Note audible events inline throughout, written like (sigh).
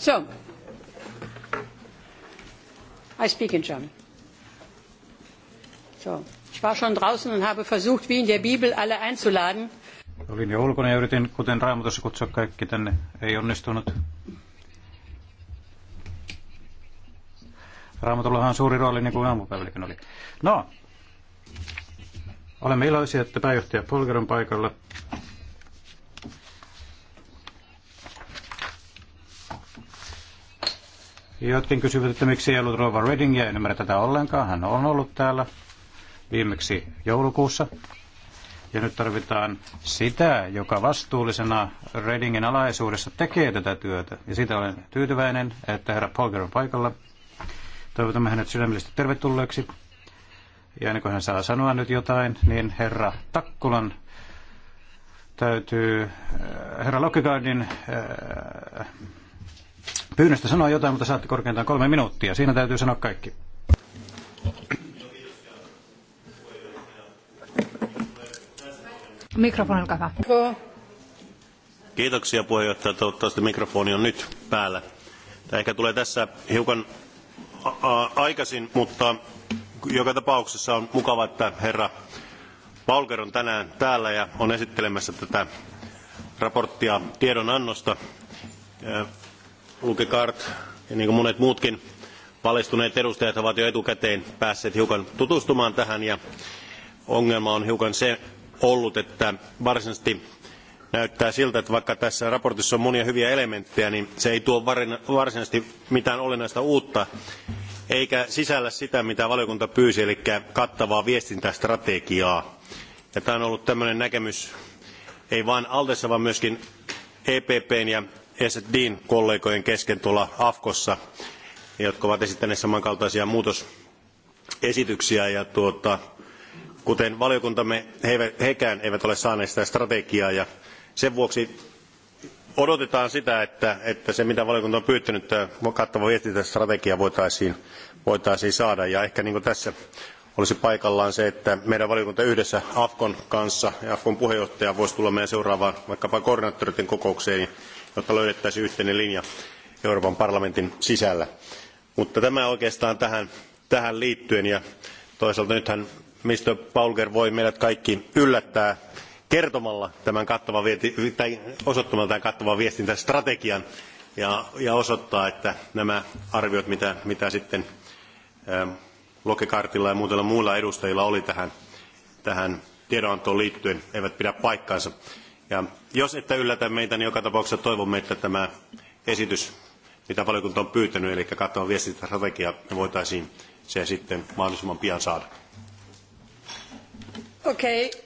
So, I speak in German. So, ich war schon draußen und habe versucht, wie in der Bibel alle einzuladen. Olin jo ulkona ja yritin, kuten Raamatussa, kutsua kaikki tänne. Ei onnistunut. Raamatullahan on suuri rooli, niin kuin aamupäivälläkin oli. No, olemme iloisia, että pääjohtaja Polger on paikalla. Jotkin kysyvät, että miksi ei ollut Rova Reddingia, en ymmärrä tätä ollenkaan. Hän on ollut täällä viimeksi joulukuussa. Ja nyt tarvitaan sitä, joka vastuullisena Reddingin alaisuudessa tekee tätä työtä. Ja siitä olen tyytyväinen, että herra Polger on paikalla. Toivotamme hänet sydämellisesti tervetulleeksi. Ja ennen kuin hän saa sanoa nyt jotain, niin herra Takkulan täytyy, äh, herra Lockegardin. Äh, pyynnöstä sanoa jotain, mutta saatte korkeintaan kolme minuuttia. Siinä täytyy sanoa kaikki. Mikrofoni, olkaa Kiitoksia puheenjohtaja. Toivottavasti mikrofoni on nyt päällä. Tämä ehkä tulee tässä hiukan aikaisin, mutta joka tapauksessa on mukava, että herra Paulker on tänään täällä ja on esittelemässä tätä raporttia tiedonannosta Lukekaart ja niin kuin monet muutkin paljastuneet edustajat ovat jo etukäteen päässeet hiukan tutustumaan tähän ja ongelma on hiukan se ollut, että varsinaisesti näyttää siltä, että vaikka tässä raportissa on monia hyviä elementtejä, niin se ei tuo varsinaisesti mitään olennaista uutta eikä sisällä sitä, mitä valiokunta pyysi, eli kattavaa viestintästrategiaa. Ja tämä on ollut tämmöinen näkemys ei vain Aldessa, vaan myöskin EPPn ja Esitin kollegojen kesken tuolla AFKossa, jotka ovat esittäneet samankaltaisia muutosesityksiä. Ja tuota, kuten valiokuntamme, he, hekään eivät ole saaneet sitä strategiaa ja sen vuoksi odotetaan sitä, että, että se mitä valiokunta on pyytänyt, tämä kattava viestintästrategia voitaisiin, voitaisiin saada. Ja ehkä niin kuin tässä olisi paikallaan se, että meidän valiokunta yhdessä Afkon kanssa ja Afkon puheenjohtaja voisi tulla meidän seuraavaan vaikkapa koordinaattoreiden kokoukseen, niin jotta löydettäisiin yhteinen linja Euroopan parlamentin sisällä. Mutta tämä oikeastaan tähän, tähän liittyen ja toisaalta nythän Mr. Paulger voi meidät kaikki yllättää kertomalla tämän kattavan, tai osoittamalla tämän kattavan viestintästrategian ja, ja osoittaa, että nämä arviot, mitä, mitä sitten ähm, Lokekaartilla ja muutella muilla edustajilla oli tähän, tähän tiedonantoon liittyen, eivät pidä paikkaansa jos ette yllätä meitä, niin joka tapauksessa toivomme, että tämä esitys, mitä valiokunta on pyytänyt, eli kattavan viestintästrategia, me voitaisiin se sitten mahdollisimman pian saada. Okei. Okay.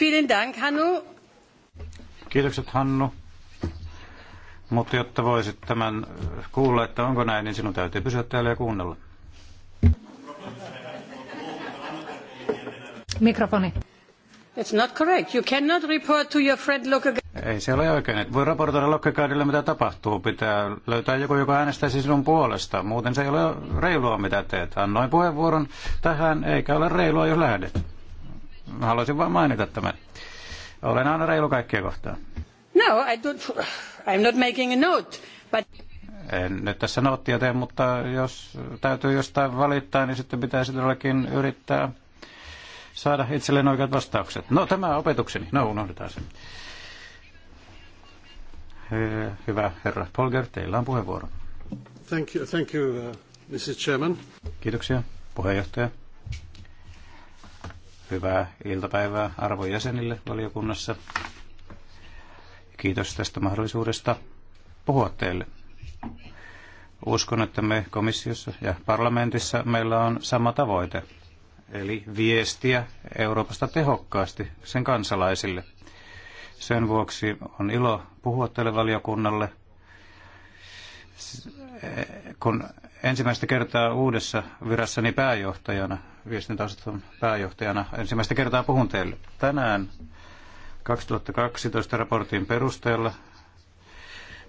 Vielen Dank, Hannu. Kiitokset, Hannu. Mutta jotta voisit tämän kuulla, että onko näin, niin sinun täytyy pysyä täällä ja kuunnella. Mikrofoni. That's not correct. You cannot report to your friend Ei se ole oikein. Et voi raportoida Lokkegaardille, mitä tapahtuu. Pitää löytää joku, joka äänestäisi sinun puolesta. Muuten se ei ole reilua, mitä teet. Annoin puheenvuoron tähän, eikä ole reilua, jos lähdet. Mä haluaisin vain mainita tämän. Olen aina reilu kaikkia kohtaan. No, I don't, I'm not making a note, but... En nyt tässä noottia tee, mutta jos täytyy jostain valittaa, niin sitten pitäisi todellakin yrittää saada itselleen oikeat vastaukset. No tämä opetukseni, no unohdetaan se. Hyvä herra Polger, teillä on puheenvuoro. Thank you, thank you, uh, Mrs. Chairman. Kiitoksia, puheenjohtaja. Hyvää iltapäivää arvon jäsenille valiokunnassa. Kiitos tästä mahdollisuudesta puhua teille. Uskon, että me komissiossa ja parlamentissa meillä on sama tavoite – eli viestiä Euroopasta tehokkaasti sen kansalaisille. Sen vuoksi on ilo puhua tälle valiokunnalle, kun ensimmäistä kertaa uudessa virassani pääjohtajana, viestintäosaston pääjohtajana, ensimmäistä kertaa puhun teille. Tänään 2012 raportin perusteella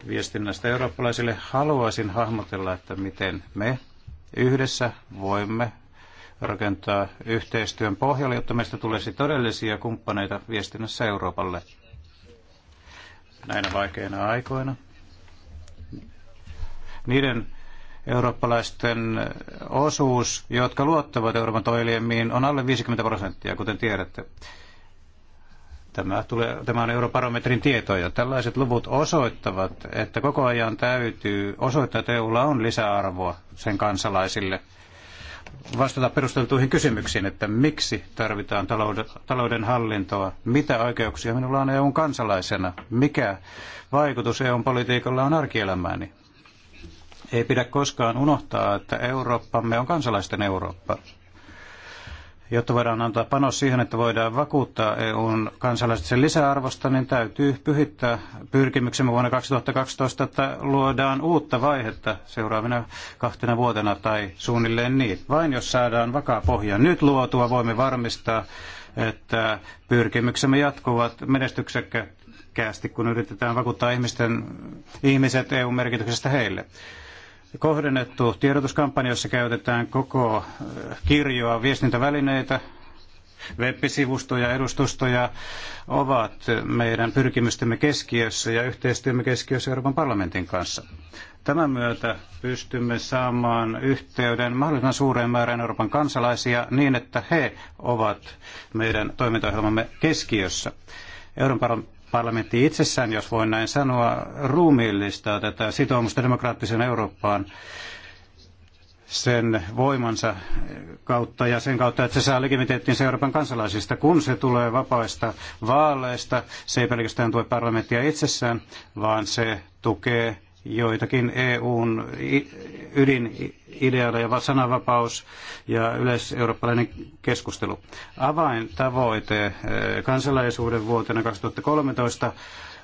viestinnästä eurooppalaisille haluaisin hahmotella, että miten me yhdessä voimme rakentaa yhteistyön pohjalle, jotta meistä tulisi todellisia kumppaneita viestinnässä Euroopalle näinä vaikeina aikoina. Niiden eurooppalaisten osuus, jotka luottavat Euroopan toimielimiin, on alle 50 prosenttia, kuten tiedätte. Tämä, tulee, tämä on europarometrin tietoja. Tällaiset luvut osoittavat, että koko ajan täytyy osoittaa, että EUlla on lisäarvoa sen kansalaisille – vastata perusteltuihin kysymyksiin, että miksi tarvitaan talouden hallintoa, mitä oikeuksia minulla on EUn kansalaisena, mikä vaikutus EUn politiikalla on arkielämääni. Ei pidä koskaan unohtaa, että Eurooppamme on kansalaisten Eurooppa jotta voidaan antaa panos siihen, että voidaan vakuuttaa EUn kansalaiset sen lisäarvosta, niin täytyy pyhittää pyrkimyksemme vuonna 2012, että luodaan uutta vaihetta seuraavina kahtena vuotena tai suunnilleen niin. Vain jos saadaan vakaa pohja nyt luotua, voimme varmistaa, että pyrkimyksemme jatkuvat menestyksekkäästi, kun yritetään vakuuttaa ihmisten, ihmiset EUn merkityksestä heille kohdennettu tiedotuskampanja, jossa käytetään koko kirjoa viestintävälineitä, web-sivustoja, edustustoja ovat meidän pyrkimystemme keskiössä ja yhteistyömme keskiössä Euroopan parlamentin kanssa. Tämän myötä pystymme saamaan yhteyden mahdollisimman suureen määrään Euroopan kansalaisia niin, että he ovat meidän toimintaohjelmamme keskiössä. Euroopan parlamentti itsessään, jos voin näin sanoa, ruumiillistaa tätä sitoumusta demokraattiseen Eurooppaan sen voimansa kautta ja sen kautta, että se saa legitimiteettinsä Euroopan kansalaisista. Kun se tulee vapaista vaaleista, se ei pelkästään tue parlamenttia itsessään, vaan se tukee joitakin EUn ydinideoita ja sananvapaus ja yleiseurooppalainen keskustelu. Avaintavoite eh, kansalaisuuden vuotena 2013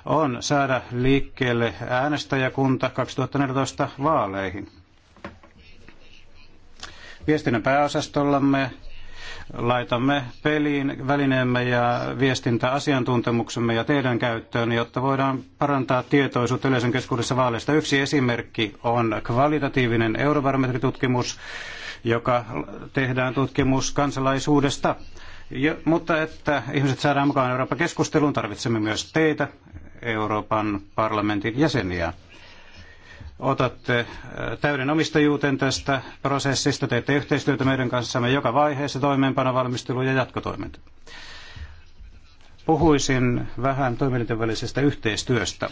on saada liikkeelle äänestäjäkunta 2014 vaaleihin. Viestinnän pääosastollamme laitamme peliin välineemme ja viestintäasiantuntemuksemme ja teidän käyttöön, jotta voidaan parantaa tietoisuutta yleisön keskuudessa vaaleista. Yksi esimerkki on kvalitatiivinen eurobarometritutkimus, joka tehdään tutkimus kansalaisuudesta. Jo, mutta että ihmiset saadaan mukaan Euroopan keskusteluun, tarvitsemme myös teitä, Euroopan parlamentin jäseniä otatte äh, täyden omistajuuden tästä prosessista, teette yhteistyötä meidän kanssamme joka vaiheessa, toimeenpanovalmistelu ja jatkotoiminta. Puhuisin vähän toimielinten välisestä yhteistyöstä.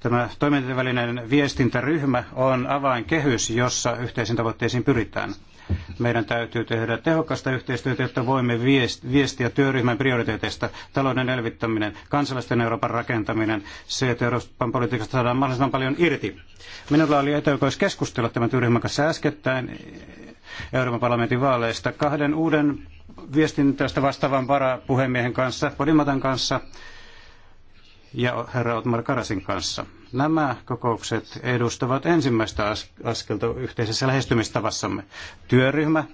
Tämä toimielinten välinen viestintäryhmä on avainkehys, jossa yhteisiin tavoitteisiin pyritään. Meidän täytyy tehdä tehokasta yhteistyötä, jotta voimme viestiä työryhmän prioriteeteista. Talouden elvyttäminen, kansalaisten Euroopan rakentaminen, se, että Euroopan politiikasta saadaan mahdollisimman paljon irti. Minulla oli etuoikeus keskustella tämän työryhmän kanssa äskettäin Euroopan parlamentin vaaleista kahden uuden viestintästä vastaavan varapuhemiehen kanssa, Podimatan kanssa ja herra Otmar Karasin kanssa. Nämä kokoukset edustavat ensimmäistä askelta yhteisessä lähestymistavassamme. Työryhmä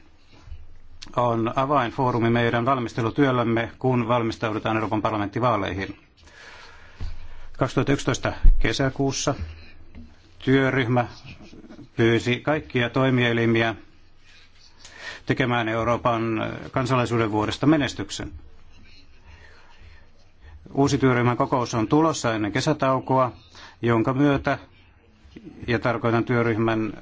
on avainfoorumi meidän valmistelutyöllämme, kun valmistaudutaan Euroopan parlamenttivaaleihin. 2011 kesäkuussa työryhmä pyysi kaikkia toimielimiä tekemään Euroopan kansalaisuuden vuodesta menestyksen. Uusi työryhmän kokous on tulossa ennen kesätaukoa jonka myötä, ja tarkoitan työryhmän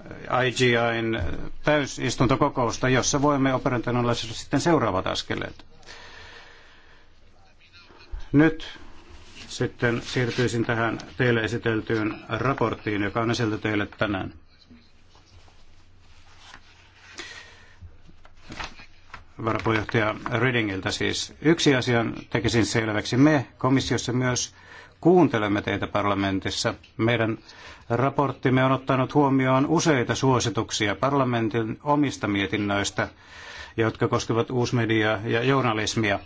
IGIn täysistuntokokousta, jossa voimme operationaalisesti sitten seuraavat askeleet. Nyt sitten siirtyisin tähän teille esiteltyyn raporttiin, joka on esitelty teille tänään. varapuheenjohtaja Redingiltä siis. Yksi asian tekisin selväksi. Me komissiossa myös kuuntelemme teitä parlamentissa. Meidän raporttimme on ottanut huomioon useita suosituksia parlamentin omista mietinnöistä, jotka koskevat uusmediaa ja journalismia.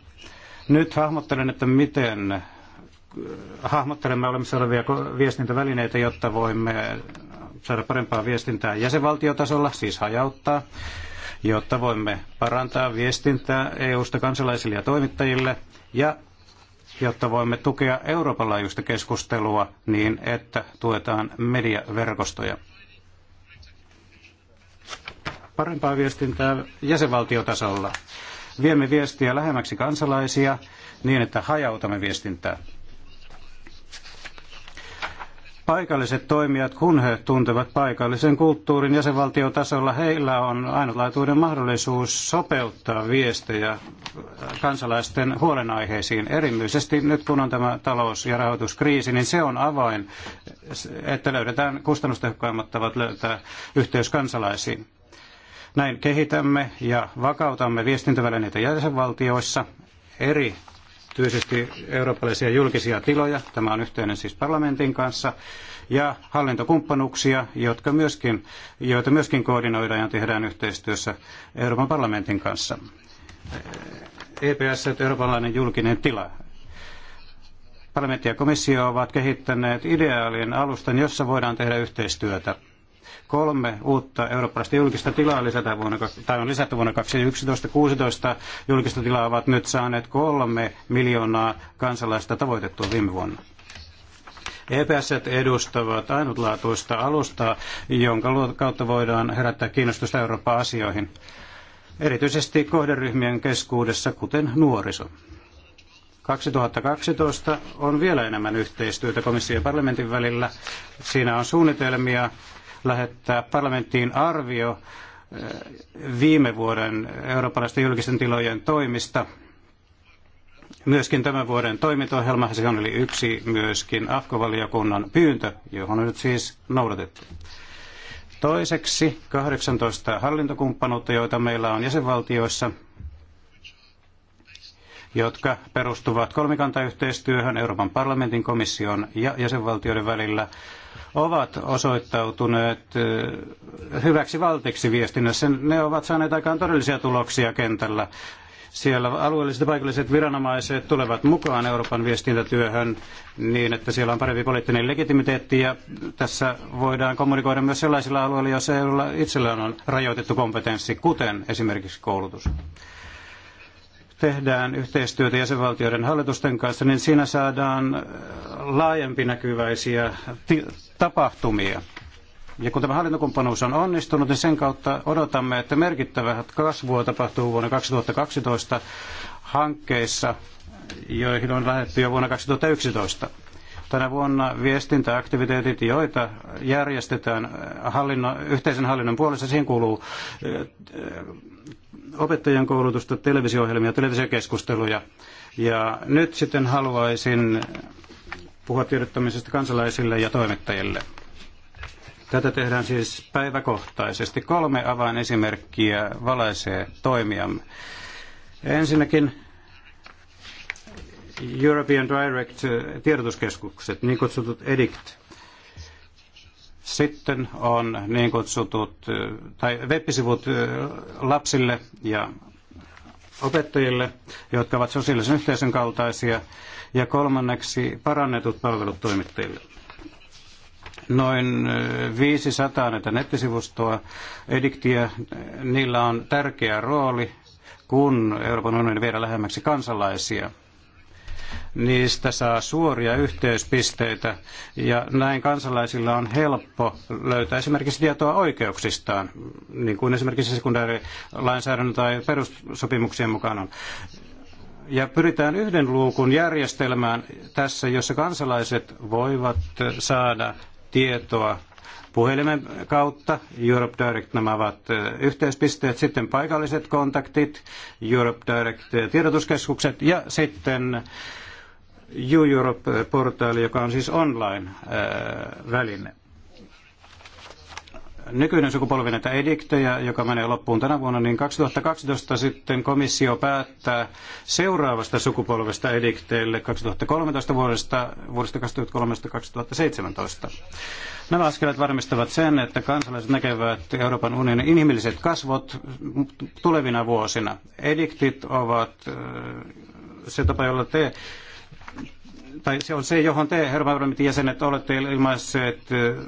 Nyt hahmottelen, että miten hahmottelemme olemassa olevia viestintävälineitä, jotta voimme saada parempaa viestintää jäsenvaltiotasolla, siis hajauttaa, jotta voimme parantaa viestintää EU-sta kansalaisille ja toimittajille ja jotta voimme tukea Euroopan laajuista keskustelua niin, että tuetaan mediaverkostoja. Parempaa viestintää jäsenvaltiotasolla. Viemme viestiä lähemmäksi kansalaisia niin, että hajautamme viestintää paikalliset toimijat, kun he tuntevat paikallisen kulttuurin jäsenvaltiotasolla, heillä on ainutlaatuinen mahdollisuus sopeuttaa viestejä kansalaisten huolenaiheisiin. Erityisesti nyt kun on tämä talous- ja rahoituskriisi, niin se on avain, että löydetään kustannustehokkaimmat tavat löytää yhteys kansalaisiin. Näin kehitämme ja vakautamme viestintävälineitä jäsenvaltioissa eri erityisesti eurooppalaisia julkisia tiloja, tämä on yhteinen siis parlamentin kanssa, ja hallintokumppanuuksia, jotka myöskin, joita myöskin koordinoidaan ja tehdään yhteistyössä Euroopan parlamentin kanssa. EPS, eurooppalainen julkinen tila, Parlamentti ja komissio ovat kehittäneet ideaalin alustan, jossa voidaan tehdä yhteistyötä Kolme uutta eurooppalaista julkista tilaa lisätään vuonna, tai on lisätty vuonna 2011. 16 julkista tilaa ovat nyt saaneet kolme miljoonaa kansalaista tavoitettua viime vuonna. EPS edustavat ainutlaatuista alustaa, jonka kautta voidaan herättää kiinnostusta Euroopan asioihin, erityisesti kohderyhmien keskuudessa, kuten nuoriso. 2012 on vielä enemmän yhteistyötä komission ja parlamentin välillä. Siinä on suunnitelmia lähettää parlamenttiin arvio eh, viime vuoden eurooppalaisten julkisten tilojen toimista. Myöskin tämän vuoden toimintaohjelma, se on eli yksi myöskin AFKO-valiokunnan pyyntö, johon nyt siis noudatettu. Toiseksi 18 hallintokumppanuutta, joita meillä on jäsenvaltioissa, jotka perustuvat kolmikantayhteistyöhön Euroopan parlamentin, komission ja jäsenvaltioiden välillä ovat osoittautuneet hyväksi valtiksi viestinnässä. Ne ovat saaneet aikaan todellisia tuloksia kentällä. Siellä alueelliset ja paikalliset viranomaiset tulevat mukaan Euroopan viestintätyöhön niin, että siellä on parempi poliittinen legitimiteetti ja tässä voidaan kommunikoida myös sellaisilla alueilla, joissa EUlla itsellään on rajoitettu kompetenssi, kuten esimerkiksi koulutus tehdään yhteistyötä jäsenvaltioiden hallitusten kanssa, niin siinä saadaan laajempi näkyväisiä tapahtumia. Ja kun tämä hallintokumppanuus on onnistunut, niin sen kautta odotamme, että merkittävää kasvua tapahtuu vuonna 2012 hankkeissa, joihin on lähdetty jo vuonna 2011. Tänä vuonna viestintäaktiviteetit, joita järjestetään hallinnon, yhteisen hallinnon puolesta, siihen kuuluu opettajien koulutusta, televisio-ohjelmia, televisiokeskusteluja. Ja nyt sitten haluaisin puhua tiedottamisesta kansalaisille ja toimittajille. Tätä tehdään siis päiväkohtaisesti. Kolme avainesimerkkiä valaisee toimiamme. Ensinnäkin European Direct-tiedotuskeskukset, niin kutsutut EDICT. Sitten on niin kutsutut, tai web-sivut lapsille ja opettajille, jotka ovat sosiaalisen yhteisön kaltaisia ja kolmanneksi parannetut palvelut toimittajille. Noin 500 eh, näitä nettisivustoa ediktiä, niillä on tärkeä rooli, kun Euroopan unioni viedä lähemmäksi kansalaisia niistä saa suoria yhteyspisteitä ja näin kansalaisilla on helppo löytää esimerkiksi tietoa oikeuksistaan, niin kuin esimerkiksi sekundäärilainsäädännön tai perussopimuksien mukaan on ja pyritään yhden luukun järjestelmään tässä, jossa kansalaiset voivat saada tietoa puhelimen kautta. Europe Direct nämä ovat yhteispisteet, sitten paikalliset kontaktit, Europe Direct tiedotuskeskukset ja sitten U-Europe-portaali, joka on siis online-väline nykyinen sukupolvi näitä ediktejä, joka menee loppuun tänä vuonna, niin 2012 sitten komissio päättää seuraavasta sukupolvesta edikteille 2013 vuodesta, vuodesta 2013-2017. Nämä askeleet varmistavat sen, että kansalaiset näkevät Euroopan unionin inhimilliset kasvot tulevina vuosina. Ediktit ovat se tapa, jolla te tai se on se, johon te, herra parlamentin jäsenet, olette ilmaisseet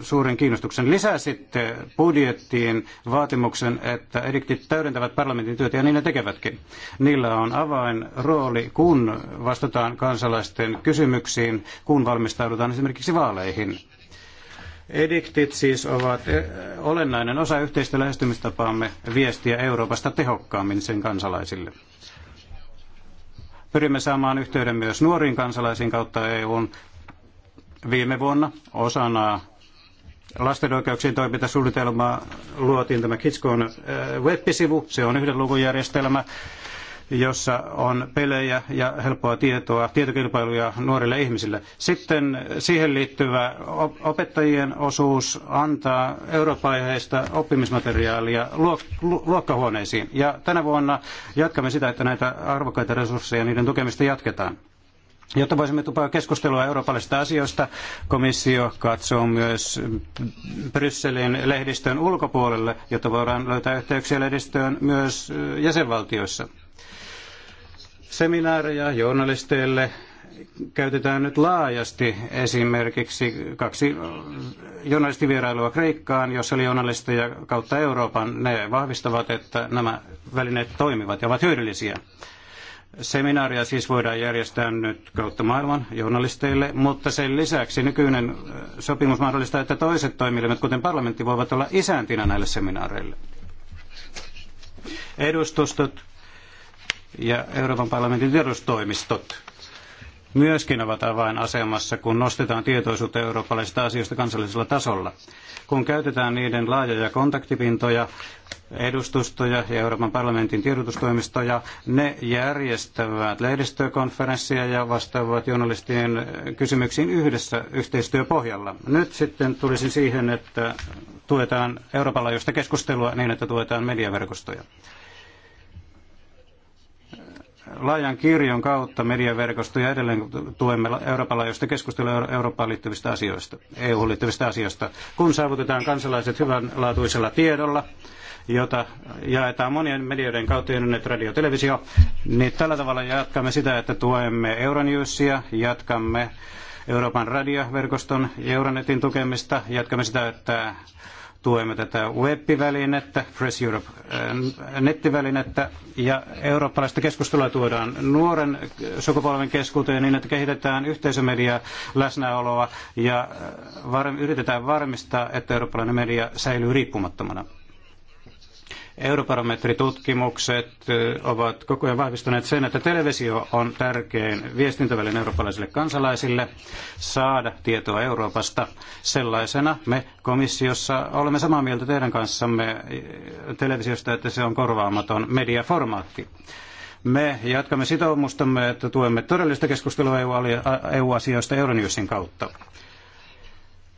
suuren kiinnostuksen. Lisäsitte budjettiin vaatimuksen, että ediktit täydentävät parlamentin työtä, ja niin ne tekevätkin. Niillä on avainrooli, kun vastataan kansalaisten kysymyksiin, kun valmistaudutaan esimerkiksi vaaleihin. Ediktit siis ovat olennainen osa yhteistä lähestymistapaamme viestiä Euroopasta tehokkaammin sen kansalaisille. Pyrimme saamaan yhteyden myös nuoriin kansalaisiin kautta EUn viime vuonna osana lasten oikeuksien toimintasuunnitelmaa luotiin tämä Kitskon äh, web-sivu. Se on yhden luvun järjestelmä, jossa on pelejä ja helppoa tietoa, tietokilpailuja nuorille ihmisille. Sitten siihen liittyvä opettajien osuus antaa eurooppa-aiheista oppimismateriaalia luokkahuoneisiin. Ja tänä vuonna jatkamme sitä, että näitä arvokkaita resursseja ja niiden tukemista jatketaan. Jotta voisimme tupaa keskustelua eurooppalaisista asioista, komissio katsoo myös Brysselin lehdistön ulkopuolelle, jotta voidaan löytää yhteyksiä lehdistöön myös jäsenvaltioissa. Seminaareja journalisteille käytetään nyt laajasti esimerkiksi kaksi journalistivierailua Kreikkaan, jossa oli journalisteja kautta Euroopan. Ne vahvistavat, että nämä välineet toimivat ja ovat hyödyllisiä. Seminaaria siis voidaan järjestää nyt kautta maailman journalisteille, mutta sen lisäksi nykyinen sopimus mahdollistaa, että toiset toimielimet, kuten parlamentti, voivat olla isäntinä näille seminaareille. Edustustot ja Euroopan parlamentin tiedotustoimistot myöskin ovat avainasemassa, kun nostetaan tietoisuutta eurooppalaisista asioista kansallisella tasolla. Kun käytetään niiden laajoja kontaktipintoja, edustustoja ja Euroopan parlamentin tiedotustoimistoja, ne järjestävät lehdistökonferenssia ja vastaavat journalistien kysymyksiin yhdessä yhteistyöpohjalla. Nyt sitten tulisin siihen, että tuetaan Euroopan laajuista keskustelua niin, että tuetaan mediaverkostoja laajan kirjon kautta ja edelleen tuemme Euroopan laajuista keskustelua Eurooppaan liittyvistä asioista, EU-hun liittyvistä asioista, kun saavutetaan kansalaiset hyvänlaatuisella tiedolla, jota jaetaan monien medioiden kautta, internet, radio, televisio, niin tällä tavalla jatkamme sitä, että tuemme Euronewsia, jatkamme Euroopan radioverkoston ja Euronetin tukemista, jatkamme sitä, että tuemme tätä web-välinettä, Press Europe äh, nettivälinettä ja eurooppalaista keskustelua tuodaan nuoren sukupolven keskuuteen niin, että kehitetään yhteisömedia läsnäoloa ja äh, yritetään varmistaa, että eurooppalainen media säilyy riippumattomana. Eurobarometritutkimukset ovat koko ajan vahvistaneet sen, että televisio on tärkein viestintäväline eurooppalaisille kansalaisille saada tietoa Euroopasta. Sellaisena me komissiossa olemme samaa mieltä teidän kanssamme televisiosta, että se on korvaamaton mediaformaatti. Me jatkamme sitoumustamme, että tuemme todellista keskustelua EU-asioista Euronewsin kautta.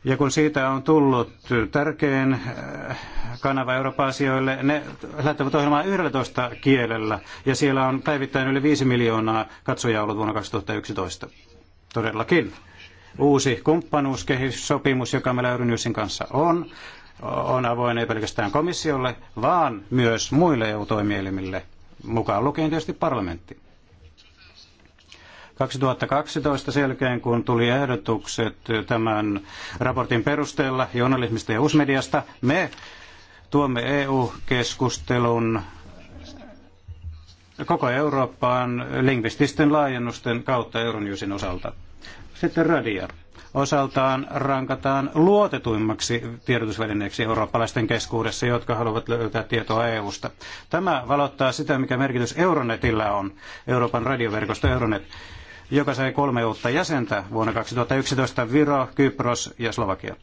Ja kun siitä on tullut tärkein äh, kanava Euroopan asioille ne lähettävät ohjelmaa 11 kielellä ja siellä on päivittäin yli 5 miljoonaa katsojaa ollut vuonna 2011. Todellakin. Uusi kumppanuuskehyssopimus, joka meillä Euronewsin kanssa on, on avoin ei pelkästään komissiolle, vaan myös muille EU-toimielimille, mukaan lukien tietysti parlamentti. 2012 selkeän, kun tuli ehdotukset tämän raportin perusteella journalismista ja uusmediasta, me tuomme EU-keskustelun koko Eurooppaan lingvististen laajennusten kautta Euronewsin osalta. Sitten radio. Osaltaan rankataan luotetuimmaksi tiedotusvälineeksi eurooppalaisten keskuudessa, jotka haluavat löytää tietoa EUsta. Tämä valottaa sitä, mikä merkitys Euronetillä on, Euroopan radioverkosto Euronet joka sai kolme uutta jäsentä vuonna 2011, Viro, Kypros ja Slovakia.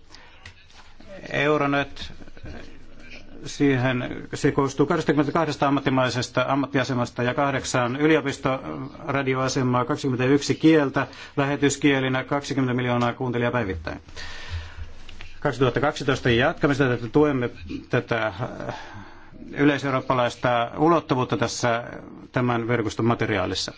Euronet siihen, se koostuu 22 ammattimaisesta ammattiasemasta ja kahdeksan yliopistoradioasemaa, 21 kieltä, lähetyskielinä 20 miljoonaa kuuntelijaa päivittäin. 2012 jatkamista, että tuemme tätä äh, yleiseurooppalaista ulottuvuutta tässä tämän verkoston materiaalissa.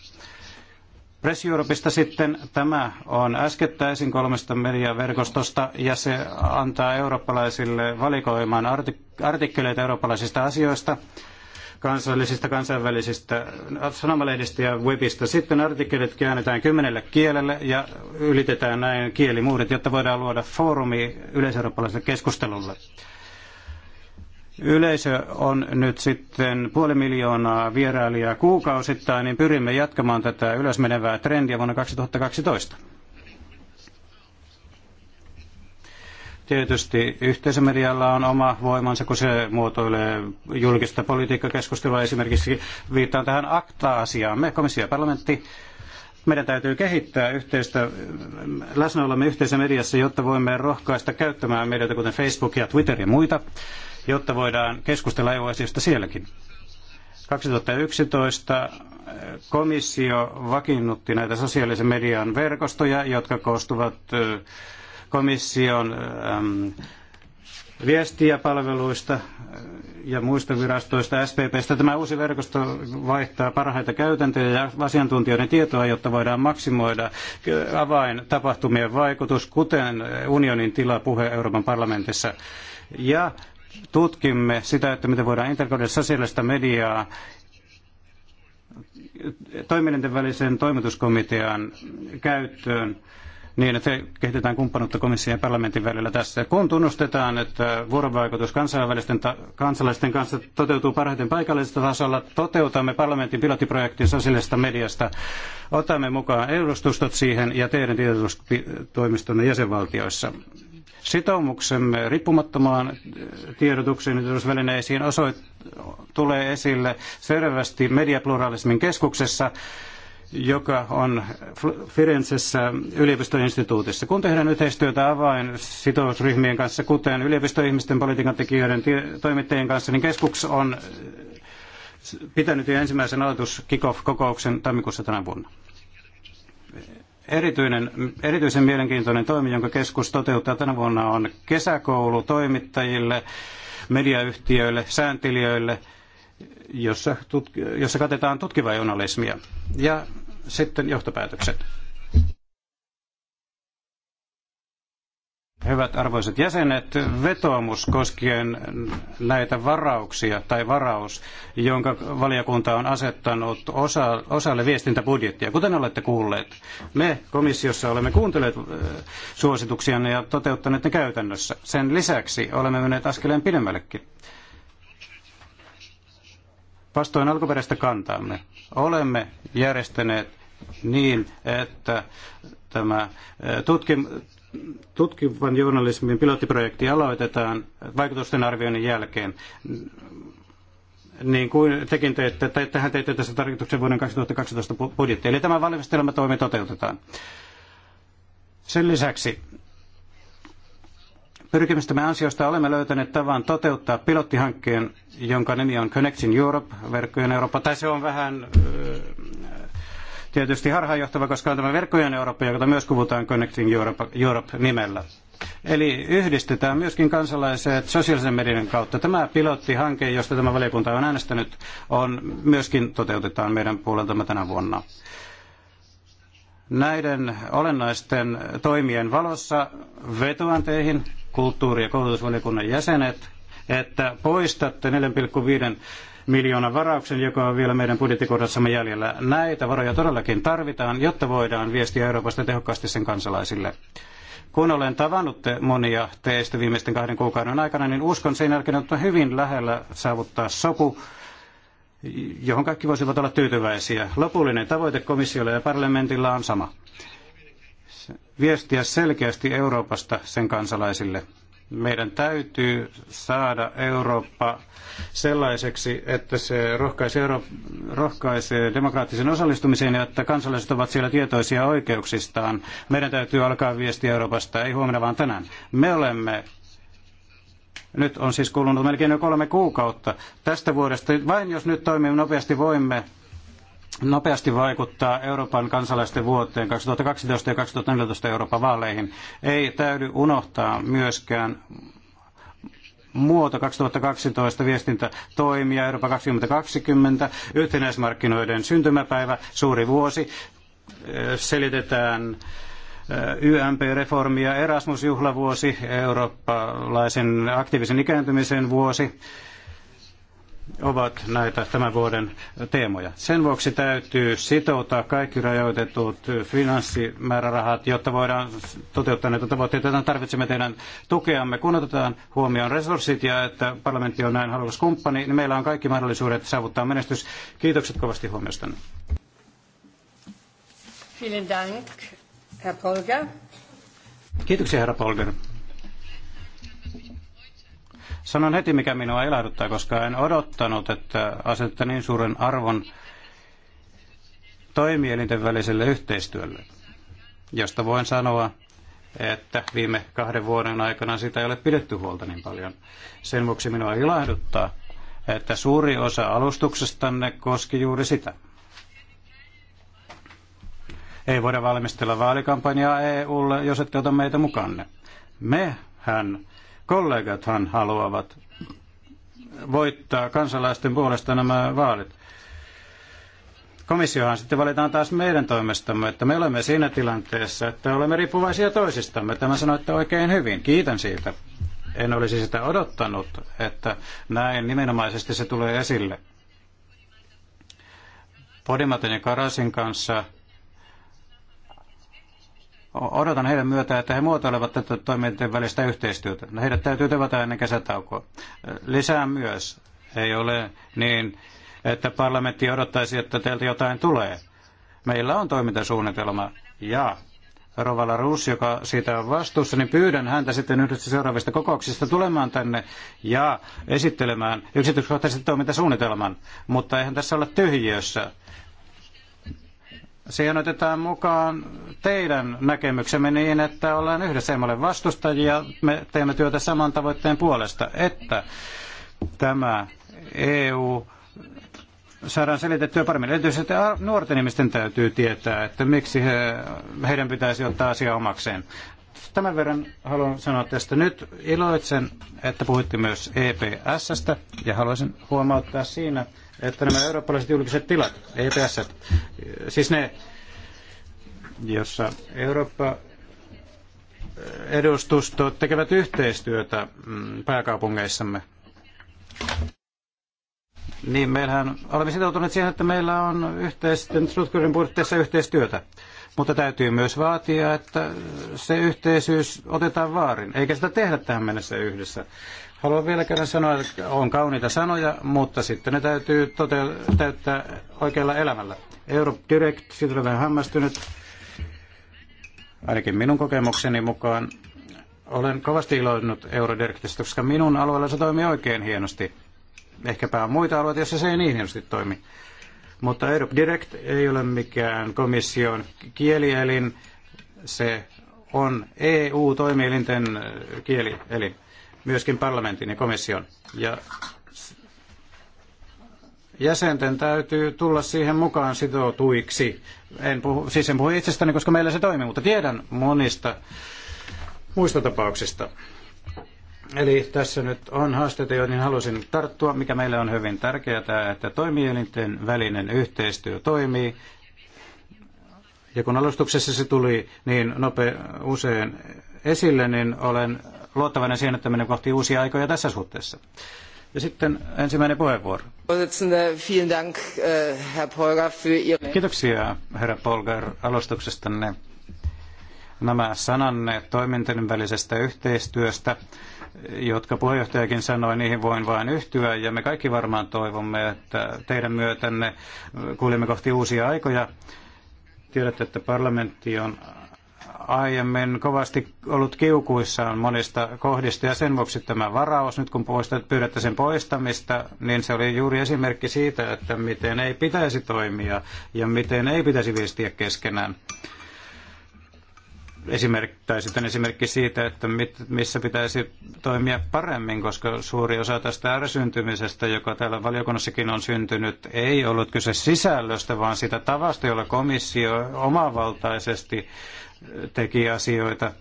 Press sitten tämä on äskettäisin kolmesta mediaverkostosta ja se antaa eurooppalaisille valikoimaan artik- artikkeleita eurooppalaisista asioista, kansallisista, kansainvälisistä sanomalehdistä ja webistä. Sitten artikkelit käännetään kymmenelle kielelle ja ylitetään näin kielimuurit, jotta voidaan luoda foorumi yleiseurooppalaiselle keskustelulle yleisö on nyt sitten puoli miljoonaa vierailijaa kuukausittain, niin pyrimme jatkamaan tätä ylösmenevää trendiä vuonna 2012. Tietysti yhteisömedialla on oma voimansa, kun se muotoilee julkista politiikkakeskustelua. Esimerkiksi viittaan tähän akta-asiaan. Me komissio ja parlamentti meidän täytyy kehittää yhteistä läsnäolomme yhteisömediassa, jotta voimme rohkaista käyttämään medioita, kuten Facebook ja Twitter ja muita, jotta voidaan keskustella EU-asioista sielläkin. 2011 komissio vakiinnutti näitä sosiaalisen median verkostoja, jotka koostuvat komission viestijäpalveluista ja muista virastoista SPPstä. Tämä uusi verkosto vaihtaa parhaita käytäntöjä ja asiantuntijoiden tietoa, jotta voidaan maksimoida avaintapahtumien vaikutus, kuten unionin tila puhe Euroopan parlamentissa. Ja tutkimme sitä, että miten voidaan integroida sosiaalista mediaa toimielinten välisen toimituskomitean käyttöön niin, että kehitetään kumppanuutta komission ja parlamentin välillä tässä. Kun tunnustetaan, että vuorovaikutus kansainvälisten ta- kansalaisten kanssa toteutuu parhaiten paikallisella tasolla, toteutamme parlamentin pilottiprojektin sosiaalisesta mediasta, otamme mukaan edustustot siihen ja teidän tiedotustoimistonne jäsenvaltioissa sitoumuksemme riippumattomaan tiedotuksiin ja tiedotusvälineisiin osoit- tulee esille selvästi mediapluralismin keskuksessa joka on Firenzessä yliopistoinstituutissa. Kun tehdään yhteistyötä avain sitoutusryhmien kanssa, kuten yliopistoihmisten, politiikan tekijöiden, toimittajien kanssa, niin keskuks on pitänyt jo ensimmäisen aloitus Kikov-kokouksen tammikuussa tänä vuonna. Erityinen, erityisen mielenkiintoinen toimi, jonka keskus toteuttaa tänä vuonna, on kesäkoulu toimittajille, mediayhtiöille, sääntilijöille, jossa, tutk- jossa katetaan tutkivaa journalismia. Ja sitten johtopäätökset. Hyvät arvoisat jäsenet, vetoomus koskien näitä varauksia tai varaus, jonka valiokunta on asettanut osa, osalle viestintäbudjettia. Kuten olette kuulleet, me komissiossa olemme kuunteleet äh, suosituksia ja toteuttaneet ne käytännössä. Sen lisäksi olemme menneet askeleen pidemmällekin. Vastoin alkuperäistä kantaamme olemme järjestäneet niin, että tämä äh, tutkimus tutkivan journalismin pilottiprojekti aloitetaan vaikutusten arvioinnin jälkeen. Niin kuin tekin teitte, tai tähän teitte tässä tarkoituksen vuoden 2012 budjetti. Eli tämä valmistelmatoimi toteutetaan. Sen lisäksi pyrkimystämme ansiosta olemme löytäneet tavan toteuttaa pilottihankkeen, jonka nimi on Connecting Europe, verkkojen Eurooppa. Tai se on vähän tietysti harhaanjohtava, koska on tämä verkkojen Eurooppa, jota myös kuvataan Connecting Europe, Europe nimellä. Eli yhdistetään myöskin kansalaiset sosiaalisen median kautta. Tämä pilottihanke, josta tämä valiokunta on äänestänyt, on myöskin toteutetaan meidän puoleltamme tänä vuonna. Näiden olennaisten toimien valossa vetoan teihin, kulttuuri- ja koulutusvaliokunnan jäsenet, että poistatte 4,5 miljoonan varauksen, joka on vielä meidän budjettikohdassamme jäljellä. Näitä varoja todellakin tarvitaan, jotta voidaan viestiä Euroopasta tehokkaasti sen kansalaisille. Kun olen tavannut monia teistä viimeisten kahden kuukauden aikana, niin uskon sen jälkeen, että on hyvin lähellä saavuttaa sopu, johon kaikki voisivat olla tyytyväisiä. Lopullinen tavoite komissiolla ja parlamentilla on sama viestiä selkeästi Euroopasta sen kansalaisille. Meidän täytyy saada Eurooppa sellaiseksi, että se rohkaisee, rohkaisee demokraattisen osallistumiseen ja että kansalaiset ovat siellä tietoisia oikeuksistaan. Meidän täytyy alkaa viestiä Euroopasta, ei huomenna vaan tänään. Me olemme nyt on siis kulunut melkein jo kolme kuukautta tästä vuodesta. Vain jos nyt toimimme nopeasti, voimme nopeasti vaikuttaa Euroopan kansalaisten vuoteen 2012 ja 2014 Euroopan vaaleihin. Ei täydy unohtaa myöskään muoto 2012 viestintätoimia Eurooppa 2020, yhtenäismarkkinoiden syntymäpäivä, suuri vuosi, selitetään YMP-reformia, Erasmus-juhlavuosi, eurooppalaisen aktiivisen ikääntymisen vuosi, ovat näitä tämän vuoden teemoja. Sen vuoksi täytyy sitouttaa kaikki rajoitetut finanssimäärärahat, jotta voidaan toteuttaa näitä tavoitteita, joita tarvitsemme teidän tukeamme. Kun otetaan huomioon resurssit ja että parlamentti on näin halukas kumppani, niin meillä on kaikki mahdollisuudet saavuttaa menestys. Kiitokset kovasti huomiostanne. Vielen Dank, Herr Polger. Kiitoksia, herra Polger. Sanon heti, mikä minua ilahduttaa, koska en odottanut, että asetta niin suuren arvon toimielinten väliselle yhteistyölle, josta voin sanoa, että viime kahden vuoden aikana sitä ei ole pidetty huolta niin paljon. Sen vuoksi minua ilahduttaa, että suuri osa alustuksestanne koski juuri sitä. Ei voida valmistella vaalikampanjaa EUlle, jos ette ota meitä mukanne. Mehän Kollegathan haluavat voittaa kansalaisten puolesta nämä vaalit. Komissiohan sitten valitaan taas meidän toimestamme, että me olemme siinä tilanteessa, että olemme riippuvaisia toisistamme. Tämä sanoitte oikein hyvin. Kiitän siitä. En olisi sitä odottanut, että näin nimenomaisesti se tulee esille. Podimaten ja Karasin kanssa Odotan heidän myötä, että he muotoilevat tätä toimijoiden välistä yhteistyötä. No, heidät täytyy tavata ennen kesätaukoa. Lisää myös. Ei ole niin, että parlamentti odottaisi, että teiltä jotain tulee. Meillä on toimintasuunnitelma ja Rovala Rus, joka siitä on vastuussa, niin pyydän häntä sitten yhdessä seuraavista kokouksista tulemaan tänne ja esittelemään yksityiskohtaisesti toimintasuunnitelman. Mutta eihän tässä olla tyhjiössä. Siihen otetaan mukaan teidän näkemyksemme niin, että ollaan yhdessä, emme ole vastustajia, me teemme työtä saman tavoitteen puolesta, että tämä EU saadaan selitettyä paremmin. Erityisesti nuorten ihmisten täytyy tietää, että miksi he, heidän pitäisi ottaa asia omakseen. Tämän verran haluan sanoa tästä nyt. Iloitsen, että puhuitte myös EPSstä ja haluaisin huomauttaa siinä, että nämä eurooppalaiset julkiset tilat, EPS, siis ne, jossa Eurooppa eh, edustustot tekevät yhteistyötä mm, pääkaupungeissamme. Niin, meillähän olemme sitoutuneet siihen, että meillä on yhteisten struktuurin puitteissa yhteistyötä. Mutta täytyy myös vaatia, että se yhteisyys otetaan vaarin, eikä sitä tehdä tähän mennessä yhdessä. Haluan vielä kerran sanoa, että on kauniita sanoja, mutta sitten ne täytyy tote- täyttää oikealla elämällä. Europe Direct, siitä olen vähän hämmästynyt, ainakin minun kokemukseni mukaan. Olen kovasti iloinnut Eurodirektistä, koska minun alueella se toimii oikein hienosti. Ehkäpä on muita alueita, joissa se ei niin hienosti toimi. Mutta Europe Direct ei ole mikään komission kielielin, se on EU-toimielinten kielielin myöskin parlamentin ja komission. Ja jäsenten täytyy tulla siihen mukaan sitoutuiksi. En puhu, siis en puhu itsestäni, koska meillä se toimii, mutta tiedän monista muista tapauksista. Eli tässä nyt on haasteita, joihin halusin tarttua, mikä meille on hyvin tärkeää, että toimielinten välinen yhteistyö toimii. Ja kun alustuksessa se tuli niin nope, usein esille, niin olen luottavainen siihen, että menemme kohti uusia aikoja tässä suhteessa. Ja sitten ensimmäinen puheenvuoro. Eh, Kiitoksia, herra Polgar, alustuksestanne. Nämä sananne toimintojen välisestä yhteistyöstä, jotka puheenjohtajakin sanoi, niihin voin vain yhtyä. Ja me kaikki varmaan toivomme, että teidän myötänne kuulimme kohti uusia aikoja. Tiedätte, että parlamentti on aiemmin kovasti ollut kiukuissaan monista kohdista ja sen vuoksi tämä varaus, nyt kun poistat, pyydätte sen poistamista, niin se oli juuri esimerkki siitä, että miten ei pitäisi toimia ja miten ei pitäisi viestiä keskenään. Esimerk, tai sitten esimerkki siitä, että mit, missä pitäisi toimia paremmin, koska suuri osa tästä ärsyntymisestä, joka täällä valiokunnassakin on syntynyt, ei ollut kyse sisällöstä, vaan sitä tavasta, jolla komissio omavaltaisesti teki asioita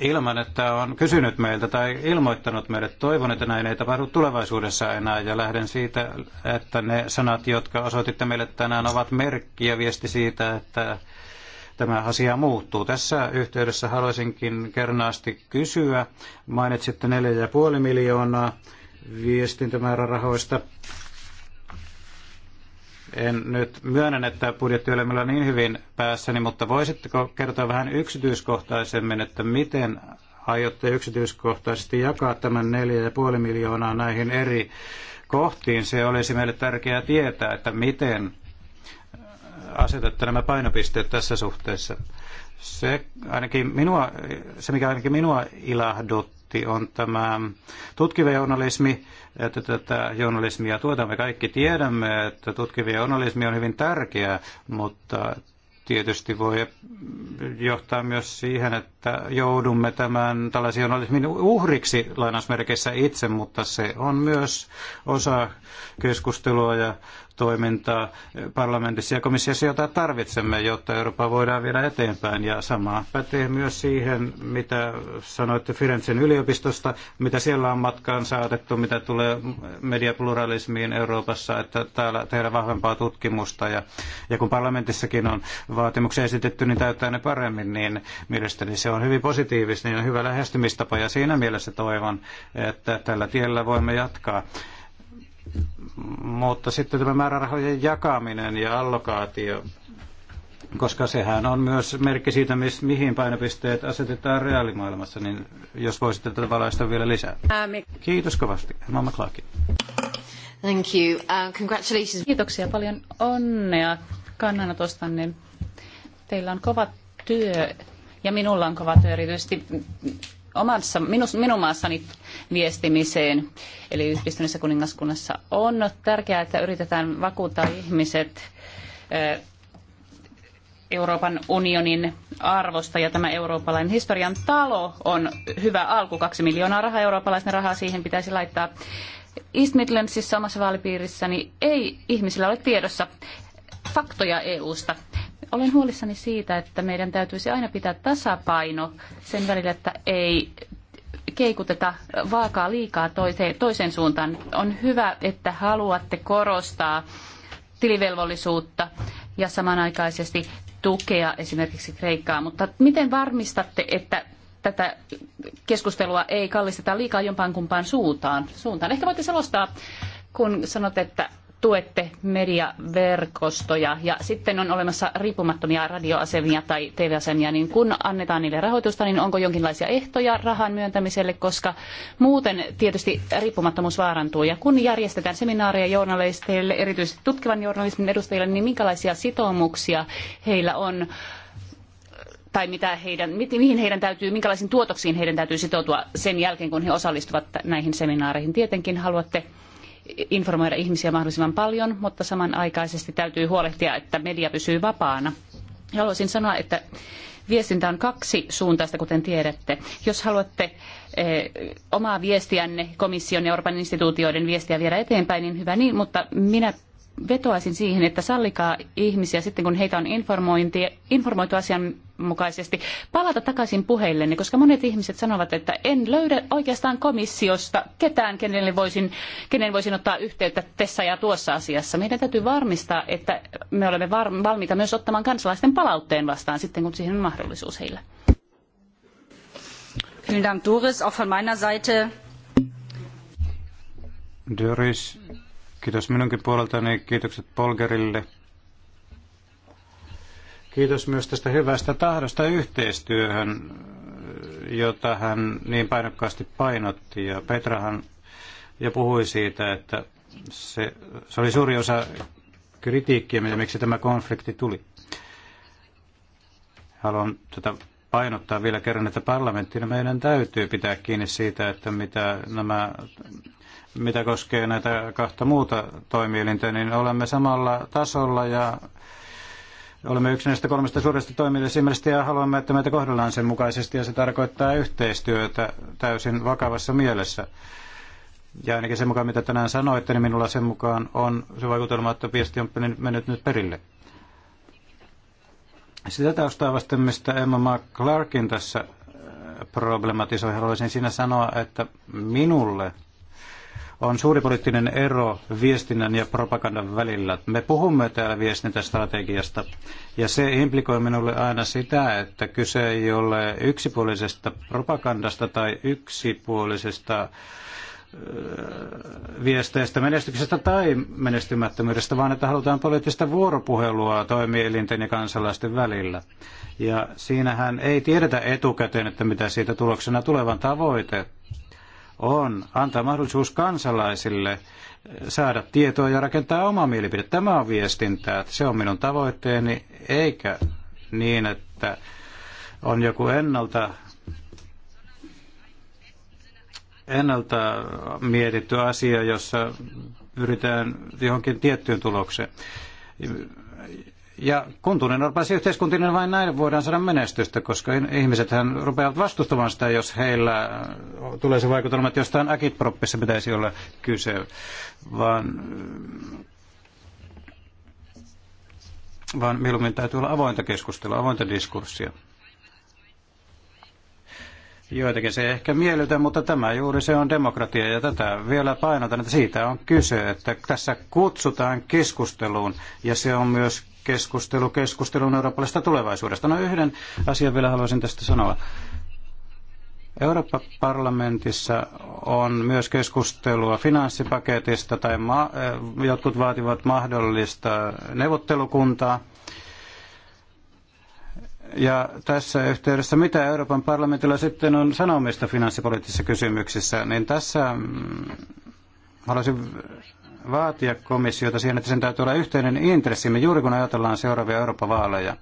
ilman, että on kysynyt meiltä tai ilmoittanut meille. Toivon, että näin ei tapahdu tulevaisuudessa enää ja lähden siitä, että ne sanat, jotka osoititte meille tänään, ovat merkki ja viesti siitä, että tämä asia muuttuu. Tässä yhteydessä haluaisinkin kernaasti kysyä. Mainitsitte 4,5 miljoonaa viestintämäärärahoista. En nyt myönnän, että budjetti ei ole niin hyvin päässäni, mutta voisitteko kertoa vähän yksityiskohtaisemmin, että miten aiotte yksityiskohtaisesti jakaa tämän 4,5 miljoonaa näihin eri kohtiin? Se olisi meille tärkeää tietää, että miten asetatte nämä painopisteet tässä suhteessa. Se, ainakin minua, se mikä ainakin minua ilahduttaa, pointti on tämä tutkiva journalismi, että tätä journalismia tuetaan. Me kaikki tiedämme, että tutkiva journalismi on hyvin tärkeää, mutta tietysti voi johtaa myös siihen, että joudumme tämän tällaisen journalismin uhriksi lainausmerkeissä itse, mutta se on myös osa keskustelua ja toimintaa parlamentissa ja komissiossa, jota tarvitsemme, jotta Eurooppa voidaan viedä eteenpäin. Ja sama pätee myös siihen, mitä sanoitte Firenzen yliopistosta, mitä siellä on matkaan saatettu, mitä tulee mediapluralismiin Euroopassa, että täällä tehdään vahvempaa tutkimusta. Ja, ja kun parlamentissakin on vaatimuksia esitetty, niin täyttää ne paremmin, niin mielestäni se on hyvin positiivista, niin on hyvä lähestymistapa. Ja siinä mielessä toivon, että tällä tiellä voimme jatkaa. Mutta sitten tämä määrärahojen jakaminen ja allokaatio, koska sehän on myös merkki siitä, mihin painopisteet asetetaan reaalimaailmassa, niin jos voisitte tätä valaista vielä lisää. Ähm, Kiitos kovasti. Mamma McClarkin. Thank you. Uh, congratulations. Kiitoksia paljon onnea kannanotostanne. Teillä on kova työ ja minulla on kova työ erityisesti omassa, minus, minun maassani viestimiseen, eli yhdistyneessä kuningaskunnassa, on tärkeää, että yritetään vakuuttaa ihmiset Euroopan unionin arvosta ja tämä eurooppalainen historian talo on hyvä alku. Kaksi miljoonaa rahaa eurooppalaisen rahaa siihen pitäisi laittaa. East Midlandsissa omassa vaalipiirissäni ei ihmisillä ole tiedossa faktoja EUsta. Olen huolissani siitä, että meidän täytyisi aina pitää tasapaino sen välillä, että ei keikuteta vaakaa liikaa toiseen, toiseen suuntaan. On hyvä, että haluatte korostaa tilivelvollisuutta ja samanaikaisesti tukea esimerkiksi Kreikkaa, mutta miten varmistatte, että tätä keskustelua ei kallisteta liikaa jompaan kumpaan suuntaan? suuntaan? Ehkä voitte selostaa, kun sanot, että tuette mediaverkostoja ja sitten on olemassa riippumattomia radioasemia tai TV-asemia, niin kun annetaan niille rahoitusta, niin onko jonkinlaisia ehtoja rahan myöntämiselle, koska muuten tietysti riippumattomuus vaarantuu. Ja kun järjestetään seminaareja journalisteille, erityisesti tutkivan journalismin edustajille, niin minkälaisia sitoumuksia heillä on tai mitä heidän, mihin heidän täytyy, minkälaisiin tuotoksiin heidän täytyy sitoutua sen jälkeen, kun he osallistuvat näihin seminaareihin. Tietenkin haluatte informoida ihmisiä mahdollisimman paljon, mutta samanaikaisesti täytyy huolehtia, että media pysyy vapaana. Haluaisin sanoa, että viestintä on kaksi suuntaista, kuten tiedätte. Jos haluatte eh, omaa viestiänne, komission ja Euroopan instituutioiden viestiä viedä eteenpäin, niin hyvä niin, mutta minä vetoaisin siihen, että sallikaa ihmisiä sitten, kun heitä on informointi, informoitu asian mukaisesti palata takaisin puheilleni, koska monet ihmiset sanovat, että en löydä oikeastaan komissiosta ketään, kenelle voisin, kenen voisin ottaa yhteyttä tässä ja tuossa asiassa. Meidän täytyy varmistaa, että me olemme valmiita myös ottamaan kansalaisten palautteen vastaan sitten, kun siihen on mahdollisuus heillä. Vielen Dank, Doris. Auch von meiner Seite. Doris, kiitos minunkin puoleltani. Kiitokset Polgerille Kiitos myös tästä hyvästä tahdosta yhteistyöhön, jota hän niin painokkaasti painotti. Ja Petrahan jo puhui siitä, että se, se oli suuri osa kritiikkiä, mitä miksi tämä konflikti tuli. Haluan tätä painottaa vielä kerran, että parlamenttina meidän täytyy pitää kiinni siitä, että mitä, nämä, mitä koskee näitä kahta muuta toimielintä, niin olemme samalla tasolla ja Olemme yksi näistä kolmesta suuresta toimijoista ja haluamme, että meitä kohdellaan sen mukaisesti ja se tarkoittaa yhteistyötä täysin vakavassa mielessä. Ja ainakin sen mukaan, mitä tänään sanoitte, niin minulla sen mukaan on se vaikutelma, että viesti on mennyt nyt perille. Sitä taustaa vasten, mistä Emma McClarkin tässä äh, problematisoi, haluaisin siinä sanoa, että minulle – on suuri poliittinen ero viestinnän ja propagandan välillä. Me puhumme täällä viestintästrategiasta ja se implikoi minulle aina sitä, että kyse ei ole yksipuolisesta propagandasta tai yksipuolisesta viesteistä menestyksestä tai menestymättömyydestä, vaan että halutaan poliittista vuoropuhelua toimielinten ja kansalaisten välillä. Ja siinähän ei tiedetä etukäteen, että mitä siitä tuloksena tulevan tavoite on antaa mahdollisuus kansalaisille saada tietoa ja rakentaa oma mielipide. Tämä on viestintää, se on minun tavoitteeni, eikä niin, että on joku ennalta ennalta mietitty asia, jossa pyritään johonkin tiettyyn tulokseen. Ja kun tunnen orpaisia yhteiskuntia, niin vain näin voidaan saada menestystä, koska ihmisethän rupeavat vastustamaan sitä, jos heillä äh, tulee se vaikutelma, että jostain akitproppissa pitäisi olla kyse, vaan, vaan mieluummin täytyy olla avointa keskustelua, avointa diskurssia. Joitakin se ei ehkä miellytä, mutta tämä juuri se on demokratia ja tätä vielä painotan, että siitä on kyse, että tässä kutsutaan keskusteluun ja se on myös keskustelu keskustelun eurooppalaisesta tulevaisuudesta. No yhden asian vielä haluaisin tästä sanoa. Euroopan parlamentissa on myös keskustelua finanssipaketista tai ma- eh, jotkut vaativat mahdollista neuvottelukuntaa. Ja tässä yhteydessä, mitä Euroopan parlamentilla sitten on sanomista finanssipoliittisissa kysymyksissä, niin tässä mm, haluaisin vaatia komissiota siihen, että sen täytyy olla yhteinen intressimme juuri kun ajatellaan seuraavia Euroopan vaaleja,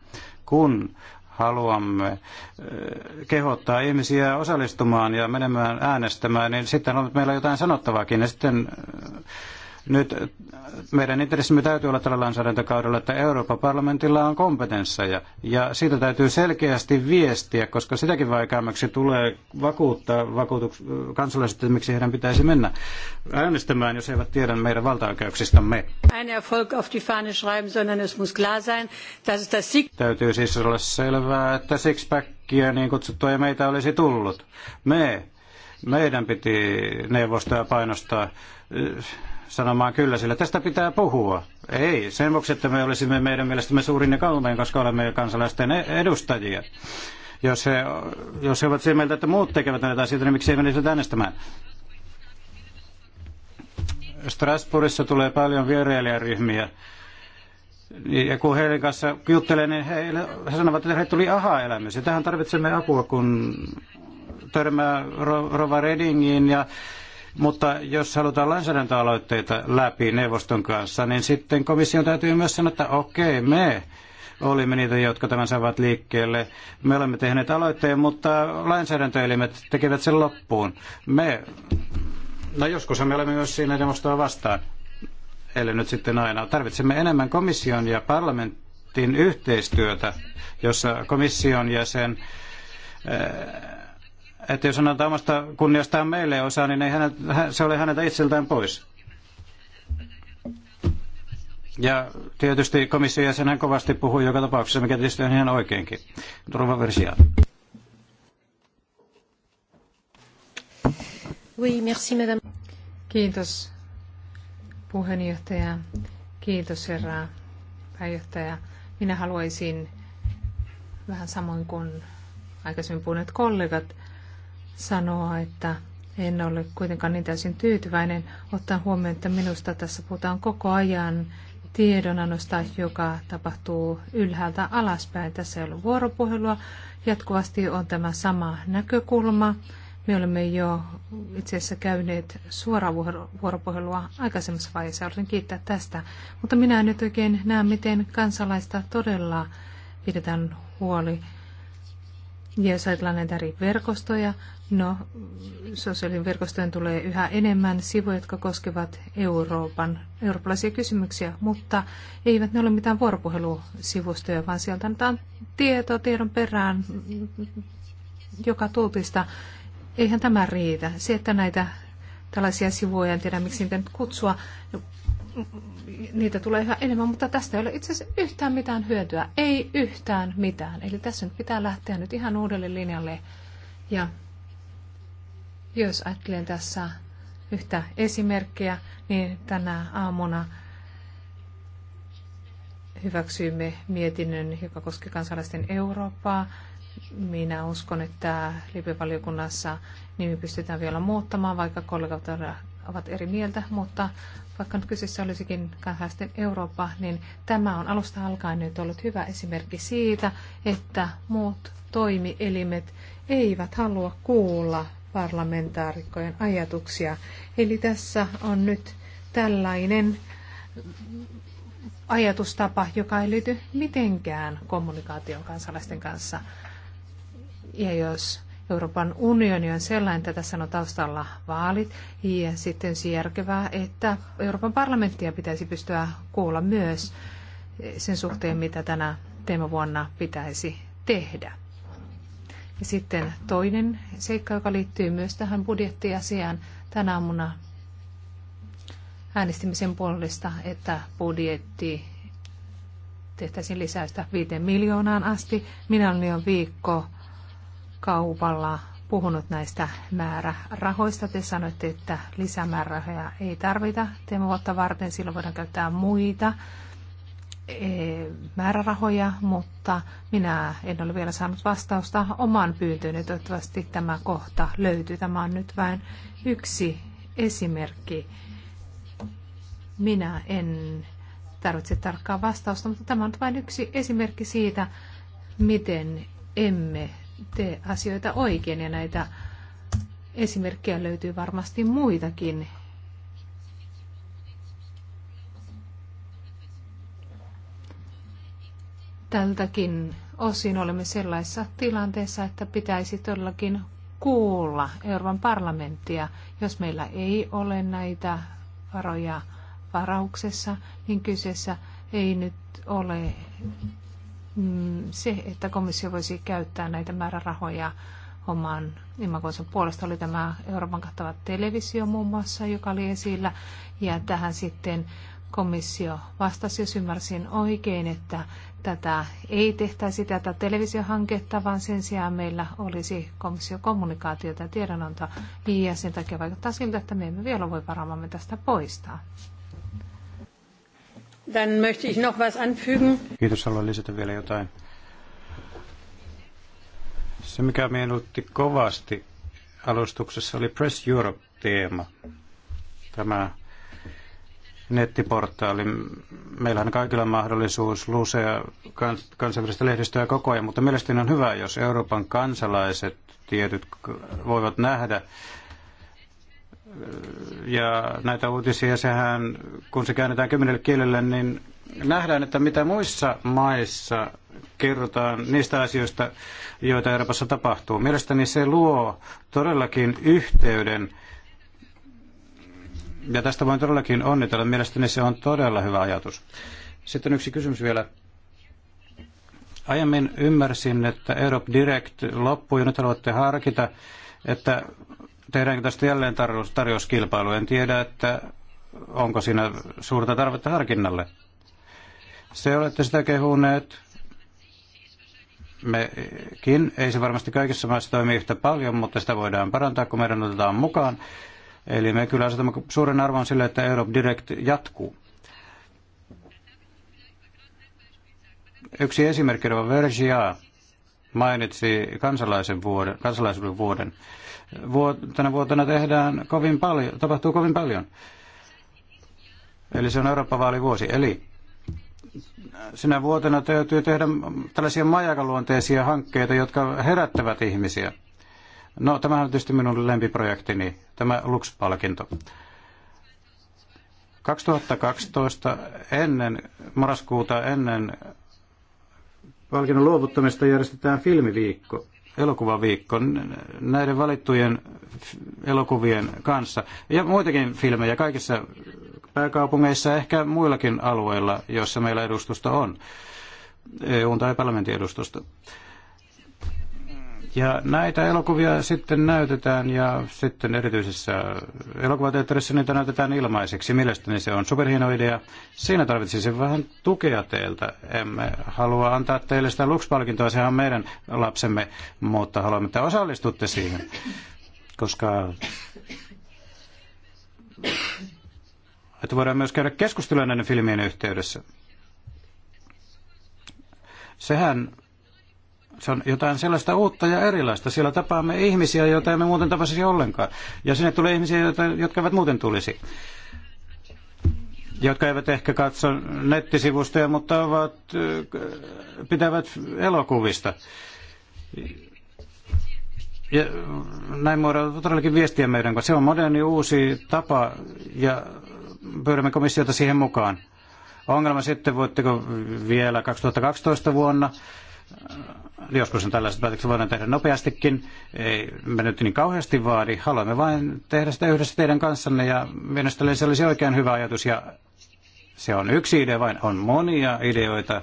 kun haluamme kehottaa ihmisiä osallistumaan ja menemään äänestämään, niin sitten on meillä jotain sanottavaakin. Ja sitten nyt äh, meidän intressimme täytyy olla tällä lainsäädäntökaudella, että Euroopan parlamentilla on kompetensseja. Ja siitä täytyy selkeästi viestiä, koska sitäkin vaikeammaksi tulee vakuuttaa vakuutuks- äh, kansalaiset, että miksi heidän pitäisi mennä äänestämään, jos he eivät tiedä meidän valtaoikeuksistamme. Täytyy siis olla selvää, että sixpackia niin kutsuttua ei meitä olisi tullut. Me, meidän piti neuvostoa painostaa äh, sanomaan kyllä, sillä tästä pitää puhua. Ei, sen vuoksi, että me olisimme meidän mielestämme suurin ja kaunein, koska olemme kansalaisten e- edustajia. Jos he, jos he ovat sitä mieltä, että muut tekevät näitä asioita, niin miksi ei menisivät äänestämään? Strasbourgissa tulee paljon vierailijaryhmiä. Ja kun heidän kanssa juttelee, niin he, he sanovat, että he tuli aha-elämys. Ja tähän tarvitsemme apua, kun törmää Rova Redingiin ja mutta jos halutaan lainsäädäntöaloitteita läpi neuvoston kanssa, niin sitten komission täytyy myös sanoa, että okei, me olimme niitä, jotka tämän saavat liikkeelle. Me olemme tehneet aloitteen, mutta lainsäädäntöelimet tekevät sen loppuun. Me, no joskus me olemme myös siinä neuvostoa vastaan, eli nyt sitten aina. Tarvitsemme enemmän komission ja parlamentin yhteistyötä, jossa komission jäsen että jos antaa omasta kunniastaan meille osaa, niin ei hänet, se ole häneltä itseltään pois. Ja tietysti komission jäsenhän kovasti puhui joka tapauksessa, mikä tietysti on ihan oikeinkin. Turva Versiaan. Oui, merci, madame. Kiitos puheenjohtaja. Kiitos herra pääjohtaja. Minä haluaisin vähän samoin kuin aikaisemmin puhuneet kollegat sanoa, että en ole kuitenkaan niin täysin tyytyväinen, ottaen huomioon, että minusta tässä puhutaan koko ajan tiedonannosta, joka tapahtuu ylhäältä alaspäin. Tässä ei ollut vuoropuhelua. Jatkuvasti on tämä sama näkökulma. Me olemme jo itse asiassa käyneet suoraa vuoropuhelua aikaisemmassa vaiheessa. Haluaisin kiittää tästä. Mutta minä nyt oikein näen, miten kansalaista todella pidetään huoli ja jos ajatellaan näitä eri verkostoja, no sosiaalinen verkostojen tulee yhä enemmän sivuja, jotka koskevat Euroopan, eurooppalaisia kysymyksiä, mutta eivät ne ole mitään vuoropuhelusivustoja, vaan sieltä annetaan tietoa tiedon perään joka tuutista. Eihän tämä riitä. Se, että näitä tällaisia sivuja, en tiedä miksi niitä nyt kutsua, niitä tulee yhä enemmän, mutta tästä ei ole itse asiassa yhtään mitään hyötyä. Ei yhtään mitään. Eli tässä nyt pitää lähteä nyt ihan uudelle linjalle. Ja jos ajattelen tässä yhtä esimerkkiä, niin tänä aamuna hyväksyimme mietinnön, joka koski kansalaisten Eurooppaa. Minä uskon, että live nimi pystytään vielä muuttamaan, vaikka kollegat ovat eri mieltä, mutta vaikka nyt kyseessä olisikin kansalaisten Eurooppa, niin tämä on alusta alkaen nyt ollut hyvä esimerkki siitä, että muut toimielimet eivät halua kuulla parlamentaarikkojen ajatuksia. Eli tässä on nyt tällainen ajatustapa, joka ei liity mitenkään kommunikaation kansalaisten kanssa. Ja jos Euroopan unioni on sellainen, että tässä on taustalla vaalit ja sitten se järkevää, että Euroopan parlamenttia pitäisi pystyä kuulla myös sen suhteen, mitä tänä teemavuonna pitäisi tehdä. Ja sitten toinen seikka, joka liittyy myös tähän budjettiasiaan. Tänä aamuna äänestimme sen puolesta, että budjetti tehtäisiin lisäystä viiteen miljoonaan asti. Minä olin jo viikko kaupalla puhunut näistä määrärahoista. Te sanoitte, että lisämäärärahoja ei tarvita vuotta varten, silloin voidaan käyttää muita eh, määrärahoja, mutta minä en ole vielä saanut vastausta omaan pyyntööni. Toivottavasti tämä kohta löytyy. Tämä on nyt vain yksi esimerkki. Minä en tarvitse tarkkaa vastausta, mutta tämä on vain yksi esimerkki siitä, miten emme tee asioita oikein ja näitä esimerkkejä löytyy varmasti muitakin. Tältäkin osin olemme sellaisessa tilanteessa, että pitäisi todellakin kuulla Euroopan parlamenttia. Jos meillä ei ole näitä varoja varauksessa, niin kyseessä ei nyt ole Mm, se, että komissio voisi käyttää näitä määrärahoja oman imakonsa puolesta oli tämä Euroopan kattava televisio muun muassa, joka oli esillä. Ja tähän sitten komissio vastasi, jos ymmärsin oikein, että tätä ei tehtäisi tätä televisiohanketta, vaan sen sijaan meillä olisi komissiokommunikaatiota ja tiedonantoa. Ja sen takia vaikuttaa siltä, että me emme vielä voi varaamme tästä poistaa. Dann möchte ich noch was anfügen. Kiitos, haluan lisätä vielä jotain. Se, mikä mieluutti kovasti alustuksessa, oli Press Europe-teema. Tämä nettiportaali. Meillähän on kaikilla mahdollisuus lusea kansainvälistä lehdistöä koko ajan, mutta mielestäni on hyvä, jos Euroopan kansalaiset tietyt voivat nähdä, ja näitä uutisia, sehän, kun se käännetään kymmenelle kielelle, niin nähdään, että mitä muissa maissa kerrotaan niistä asioista, joita Euroopassa tapahtuu. Mielestäni se luo todellakin yhteyden, ja tästä voin todellakin onnitella. Mielestäni se on todella hyvä ajatus. Sitten yksi kysymys vielä. Aiemmin ymmärsin, että Europe Direct loppui, ja nyt haluatte harkita, että tehdäänkö tästä jälleen tarjouskilpailu. En tiedä, että onko siinä suurta tarvetta harkinnalle. Se olette sitä kehuneet. Mekin ei se varmasti kaikissa maissa toimi yhtä paljon, mutta sitä voidaan parantaa, kun meidän otetaan mukaan. Eli me kyllä asetamme suuren arvon sille, että Europe Direct jatkuu. Yksi esimerkki on Vergia mainitsi kansalaisen vuoden, kansalaisuuden vuoden tänä vuotena tehdään kovin paljon, tapahtuu kovin paljon. Eli se on Eurooppa-vaalivuosi. Eli sinä vuotena täytyy tehdä tällaisia majakaluonteisia hankkeita, jotka herättävät ihmisiä. No, tämä on tietysti minun lempiprojektini, tämä Lux-palkinto. 2012 ennen, marraskuuta ennen palkinnon luovuttamista järjestetään filmiviikko – elokuvaviikko näiden valittujen elokuvien kanssa. Ja muitakin filmejä kaikissa pääkaupungeissa, ehkä muillakin alueilla, joissa meillä edustusta on. EUn tai parlamentin edustusta. Ja näitä elokuvia sitten näytetään ja sitten erityisessä elokuvateatterissa niitä näytetään ilmaiseksi. Mielestäni se on superhieno idea. Siinä tarvitsisin vähän tukea teiltä. Emme halua antaa teille sitä Lux-palkintoa, sehän on meidän lapsemme, mutta haluamme, että osallistutte siihen, koska että voidaan myös käydä keskustelua näiden filmien yhteydessä. Sehän se on jotain sellaista uutta ja erilaista. Siellä tapaamme ihmisiä, joita emme muuten tapasisi ollenkaan. Ja sinne tulee ihmisiä, joita, jotka eivät muuten tulisi. Jotka eivät ehkä katso nettisivustoja, mutta ovat, äh, pitävät elokuvista. Ja näin muodostuu todellakin viestiä meidän kanssa. Se on moderni uusi tapa ja pyydämme komissiota siihen mukaan. Ongelma sitten, voitteko vielä 2012 vuonna joskus on tällaiset päätökset voidaan tehdä nopeastikin. Ei me nyt niin kauheasti vaadi. Haluamme vain tehdä sitä yhdessä teidän kanssanne ja mielestäni se olisi oikein hyvä ajatus ja se on yksi idea, vain on monia ideoita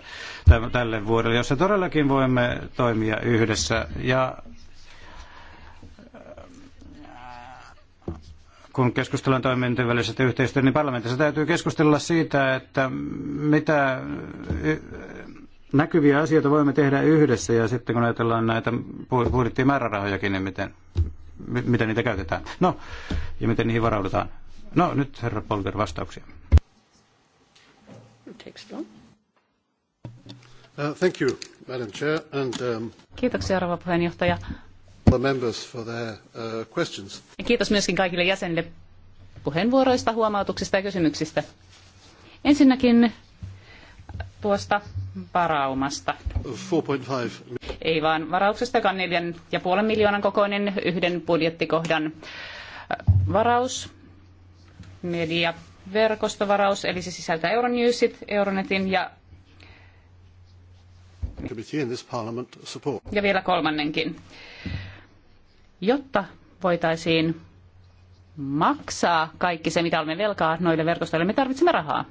tälle vuodelle, jossa todellakin voimme toimia yhdessä. Ja äh, kun keskustellaan toimintojen välisestä yhteistyöstä, niin parlamentissa täytyy keskustella siitä, että mitä näkyviä asioita voimme tehdä yhdessä ja sitten kun ajatellaan näitä määrärahojakin, niin miten, miten niitä käytetään. No, ja miten niihin varaudutaan. No, nyt herra Polter, vastauksia. Uh, thank you, Madam Chair, and, um, Kiitoksia, arvo puheenjohtaja. for their, uh, Ja kiitos myöskin kaikille jäsenille puheenvuoroista, huomautuksista ja kysymyksistä. Ensinnäkin tuosta varaumasta. Ei vaan varauksesta, joka on 4,5 miljoonan kokoinen yhden budjettikohdan äh, varaus. Media verkostovaraus, eli se sisältää Euronewsit, Euronetin ja ja vielä kolmannenkin. Jotta voitaisiin maksaa kaikki se, mitä olemme velkaa noille verkostoille, me tarvitsemme rahaa.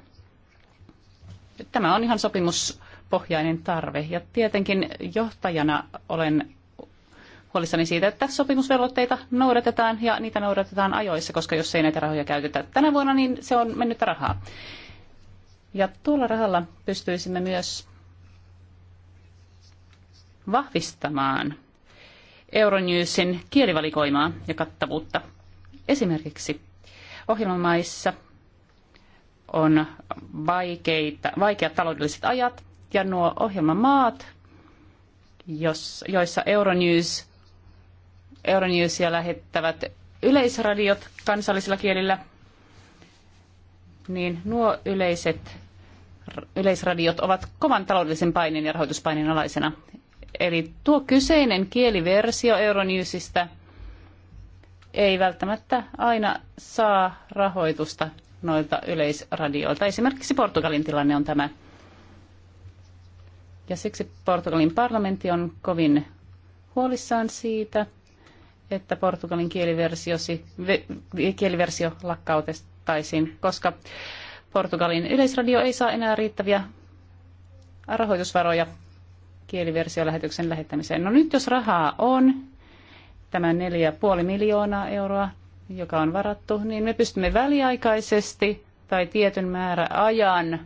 Tämä on ihan sopimuspohjainen tarve. Ja tietenkin johtajana olen huolissani siitä, että sopimusvelvoitteita noudatetaan ja niitä noudatetaan ajoissa, koska jos ei näitä rahoja käytetä tänä vuonna, niin se on mennyt rahaa. Ja tuolla rahalla pystyisimme myös vahvistamaan Euronewsin kielivalikoimaa ja kattavuutta. Esimerkiksi ohjelmamaissa – on vaikeita, vaikeat taloudelliset ajat ja nuo ohjelmamaat, jos, joissa Euronews, Euronewsia lähettävät yleisradiot kansallisilla kielillä, niin nuo yleiset, yleisradiot ovat kovan taloudellisen paineen ja rahoituspaineen alaisena. Eli tuo kyseinen kieliversio Euronewsista ei välttämättä aina saa rahoitusta noilta yleisradioilta. Esimerkiksi Portugalin tilanne on tämä. Ja siksi Portugalin parlamentti on kovin huolissaan siitä, että Portugalin kieliversio lakkautettaisiin, koska Portugalin yleisradio ei saa enää riittäviä rahoitusvaroja kieliversiolähetyksen lähettämiseen. No nyt jos rahaa on, tämä 4,5 miljoonaa euroa joka on varattu, niin me pystymme väliaikaisesti tai tietyn määrä ajan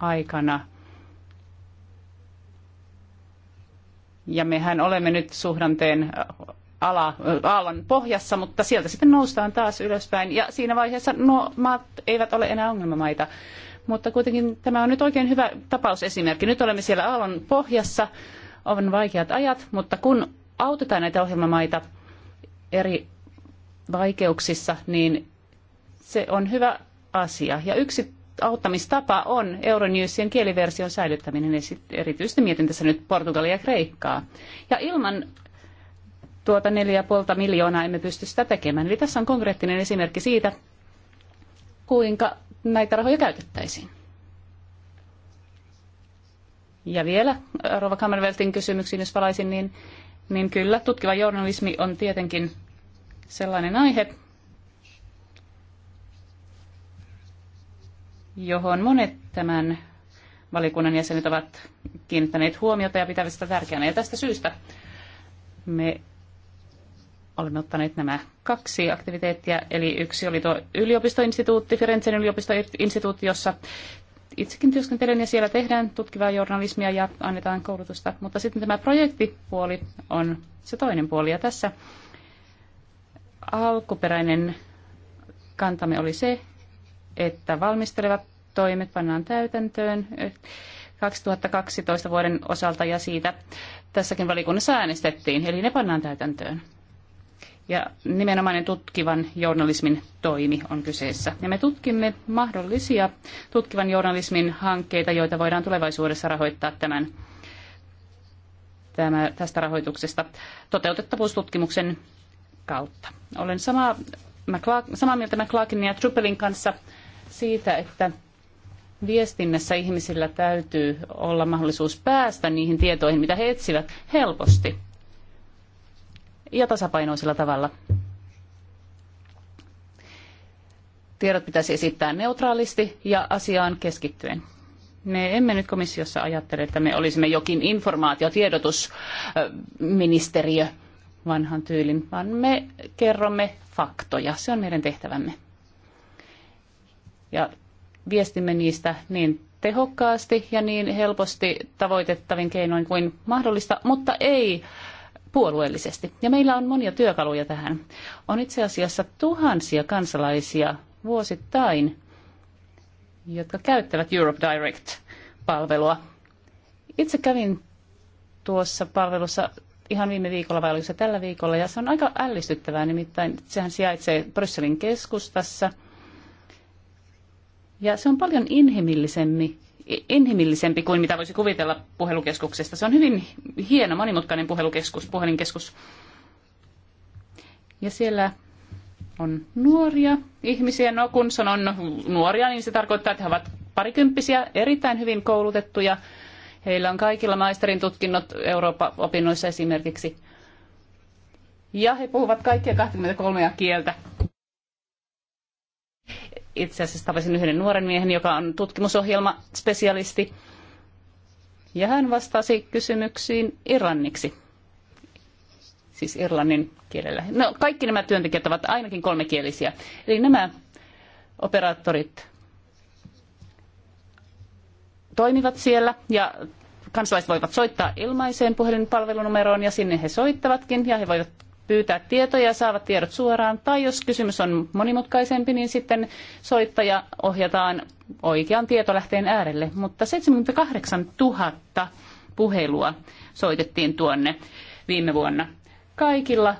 aikana. Ja mehän olemme nyt suhdanteen äh, ala, äh, aallon pohjassa, mutta sieltä sitten noustaan taas ylöspäin. Ja siinä vaiheessa nuo maat eivät ole enää ongelmamaita. Mutta kuitenkin tämä on nyt oikein hyvä tapausesimerkki. Nyt olemme siellä aallon pohjassa, on vaikeat ajat, mutta kun autetaan näitä ohjelmamaita eri vaikeuksissa, niin se on hyvä asia. Ja yksi auttamistapa on Euronewsien kieliversion säilyttäminen, erityisesti mietin tässä nyt Portugalia ja Kreikkaa. Ja ilman tuota puolta miljoonaa emme pysty sitä tekemään. Eli tässä on konkreettinen esimerkki siitä, kuinka näitä rahoja käytettäisiin. Ja vielä Rova Kammerveltin kysymyksiin, jos palaisin, niin, niin kyllä tutkiva journalismi on tietenkin sellainen aihe, johon monet tämän valikunnan jäsenet ovat kiinnittäneet huomiota ja pitävät sitä tärkeänä. Ja tästä syystä me olemme ottaneet nämä kaksi aktiviteettia. Eli yksi oli tuo yliopistoinstituutti, Firenzen yliopistoinstituutti, jossa itsekin työskentelen ja siellä tehdään tutkivaa journalismia ja annetaan koulutusta. Mutta sitten tämä projektipuoli on se toinen puoli. Ja tässä alkuperäinen kantamme oli se, että valmistelevat toimet pannaan täytäntöön 2012 vuoden osalta ja siitä tässäkin valikunnassa äänestettiin, eli ne pannaan täytäntöön. Ja nimenomainen tutkivan journalismin toimi on kyseessä. Ja me tutkimme mahdollisia tutkivan journalismin hankkeita, joita voidaan tulevaisuudessa rahoittaa tämän, tämä, tästä rahoituksesta toteutettavuustutkimuksen kautta. Olen samaa, samaa mieltä McLaughlin ja Truppelin kanssa siitä, että viestinnässä ihmisillä täytyy olla mahdollisuus päästä niihin tietoihin, mitä he etsivät helposti ja tasapainoisella tavalla. Tiedot pitäisi esittää neutraalisti ja asiaan keskittyen. Me emme nyt komissiossa ajattele, että me olisimme jokin informaatiotiedotusministeriö vanhan tyylin, vaan me kerromme faktoja. Se on meidän tehtävämme. Ja viestimme niistä niin tehokkaasti ja niin helposti tavoitettavin keinoin kuin mahdollista, mutta ei puolueellisesti. Ja meillä on monia työkaluja tähän. On itse asiassa tuhansia kansalaisia vuosittain, jotka käyttävät Europe Direct-palvelua. Itse kävin tuossa palvelussa ihan viime viikolla vai oliko se tällä viikolla, ja se on aika ällistyttävää, nimittäin sehän sijaitsee Brysselin keskustassa, ja se on paljon inhimillisempi, inhimillisempi kuin mitä voisi kuvitella puhelukeskuksesta. Se on hyvin hieno, monimutkainen puhelukeskus, puhelinkeskus. Ja siellä on nuoria ihmisiä. No kun sanon nuoria, niin se tarkoittaa, että he ovat parikymppisiä, erittäin hyvin koulutettuja Heillä on kaikilla maisterin tutkinnot Euroopan opinnoissa esimerkiksi. Ja he puhuvat kaikkia 23 kieltä. Itse asiassa tavasin yhden nuoren miehen, joka on tutkimusohjelma-spesialisti. Ja hän vastasi kysymyksiin irlanniksi siis irlannin kielellä. No, kaikki nämä työntekijät ovat ainakin kolmekielisiä. Eli nämä operaattorit toimivat siellä ja kansalaiset voivat soittaa ilmaiseen puhelinpalvelunumeroon ja sinne he soittavatkin ja he voivat pyytää tietoja ja saavat tiedot suoraan. Tai jos kysymys on monimutkaisempi, niin sitten soittaja ohjataan oikean tietolähteen äärelle. Mutta 78 000 puhelua soitettiin tuonne viime vuonna kaikilla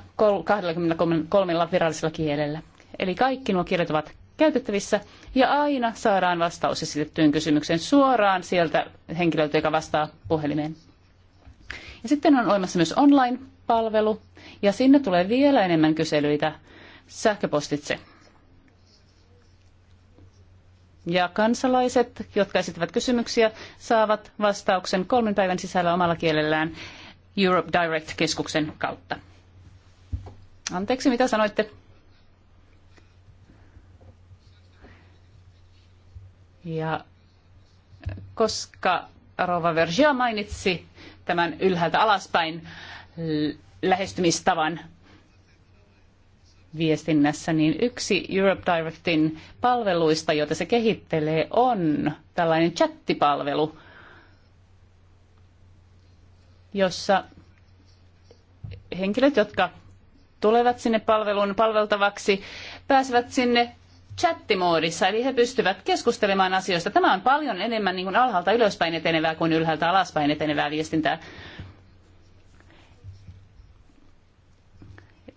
23 virallisella kielellä. Eli kaikki nuo kielet ovat käytettävissä ja aina saadaan vastaus esitettyyn kysymykseen suoraan sieltä henkilöltä, joka vastaa puhelimeen. Ja sitten on olemassa myös online-palvelu ja sinne tulee vielä enemmän kyselyitä sähköpostitse. Ja kansalaiset, jotka esittävät kysymyksiä, saavat vastauksen kolmen päivän sisällä omalla kielellään Europe Direct-keskuksen kautta. Anteeksi, mitä sanoitte? Ja koska Rova Vergia mainitsi tämän ylhäältä alaspäin lähestymistavan viestinnässä, niin yksi Europe Directin palveluista, jota se kehittelee, on tällainen chattipalvelu, jossa henkilöt, jotka tulevat sinne palveluun palveltavaksi, pääsevät sinne chattimoodissa, eli he pystyvät keskustelemaan asioista. Tämä on paljon enemmän niin kuin alhaalta ylöspäin etenevää kuin ylhäältä alaspäin etenevää viestintää.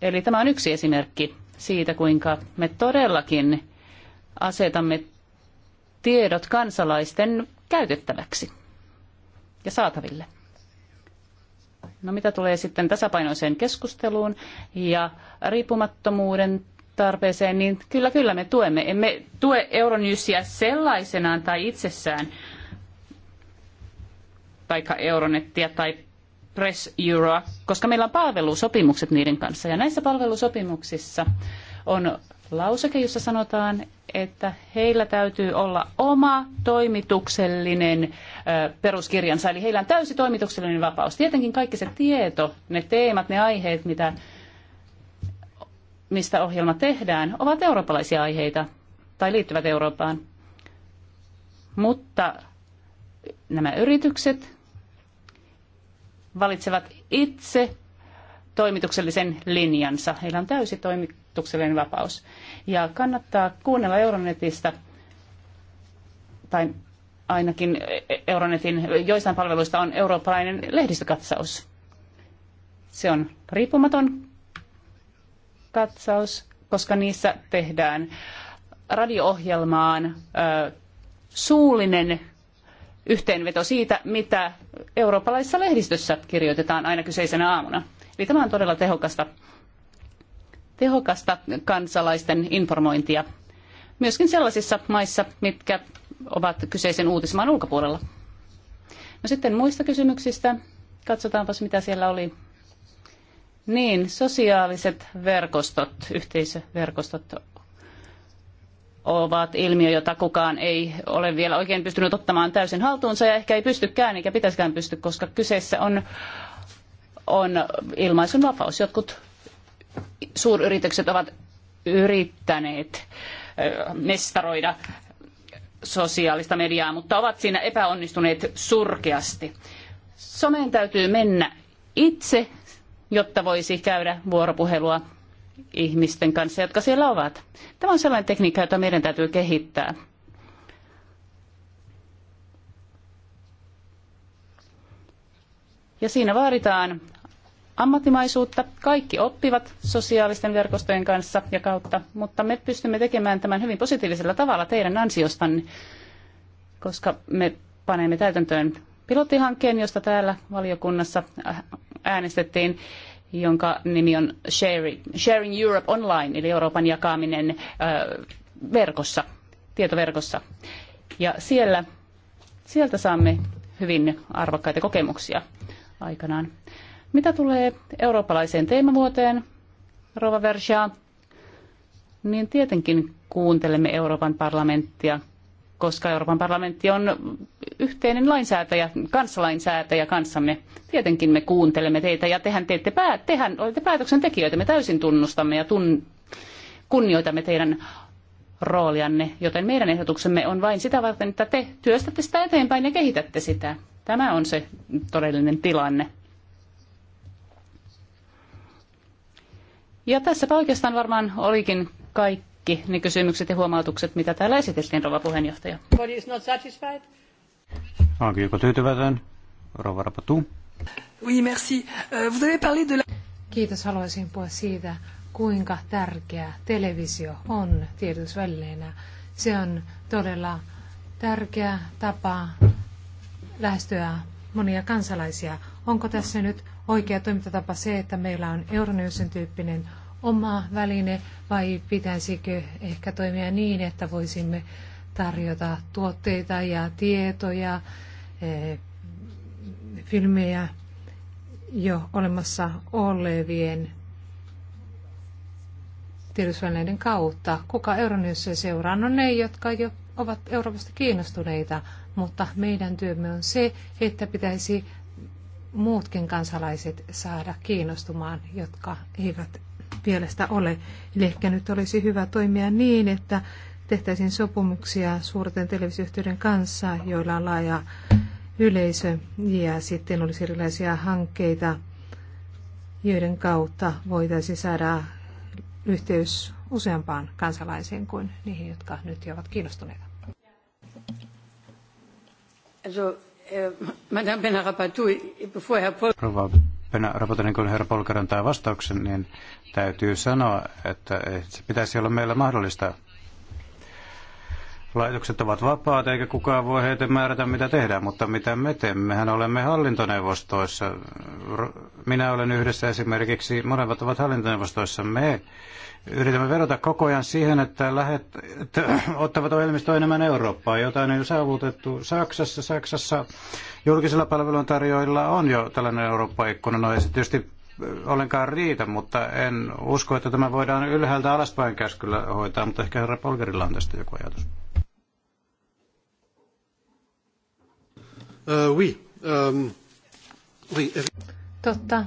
Eli tämä on yksi esimerkki siitä, kuinka me todellakin asetamme tiedot kansalaisten käytettäväksi ja saataville. No mitä tulee sitten tasapainoiseen keskusteluun ja riippumattomuuden tarpeeseen, niin kyllä, kyllä me tuemme. Emme tue Euronyysiä sellaisenaan tai itsessään, taikka Euronettia tai Press Euroa, koska meillä on palvelusopimukset niiden kanssa. Ja näissä palvelusopimuksissa on lauseke, jossa sanotaan, että heillä täytyy olla oma toimituksellinen peruskirjansa, eli heillä on täysi toimituksellinen vapaus. Tietenkin kaikki se tieto, ne teemat, ne aiheet, mitä mistä ohjelma tehdään, ovat eurooppalaisia aiheita tai liittyvät Eurooppaan. Mutta nämä yritykset valitsevat itse toimituksellisen linjansa. Heillä on täysi toimituksellinen vapaus. Ja kannattaa kuunnella Euronetista tai ainakin Euronetin joissain palveluista on eurooppalainen lehdistökatsaus. Se on riippumaton, katsaus, koska niissä tehdään radio-ohjelmaan suullinen yhteenveto siitä, mitä eurooppalaisessa lehdistössä kirjoitetaan aina kyseisenä aamuna. Eli tämä on todella tehokasta, tehokasta kansalaisten informointia myöskin sellaisissa maissa, mitkä ovat kyseisen uutismaan ulkopuolella. No sitten muista kysymyksistä. Katsotaanpas, mitä siellä oli. Niin, sosiaaliset verkostot, yhteisöverkostot ovat ilmiö, jota kukaan ei ole vielä oikein pystynyt ottamaan täysin haltuunsa ja ehkä ei pystykään eikä pitäisikään pysty, koska kyseessä on, on ilmaisun vapaus. Jotkut suuryritykset ovat yrittäneet mestaroida sosiaalista mediaa, mutta ovat siinä epäonnistuneet surkeasti. Someen täytyy mennä itse jotta voisi käydä vuoropuhelua ihmisten kanssa, jotka siellä ovat. Tämä on sellainen tekniikka, jota meidän täytyy kehittää. Ja siinä vaaditaan ammattimaisuutta. Kaikki oppivat sosiaalisten verkostojen kanssa ja kautta, mutta me pystymme tekemään tämän hyvin positiivisella tavalla teidän ansiostanne, koska me panemme täytäntöön pilottihankkeen, josta täällä valiokunnassa äänestettiin, jonka nimi on Sharing, Europe Online, eli Euroopan jakaminen verkossa, tietoverkossa. Ja siellä, sieltä saamme hyvin arvokkaita kokemuksia aikanaan. Mitä tulee eurooppalaiseen teemavuoteen, Rova Versia, niin tietenkin kuuntelemme Euroopan parlamenttia koska Euroopan parlamentti on yhteinen lainsäätäjä, kansalainsäätäjä kanssamme. Tietenkin me kuuntelemme teitä ja tehän, teette pää, tehän olette päätöksentekijöitä. Me täysin tunnustamme ja tun, kunnioitamme teidän roolianne, joten meidän ehdotuksemme on vain sitä varten, että te työstätte sitä eteenpäin ja kehitätte sitä. Tämä on se todellinen tilanne. Ja tässäpä oikeastaan varmaan olikin kaikki kaikki ne kysymykset ja huomautukset, mitä täällä esitettiin, rouva puheenjohtaja. Onko joku Rouva Rapatu. Oui, merci. Euh, vous avez parlé de la... Kiitos, haluaisin puhua siitä, kuinka tärkeä televisio on tiedotusvälineenä. Se on todella tärkeä tapa lähestyä monia kansalaisia. Onko tässä nyt oikea toimintatapa se, että meillä on Euronewsin tyyppinen oma väline vai pitäisikö ehkä toimia niin, että voisimme tarjota tuotteita ja tietoja, eh, filmejä jo olemassa olevien tiedotusvälineiden kautta. Kuka Euronewsia seuraa? No ne, jotka jo ovat Euroopasta kiinnostuneita, mutta meidän työmme on se, että pitäisi muutkin kansalaiset saada kiinnostumaan, jotka eivät mielestä ole. Eli ehkä nyt olisi hyvä toimia niin, että tehtäisiin sopimuksia suurten televisioyhtiöiden kanssa, joilla on laaja yleisö, ja sitten olisi erilaisia hankkeita, joiden kautta voitaisiin saada yhteys useampaan kansalaisiin kuin niihin, jotka nyt jo ovat kiinnostuneita. Äh, Madame Benarapatou, bevor Herr raportoinnin niin herra Polker antaa vastauksen, niin täytyy sanoa, että se pitäisi olla meillä mahdollista. Laitokset ovat vapaat, eikä kukaan voi heitä määrätä, mitä tehdään, mutta mitä me teemme? Mehän olemme hallintoneuvostoissa. Minä olen yhdessä esimerkiksi, monet ovat hallintoneuvostoissa. Me yritämme verota koko ajan siihen, että, lähet, että (clears throat) ottavat ohjelmistoa enemmän Eurooppaa. Jotain on jo saavutettu Saksassa. Saksassa julkisilla palveluntarjoajilla on jo tällainen Eurooppa-ikkuna. No ei se tietysti äh, ollenkaan riitä, mutta en usko, että tämä voidaan ylhäältä alaspäin käskyllä hoitaa, mutta ehkä herra Polgerilla on tästä joku ajatus. Uh, oui. um, oui. Totta.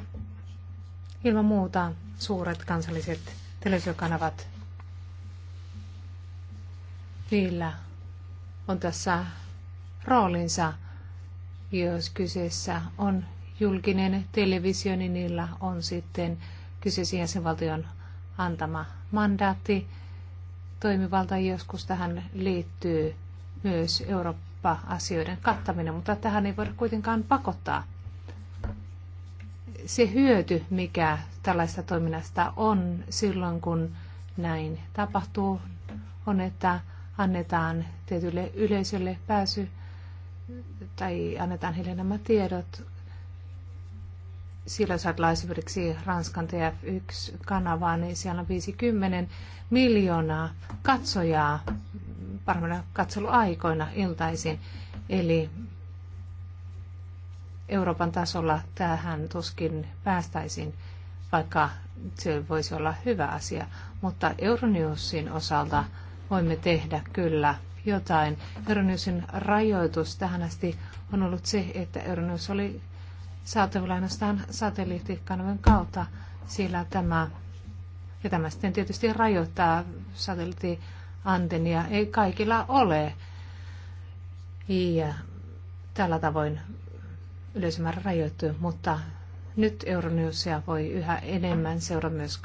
Ilman muuta suuret kansalliset televisiokanavat. Niillä on tässä roolinsa, jos kyseessä on julkinen televisio, niin niillä on sitten kyseisen jäsenvaltion antama mandaatti, toimivalta. Joskus tähän liittyy myös Eurooppa-asioiden kattaminen, mutta tähän ei voida kuitenkaan pakottaa. Se hyöty, mikä tällaista toiminnasta on silloin, kun näin tapahtuu, on, että annetaan tietylle yleisölle pääsy tai annetaan heille nämä tiedot. Silloin saat esimerkiksi Ranskan TF1-kanavaa, niin siellä on 50 miljoonaa katsojaa parhaimmillaan katseluaikoina iltaisin. Eli Euroopan tasolla tähän tuskin päästäisiin vaikka se voisi olla hyvä asia. Mutta Euronewsin osalta voimme tehdä kyllä jotain. Euronewsin rajoitus tähän asti on ollut se, että Euronews oli saatavilla ainoastaan satelliittikanavan kautta, sillä tämä, ja tämä sitten tietysti rajoittaa satelliittiantennia, ei kaikilla ole. Ja tällä tavoin yleisömäärä rajoittuu, mutta nyt Euronewsia voi yhä enemmän seurata myös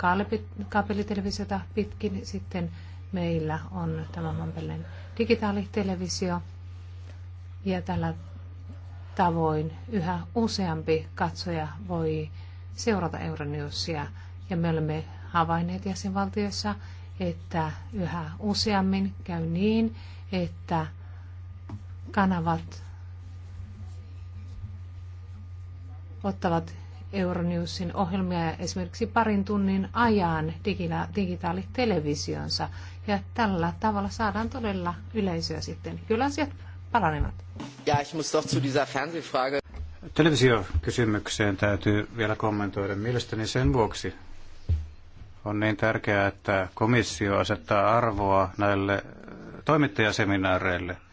kaapelitelevisiota pitkin. Sitten meillä on tämä Mampelen digitaalitelevisio. Ja tällä tavoin yhä useampi katsoja voi seurata Euronewsia. Ja me olemme havainneet jäsenvaltiossa, että yhä useammin käy niin, että kanavat ottavat Euronewsin ohjelmia esimerkiksi parin tunnin ajan digitaalitelevisionsa. Ja tällä tavalla saadaan todella yleisöä sitten. Kyllä asiat paranevat. Ja, ich muss doch zu dieser Fernsehfrage. Televisiokysymykseen täytyy vielä kommentoida. Mielestäni sen vuoksi on niin tärkeää, että komissio asettaa arvoa näille toimittajaseminaareille –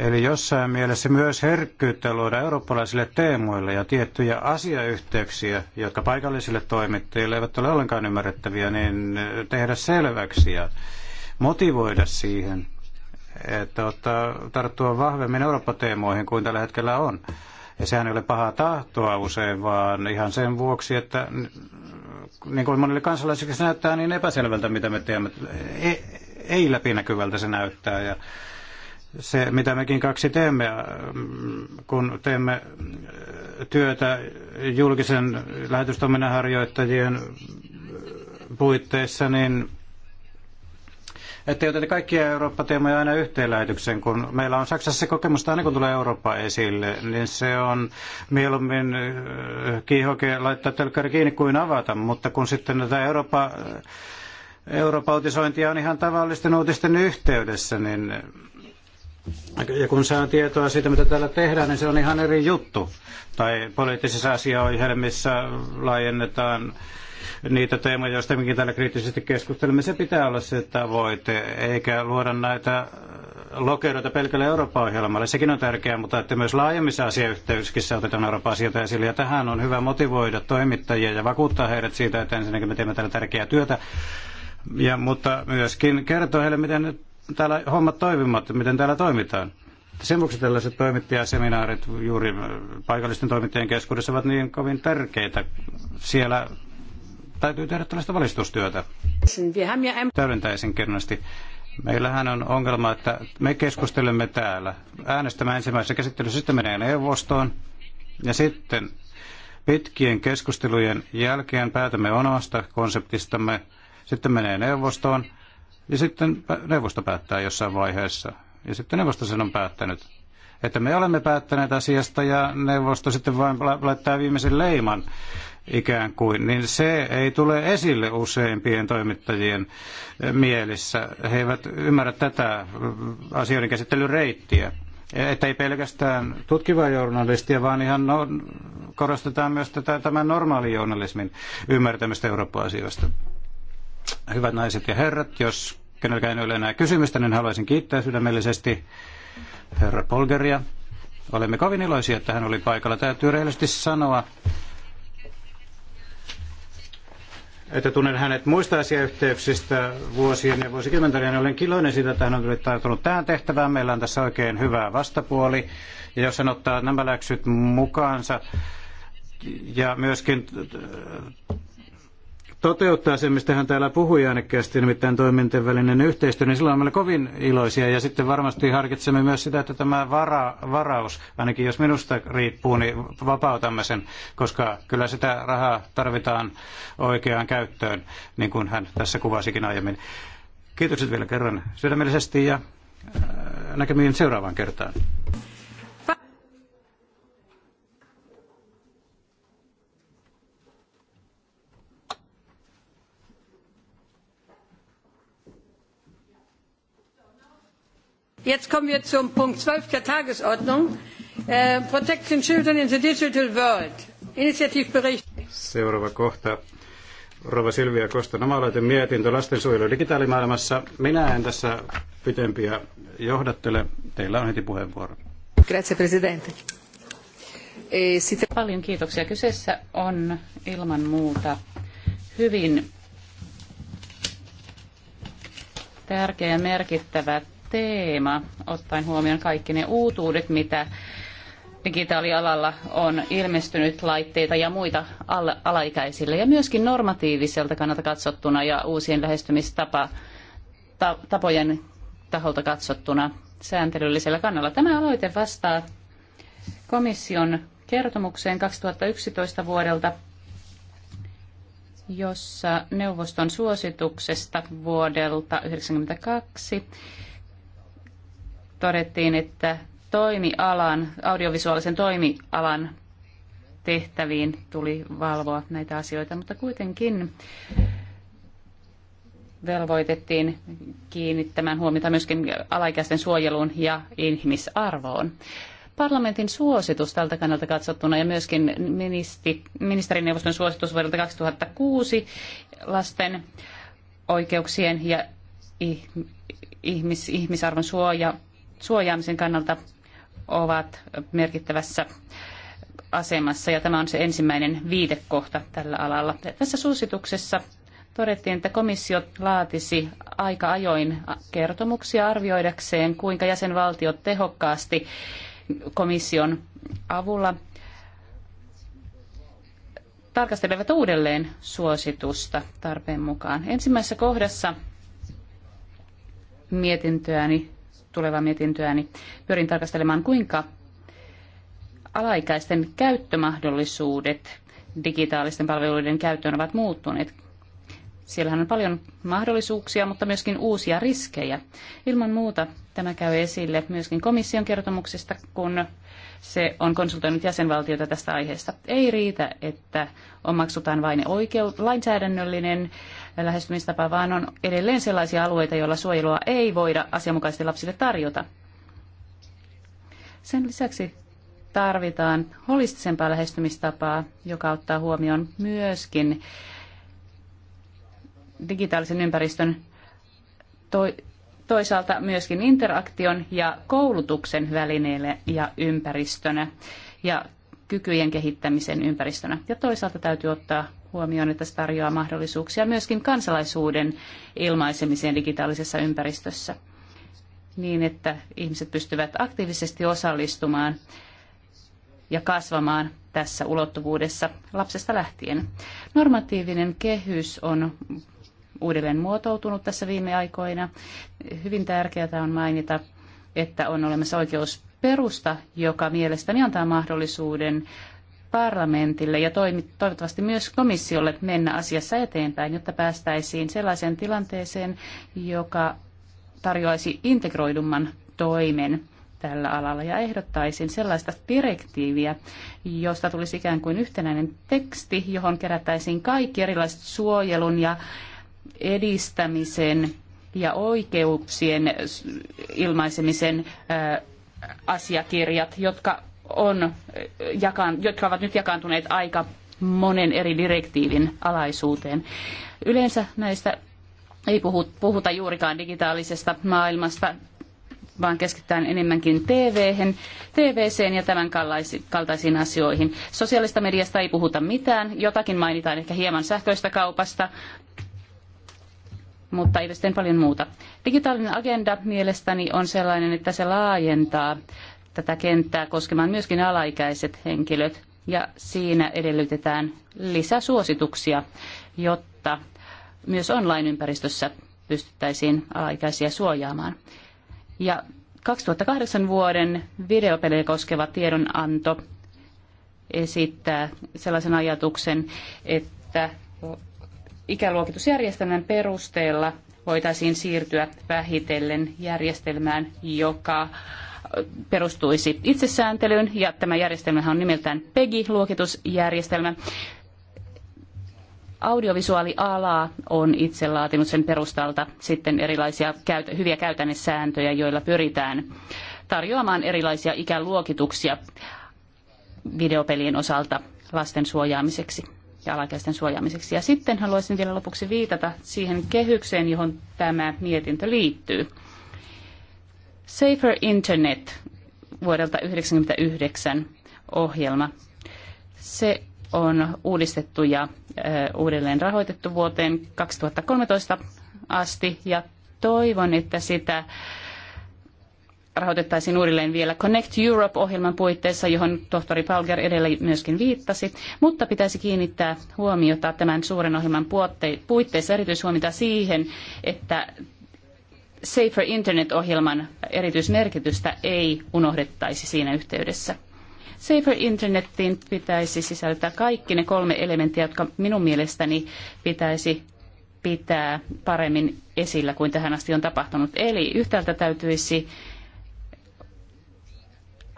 Eli jossain mielessä myös herkkyyttä luoda eurooppalaisille teemoille ja tiettyjä asiayhteyksiä, jotka paikallisille toimittajille eivät ole ollenkaan ymmärrettäviä, niin tehdä selväksi ja motivoida siihen, että ottaa, tarttua vahvemmin Eurooppa-teemoihin kuin tällä hetkellä on. Ja sehän ei ole pahaa tahtoa usein, vaan ihan sen vuoksi, että niin kuin monille kansalaisille se näyttää niin epäselvältä, mitä me teemme. Ei, ei läpinäkyvältä se näyttää. Ja se, mitä mekin kaksi teemme, äh, kun teemme äh, työtä julkisen lähetystoiminnan harjoittajien äh, puitteissa, niin ettei oteta kaikkia Eurooppa-teemoja aina yhteen lähetykseen, kun meillä on Saksassa se kokemus, että aina kun tulee Eurooppa esille, niin se on mieluummin kiihoke laittaa telkkari kiinni kuin avata, mutta kun sitten tätä Eurooppa Euroopan uutisointia on ihan tavallisten uutisten yhteydessä, niin ja kun saa tietoa siitä, mitä täällä tehdään, niin se on ihan eri juttu. Tai poliittisissa asiaohjelmissa laajennetaan niitä teemoja, joista mekin täällä kriittisesti keskustelemme. Se pitää olla se tavoite, eikä luoda näitä lokeroita pelkälle Euroopan ohjelmalle. Sekin on tärkeää, mutta että myös laajemmissa asiayhteyksissä otetaan Euroopan asioita esille. Ja tähän on hyvä motivoida toimittajia ja vakuuttaa heidät siitä, että ensinnäkin me teemme täällä tärkeää työtä. Ja, mutta myöskin kertoa heille, miten täällä hommat toimivat, miten täällä toimitaan. Sen vuoksi tällaiset toimittajaseminaarit juuri äh, paikallisten toimittajien keskuudessa ovat niin kovin tärkeitä. Siellä täytyy tehdä tällaista valistustyötä. Täydentäisin kerrasti. Meillähän on ongelma, että me keskustelemme täällä. Äänestämme ensimmäisessä käsittelyssä, sitten menee neuvostoon. Ja sitten pitkien keskustelujen jälkeen päätämme omasta konseptistamme. Sitten menee neuvostoon. Ja sitten neuvosto päättää jossain vaiheessa. Ja sitten neuvosto sen on päättänyt. Että me olemme päättäneet asiasta ja neuvosto sitten vain laittaa viimeisen leiman ikään kuin, niin se ei tule esille useimpien toimittajien eh, mielissä. He eivät ymmärrä tätä eh, asioiden reittiä. E- että ei pelkästään tutkivaa journalistia, vaan ihan no, korostetaan myös tätä, tämän normaalin journalismin ymmärtämistä Eurooppa-asioista. Hyvät naiset ja herrat, jos kenelläkään ei ole enää kysymystä, niin haluaisin kiittää sydämellisesti herra Polgeria. Olemme kovin iloisia, että hän oli paikalla. Täytyy rehellisesti sanoa, että tunnen hänet muista asiayhteyksistä vuosien ja vuosikymmenten ajan. Olen kiloinen siitä, että hän on tullut tähän tehtävään. Meillä on tässä oikein hyvä vastapuoli. Ja jos hän ottaa nämä läksyt mukaansa ja myöskin toteuttaa sen, mistä hän täällä puhui äänekkäästi, nimittäin toimintojen välinen yhteistyö, niin silloin olemme kovin iloisia. Ja sitten varmasti harkitsemme myös sitä, että tämä vara, varaus, ainakin jos minusta riippuu, niin vapautamme sen, koska kyllä sitä rahaa tarvitaan oikeaan käyttöön, niin kuin hän tässä kuvasikin aiemmin. Kiitokset vielä kerran sydämellisesti ja äh, näkemiin seuraavaan kertaan. Jetzt kommen wir zum Punkt 12 der Tagesordnung. Äh, Protecting Children in the Digital World. Initiativbericht. Seuraava kohta. Rova Silvia Kostan omalaiten mietintö lastensuojelu digitaalimaailmassa. Minä en tässä pitempiä johdattele. Teillä on heti puheenvuoro. Grazie, presidente. Eh, Sitä... Paljon kiitoksia. Kyseessä on ilman muuta hyvin tärkeä ja merkittävä teema, ottaen huomioon kaikki ne uutuudet, mitä digitaalialalla on ilmestynyt laitteita ja muita al- alaikäisille ja myöskin normatiiviselta kannalta katsottuna ja uusien lähestymistapojen ta- taholta katsottuna sääntelyllisellä kannalla. Tämä aloite vastaa komission kertomukseen 2011 vuodelta, jossa neuvoston suosituksesta vuodelta 1992 todettiin, että toimialan, audiovisuaalisen toimialan tehtäviin tuli valvoa näitä asioita, mutta kuitenkin velvoitettiin kiinnittämään huomiota myöskin alaikäisten suojeluun ja ihmisarvoon. Parlamentin suositus tältä kannalta katsottuna ja myöskin ministeri, ministerineuvoston suositus vuodelta 2006 lasten oikeuksien ja ihmis, ihmisarvon suoja suojaamisen kannalta ovat merkittävässä asemassa ja tämä on se ensimmäinen viitekohta tällä alalla. Tässä suosituksessa todettiin, että komissio laatisi aika ajoin kertomuksia arvioidakseen, kuinka jäsenvaltiot tehokkaasti komission avulla tarkastelevat uudelleen suositusta tarpeen mukaan. Ensimmäisessä kohdassa mietintöäni tulevaa mietintöäni, niin pyrin tarkastelemaan, kuinka alaikäisten käyttömahdollisuudet digitaalisten palveluiden käyttöön ovat muuttuneet Siellähän on paljon mahdollisuuksia, mutta myöskin uusia riskejä. Ilman muuta tämä käy esille myöskin komission kertomuksista, kun se on konsultoinut jäsenvaltioita tästä aiheesta. Ei riitä, että omaksutaan vain oikeu- lainsäädännöllinen lähestymistapa, vaan on edelleen sellaisia alueita, joilla suojelua ei voida asianmukaisesti lapsille tarjota. Sen lisäksi tarvitaan holistisempaa lähestymistapaa, joka ottaa huomioon myöskin digitaalisen ympäristön toisaalta myöskin interaktion ja koulutuksen välineille ja ympäristönä ja kykyjen kehittämisen ympäristönä. Ja toisaalta täytyy ottaa huomioon, että se tarjoaa mahdollisuuksia myöskin kansalaisuuden ilmaisemiseen digitaalisessa ympäristössä niin, että ihmiset pystyvät aktiivisesti osallistumaan ja kasvamaan tässä ulottuvuudessa lapsesta lähtien. Normatiivinen kehys on uudelleen muotoutunut tässä viime aikoina. Hyvin tärkeää on mainita, että on olemassa oikeus perusta, joka mielestäni antaa mahdollisuuden parlamentille ja toivottavasti myös komissiolle mennä asiassa eteenpäin, jotta päästäisiin sellaiseen tilanteeseen, joka tarjoaisi integroidumman toimen tällä alalla ja ehdottaisin sellaista direktiiviä, josta tulisi ikään kuin yhtenäinen teksti, johon kerättäisiin kaikki erilaiset suojelun ja edistämisen ja oikeuksien ilmaisemisen asiakirjat, jotka, on, jotka ovat nyt jakaantuneet aika monen eri direktiivin alaisuuteen. Yleensä näistä ei puhuta juurikaan digitaalisesta maailmasta, vaan keskitytään enemmänkin TV-hen, tvc ja tämän kaltaisiin asioihin. Sosiaalista mediasta ei puhuta mitään, jotakin mainitaan ehkä hieman sähköistä kaupasta, mutta ei sitten paljon muuta. Digitaalinen agenda mielestäni on sellainen, että se laajentaa tätä kenttää koskemaan myöskin alaikäiset henkilöt. Ja siinä edellytetään lisäsuosituksia, jotta myös online-ympäristössä pystyttäisiin alaikäisiä suojaamaan. Ja 2008 vuoden videopelejä koskeva tiedonanto esittää sellaisen ajatuksen, että ikäluokitusjärjestelmän perusteella voitaisiin siirtyä vähitellen järjestelmään, joka perustuisi itsesääntelyyn, ja tämä järjestelmä on nimeltään PEGI-luokitusjärjestelmä. Audiovisuaaliala on itse laatinut sen perustalta sitten erilaisia hyviä käytännesääntöjä, joilla pyritään tarjoamaan erilaisia ikäluokituksia videopelien osalta lasten suojaamiseksi ja alakeisten suojaamiseksi. Ja sitten haluaisin vielä lopuksi viitata siihen kehykseen, johon tämä mietintö liittyy. Safer Internet vuodelta 1999 ohjelma. Se on uudistettu ja uudelleen rahoitettu vuoteen 2013 asti ja toivon, että sitä rahoitettaisiin uudelleen vielä Connect Europe-ohjelman puitteissa, johon tohtori Palger edellä myöskin viittasi, mutta pitäisi kiinnittää huomiota tämän suuren ohjelman puitteissa erityishuomiota siihen, että Safer Internet-ohjelman erityismerkitystä ei unohdettaisi siinä yhteydessä. Safer Internetiin pitäisi sisältää kaikki ne kolme elementtiä, jotka minun mielestäni pitäisi pitää paremmin esillä kuin tähän asti on tapahtunut. Eli yhtäältä täytyisi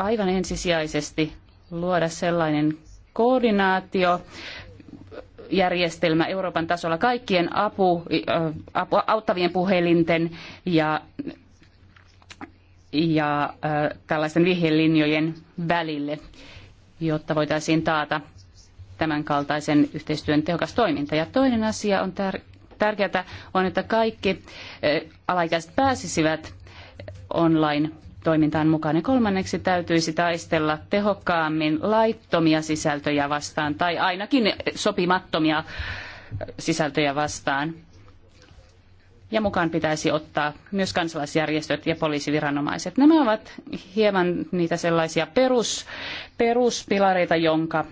aivan ensisijaisesti luoda sellainen koordinaatio, järjestelmä Euroopan tasolla kaikkien apu, äh, apu, auttavien puhelinten ja, ja äh, tällaisten vihjelinjojen välille, jotta voitaisiin taata tämän kaltaisen yhteistyön tehokas toiminta. Ja toinen asia on tär- tärkeää on, että kaikki äh, alaikäiset pääsisivät online toimintaan mukaan. Ja kolmanneksi täytyisi taistella tehokkaammin laittomia sisältöjä vastaan tai ainakin sopimattomia sisältöjä vastaan. Ja mukaan pitäisi ottaa myös kansalaisjärjestöt ja poliisiviranomaiset. Nämä ovat hieman niitä sellaisia perus, peruspilareita, jonka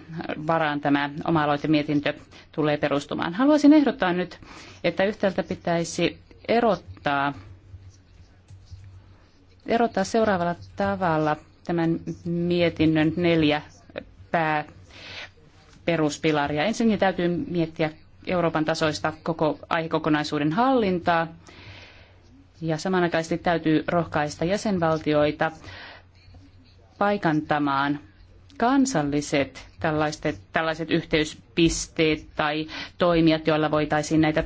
varaan tämä oma aloitemietintö tulee perustumaan. Haluaisin ehdottaa nyt, että yhtäältä pitäisi erottaa erottaa seuraavalla tavalla tämän mietinnön neljä pää peruspilaria. Ensinnäkin täytyy miettiä Euroopan tasoista koko aihekokonaisuuden hallintaa ja samanaikaisesti täytyy rohkaista jäsenvaltioita paikantamaan kansalliset tällaiset, tällaiset yhteyspisteet tai toimijat, joilla voitaisiin näitä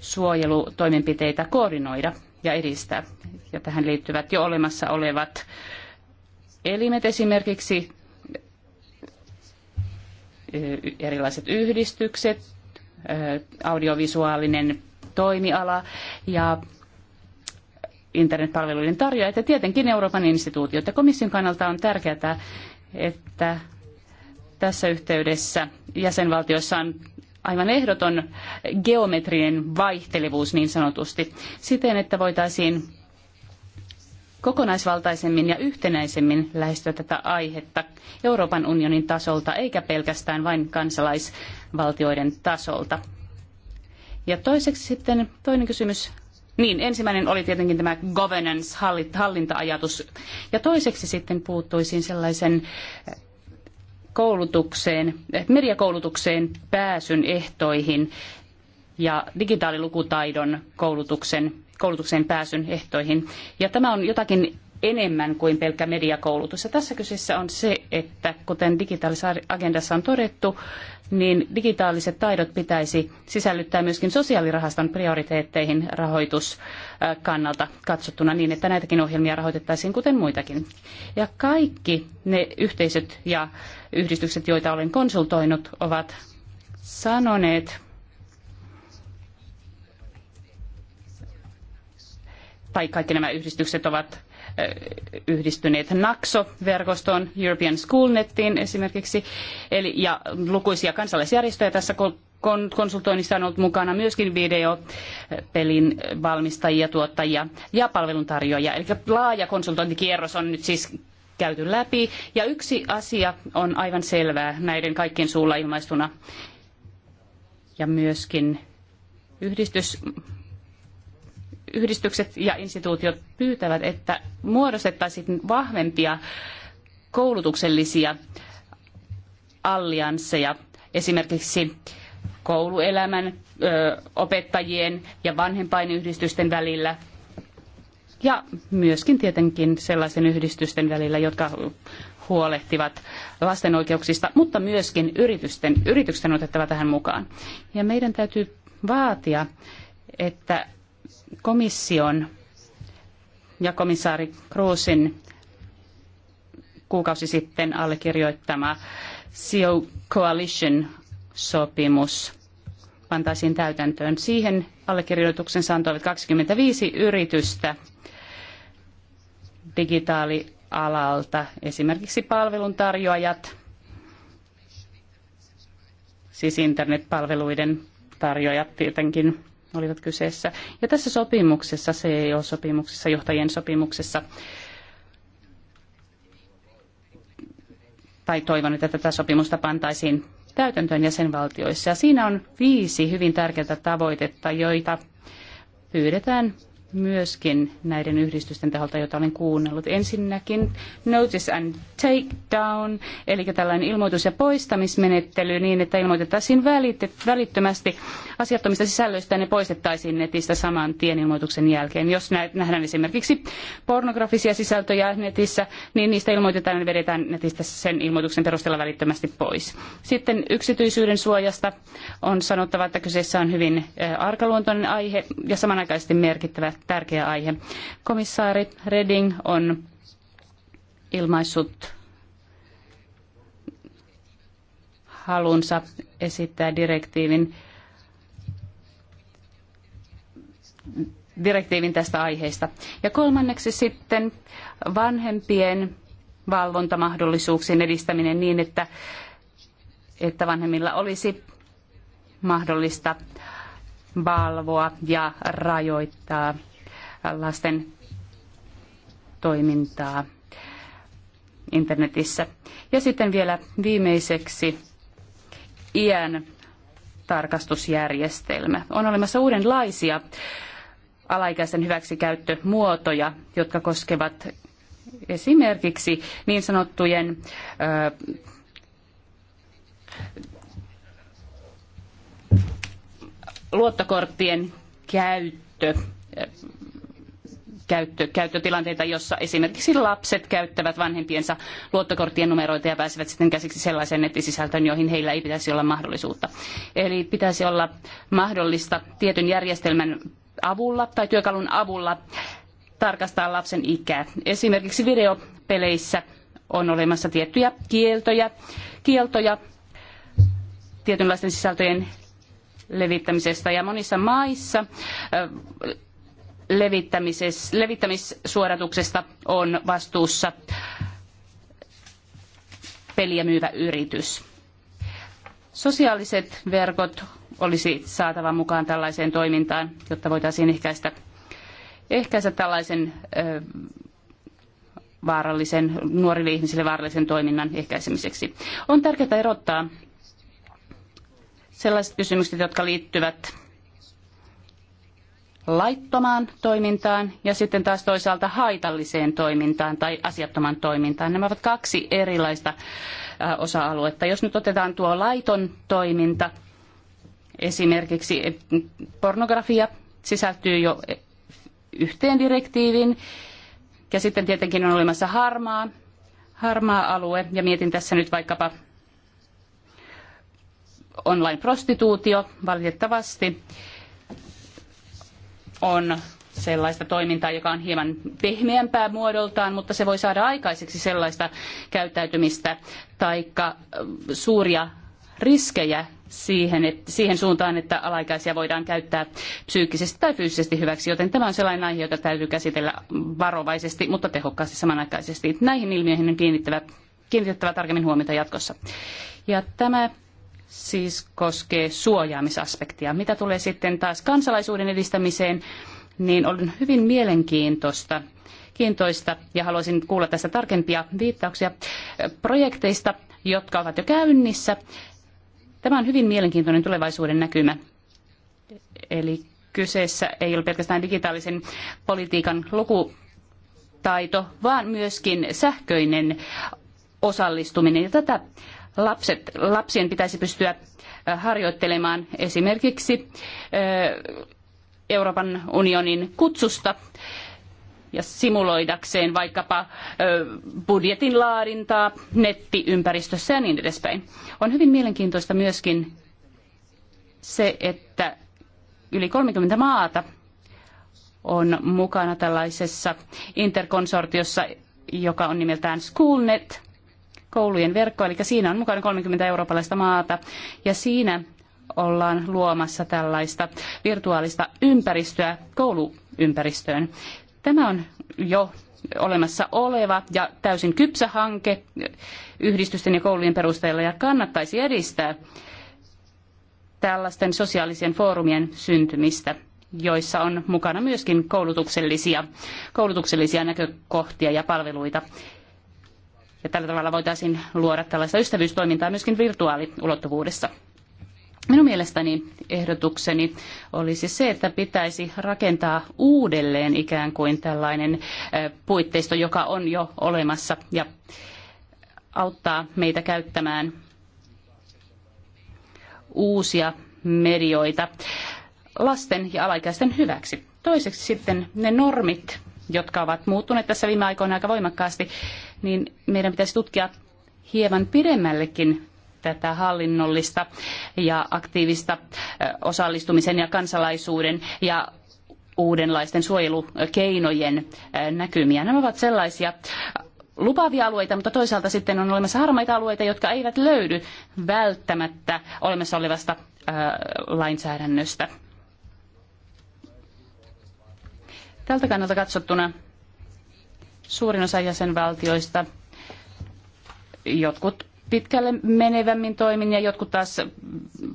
suojelutoimenpiteitä koordinoida ja edistää. Ja tähän liittyvät jo olemassa olevat elimet, esimerkiksi erilaiset yhdistykset, audiovisuaalinen toimiala ja internetpalveluiden tarjoajat ja tietenkin Euroopan instituutiot. Ja komission kannalta on tärkeää, että tässä yhteydessä jäsenvaltioissa on aivan ehdoton geometrinen vaihtelevuus niin sanotusti, siten että voitaisiin kokonaisvaltaisemmin ja yhtenäisemmin lähestyä tätä aihetta Euroopan unionin tasolta, eikä pelkästään vain kansalaisvaltioiden tasolta. Ja toiseksi sitten toinen kysymys. Niin, ensimmäinen oli tietenkin tämä governance, hallinta-ajatus. Ja toiseksi sitten puuttuisin sellaisen koulutukseen, mediakoulutukseen pääsyn ehtoihin ja digitaalilukutaidon koulutuksen, koulutukseen pääsyn ehtoihin. Ja tämä on jotakin enemmän kuin pelkkä mediakoulutus. Ja tässä kyseessä on se, että kuten digitaalisessa agendassa on todettu, niin digitaaliset taidot pitäisi sisällyttää myöskin sosiaalirahaston prioriteetteihin rahoituskannalta katsottuna niin, että näitäkin ohjelmia rahoitettaisiin kuten muitakin. Ja kaikki ne yhteisöt ja yhdistykset, joita olen konsultoinut, ovat sanoneet, tai kaikki nämä yhdistykset ovat yhdistyneet NAXO-verkostoon, European School Nettiin esimerkiksi, eli, ja lukuisia kansalaisjärjestöjä tässä konsultoinnissa on ollut mukana myöskin videopelin valmistajia, tuottajia ja palveluntarjoajia. Eli laaja konsultointikierros on nyt siis käyty läpi. Ja yksi asia on aivan selvää näiden kaikkien suulla ilmaistuna. Ja myöskin yhdistys, yhdistykset ja instituutiot pyytävät, että muodostettaisiin vahvempia koulutuksellisia alliansseja esimerkiksi kouluelämän, opettajien ja vanhempainyhdistysten välillä – ja myöskin tietenkin sellaisten yhdistysten välillä, jotka huolehtivat lasten oikeuksista, mutta myöskin yritysten, yritysten otettava tähän mukaan. Ja meidän täytyy vaatia, että komission ja komissaari Kroosin kuukausi sitten allekirjoittama CEO Coalition-sopimus pantaisiin täytäntöön. Siihen allekirjoituksen antoivat 25 yritystä digitaalialalta, esimerkiksi palveluntarjoajat, siis internetpalveluiden tarjoajat tietenkin olivat kyseessä. Ja tässä sopimuksessa, CEO-sopimuksessa, johtajien sopimuksessa, tai toivon, että tätä sopimusta pantaisiin täytäntöön jäsenvaltioissa. Ja siinä on viisi hyvin tärkeää tavoitetta, joita pyydetään myöskin näiden yhdistysten taholta, joita olen kuunnellut. Ensinnäkin notice and take down, eli tällainen ilmoitus- ja poistamismenettely niin, että ilmoitettaisiin välittömästi asiattomista sisällöistä ja ne poistettaisiin netistä saman tien ilmoituksen jälkeen. Jos nähdään esimerkiksi pornografisia sisältöjä netissä, niin niistä ilmoitetaan ja vedetään netistä sen ilmoituksen perusteella välittömästi pois. Sitten yksityisyyden suojasta on sanottava, että kyseessä on hyvin arkaluontoinen aihe ja samanaikaisesti merkittävä tärkeä aihe. Komissaari Reding on ilmaissut halunsa esittää direktiivin, direktiivin tästä aiheesta. Ja kolmanneksi sitten vanhempien valvontamahdollisuuksien edistäminen niin, että, että vanhemmilla olisi mahdollista valvoa ja rajoittaa lasten toimintaa internetissä. Ja sitten vielä viimeiseksi iän tarkastusjärjestelmä. On olemassa uudenlaisia alaikäisen hyväksikäyttömuotoja, jotka koskevat esimerkiksi niin sanottujen ö, luottokorttien käyttö käyttö, käyttötilanteita, jossa esimerkiksi lapset käyttävät vanhempiensa luottokorttien numeroita ja pääsevät sitten käsiksi sellaiseen nettisisältöön, joihin heillä ei pitäisi olla mahdollisuutta. Eli pitäisi olla mahdollista tietyn järjestelmän avulla tai työkalun avulla tarkastaa lapsen ikää. Esimerkiksi videopeleissä on olemassa tiettyjä kieltoja, kieltoja tietynlaisten sisältöjen levittämisestä ja monissa maissa levittämissuodatuksesta on vastuussa peliä myyvä yritys. Sosiaaliset verkot olisi saatava mukaan tällaiseen toimintaan, jotta voitaisiin ehkäistä, ehkäistä tällaisen ö, vaarallisen, nuorille ihmisille vaarallisen toiminnan ehkäisemiseksi. On tärkeää erottaa sellaiset kysymykset, jotka liittyvät laittomaan toimintaan ja sitten taas toisaalta haitalliseen toimintaan tai asiattoman toimintaan. Nämä ovat kaksi erilaista osa-aluetta. Jos nyt otetaan tuo laiton toiminta, esimerkiksi pornografia sisältyy jo e, yhteen direktiiviin, ja sitten tietenkin on olemassa harmaa, harmaa alue, ja mietin tässä nyt vaikkapa online-prostituutio, valitettavasti on sellaista toimintaa, joka on hieman pehmeämpää muodoltaan, mutta se voi saada aikaiseksi sellaista käyttäytymistä tai suuria riskejä siihen, et, siihen suuntaan, että alaikäisiä voidaan käyttää psyykkisesti tai fyysisesti hyväksi, joten tämä on sellainen aihe, jota täytyy käsitellä varovaisesti, mutta tehokkaasti samanaikaisesti. Näihin ilmiöihin on kiinnitettävä, kiinnitettävä tarkemmin huomiota jatkossa. Ja tämä siis koskee suojaamisaspektia. Mitä tulee sitten taas kansalaisuuden edistämiseen, niin on hyvin mielenkiintoista kiintoista ja haluaisin kuulla tästä tarkempia viittauksia projekteista, jotka ovat jo käynnissä. Tämä on hyvin mielenkiintoinen tulevaisuuden näkymä. Eli kyseessä ei ole pelkästään digitaalisen politiikan lukutaito, vaan myöskin sähköinen osallistuminen. Ja tätä lapset, lapsien pitäisi pystyä harjoittelemaan esimerkiksi Euroopan unionin kutsusta ja simuloidakseen vaikkapa budjetin laadintaa nettiympäristössä ja niin edespäin. On hyvin mielenkiintoista myöskin se, että yli 30 maata on mukana tällaisessa interkonsortiossa, joka on nimeltään SchoolNet – koulujen verkko, eli siinä on mukana 30 eurooppalaista maata, ja siinä ollaan luomassa tällaista virtuaalista ympäristöä kouluympäristöön. Tämä on jo olemassa oleva ja täysin kypsä hanke yhdistysten ja koulujen perusteella ja kannattaisi edistää tällaisten sosiaalisten foorumien syntymistä joissa on mukana myöskin koulutuksellisia, koulutuksellisia näkökohtia ja palveluita. Ja tällä tavalla voitaisiin luoda tällaista ystävyystoimintaa myöskin virtuaaliulottuvuudessa. Minun mielestäni ehdotukseni olisi se, että pitäisi rakentaa uudelleen ikään kuin tällainen puitteisto, joka on jo olemassa ja auttaa meitä käyttämään uusia medioita lasten ja alaikäisten hyväksi. Toiseksi sitten ne normit, jotka ovat muuttuneet tässä viime aikoina aika voimakkaasti, niin meidän pitäisi tutkia hieman pidemmällekin tätä hallinnollista ja aktiivista osallistumisen ja kansalaisuuden ja uudenlaisten suojelukeinojen näkymiä. Nämä ovat sellaisia lupaavia alueita, mutta toisaalta sitten on olemassa harmaita alueita, jotka eivät löydy välttämättä olemassa olevasta lainsäädännöstä. Tältä kannalta katsottuna Suurin osa jäsenvaltioista, jotkut pitkälle menevämmin toimin ja jotkut taas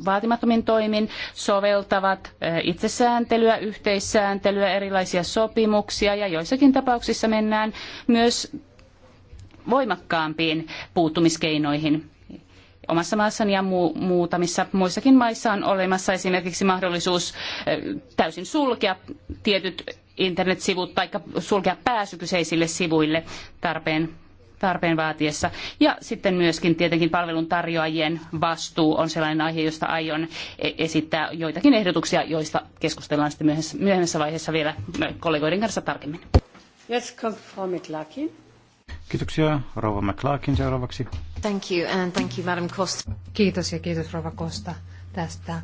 vaatimattomin toimin soveltavat eh, itsesääntelyä, yhteissääntelyä, erilaisia sopimuksia ja joissakin tapauksissa mennään myös voimakkaampiin puuttumiskeinoihin. Omassa maassani ja muutamissa muissakin maissa on olemassa esimerkiksi mahdollisuus eh, täysin sulkea tietyt internetsivut tai sulkea pääsy kyseisille sivuille tarpeen, tarpeen vaatiessa. Ja sitten myöskin tietenkin palvelun tarjoajien vastuu on sellainen aihe, josta aion e- esittää joitakin ehdotuksia, joista keskustellaan sitten myöhemmässä, myöhemmässä vaiheessa vielä kollegoiden kanssa tarkemmin. Jetzt kommt Frau McLarkin. Kiitoksia. Rouva McLarkin seuraavaksi. Thank you and thank you Madam Costa. Kiitos ja kiitos Rouva Costa tästä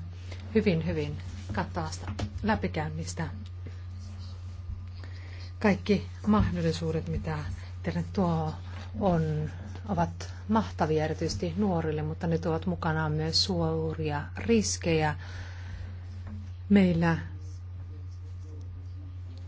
hyvin, hyvin kattavasta läpikäynnistä kaikki mahdollisuudet, mitä internet tuo, on, ovat mahtavia erityisesti nuorille, mutta ne tuovat mukanaan myös suuria riskejä. Meillä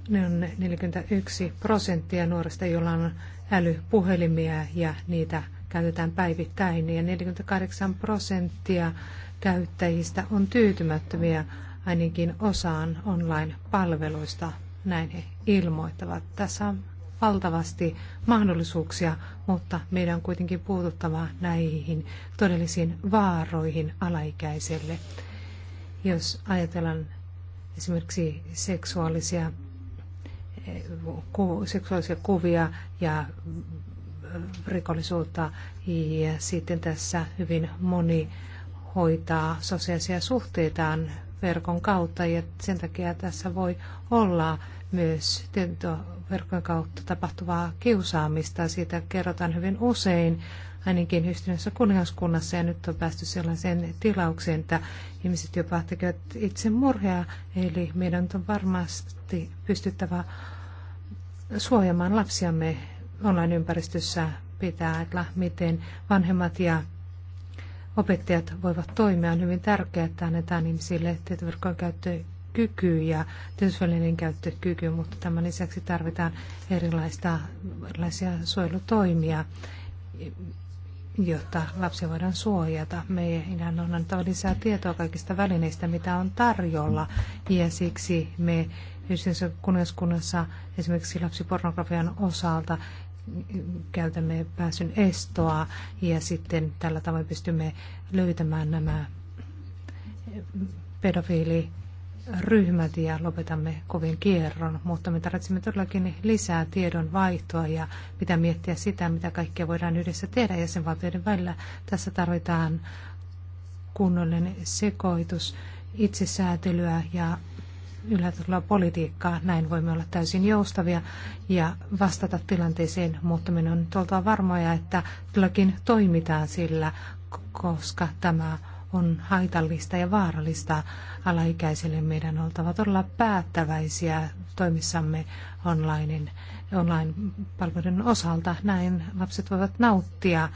ne on 41 prosenttia nuorista, joilla on älypuhelimia ja niitä käytetään päivittäin. Ja 48 prosenttia käyttäjistä on tyytymättömiä ainakin osaan online-palveluista näin he ilmoittavat. Tässä on valtavasti mahdollisuuksia, mutta meidän on kuitenkin puututtava näihin todellisiin vaaroihin alaikäiselle. Jos ajatellaan esimerkiksi seksuaalisia, eh, seksuaalisia kuvia ja rikollisuutta ja sitten tässä hyvin moni hoitaa sosiaalisia suhteitaan verkon kautta ja sen takia tässä voi olla myös tietoverkon kautta tapahtuvaa kiusaamista. Siitä kerrotaan hyvin usein, ainakin yhtenässä kuningaskunnassa, ja nyt on päästy sellaiseen tilaukseen, että ihmiset jopa tekevät itse murhea, eli meidän on varmasti pystyttävä suojamaan lapsiamme online-ympäristössä pitää että miten vanhemmat ja opettajat voivat toimia. On hyvin tärkeää, että annetaan ihmisille tietoverkkojen käyttökyky ja tietosvälineiden käyttökyky, mutta tämän lisäksi tarvitaan erilaista, erilaisia suojelutoimia, jotta lapsia voidaan suojata. Meidän on annettava lisää tietoa kaikista välineistä, mitä on tarjolla, ja siksi me yhdessä kuningaskunnassa esimerkiksi lapsipornografian osalta käytämme pääsyn estoa ja sitten tällä tavoin pystymme löytämään nämä pedofiili ryhmät ja lopetamme kovin kierron, mutta me tarvitsemme todellakin lisää tiedon vaihtoa ja pitää miettiä sitä, mitä kaikkea voidaan yhdessä tehdä jäsenvaltioiden välillä. Tässä tarvitaan kunnollinen sekoitus, itsesäätelyä ja ylhäältä politiikkaa. Näin voimme olla täysin joustavia ja vastata tilanteeseen, mutta minun on oltava varmoja, että tälläkin toimitaan sillä, koska tämä on haitallista ja vaarallista alaikäisille. Meidän on oltava todella päättäväisiä toimissamme online, online-palveluiden osalta. Näin lapset voivat nauttia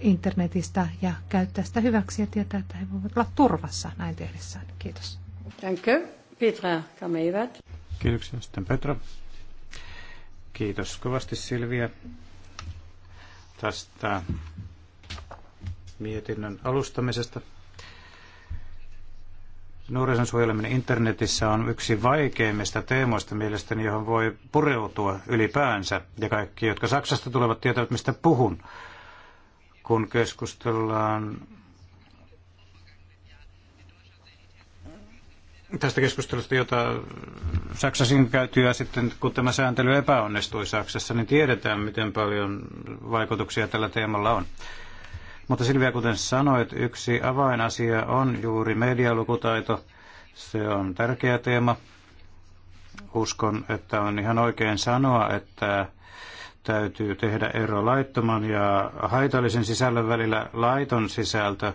internetistä ja käyttää sitä hyväksi ja tietää, että he voivat olla turvassa näin tehdessään. Kiitos. Tänkö. Petra Kiitoksia sitten Petra. Kiitos kovasti Silviä tästä mietinnön alustamisesta. Nuorison suojeleminen internetissä on yksi vaikeimmista teemoista mielestäni, johon voi pureutua ylipäänsä. Ja kaikki, jotka Saksasta tulevat, tietävät, mistä puhun, kun keskustellaan tästä keskustelusta, jota Saksasin käytyä sitten, kun tämä sääntely epäonnistui Saksassa, niin tiedetään, miten paljon vaikutuksia tällä teemalla on. Mutta Silvia, kuten sanoit, yksi avainasia on juuri medialukutaito. Se on tärkeä teema. Uskon, että on ihan oikein sanoa, että täytyy tehdä ero laittoman ja haitallisen sisällön välillä laiton sisältö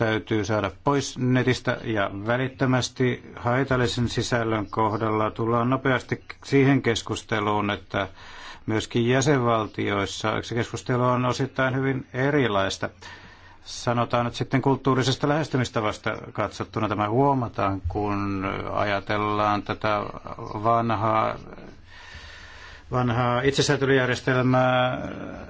täytyy saada pois netistä ja välittömästi haitallisen sisällön kohdalla tullaan nopeasti siihen keskusteluun, että myöskin jäsenvaltioissa se keskustelu on osittain hyvin erilaista. Sanotaan että sitten kulttuurisesta lähestymistavasta katsottuna tämä huomataan, kun ajatellaan tätä vanhaa vanhaa itsesäätelyjärjestelmää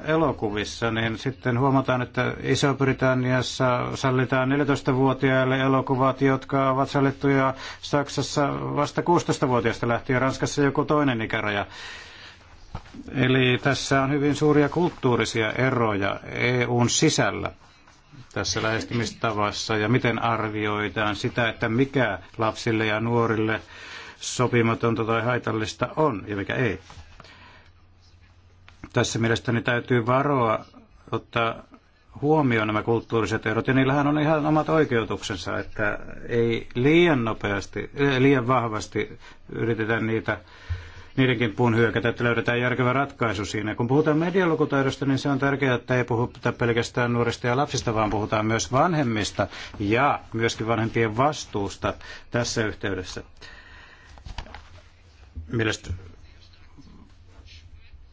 elokuvissa, niin sitten huomataan, että Iso-Britanniassa sallitaan 14-vuotiaille elokuvat, jotka ovat sallittuja Saksassa vasta 16-vuotiaasta lähtien, Ranskassa joku toinen ikäraja. Eli tässä on hyvin suuria kulttuurisia eroja EUn sisällä tässä lähestymistavassa ja miten arvioidaan sitä, että mikä lapsille ja nuorille sopimatonta tai haitallista on ja mikä ei. Tässä mielestäni täytyy varoa ottaa huomioon nämä kulttuuriset erot, ja niillähän on ihan omat oikeutuksensa, että ei liian nopeasti, eh, liian vahvasti yritetä niitä niidenkin puun hyökätä, että löydetään järkevä ratkaisu siinä. Kun puhutaan medialukutaidosta, niin se on tärkeää, että ei puhuta pelkästään nuorista ja lapsista, vaan puhutaan myös vanhemmista ja myöskin vanhempien vastuusta tässä yhteydessä. Mielestäni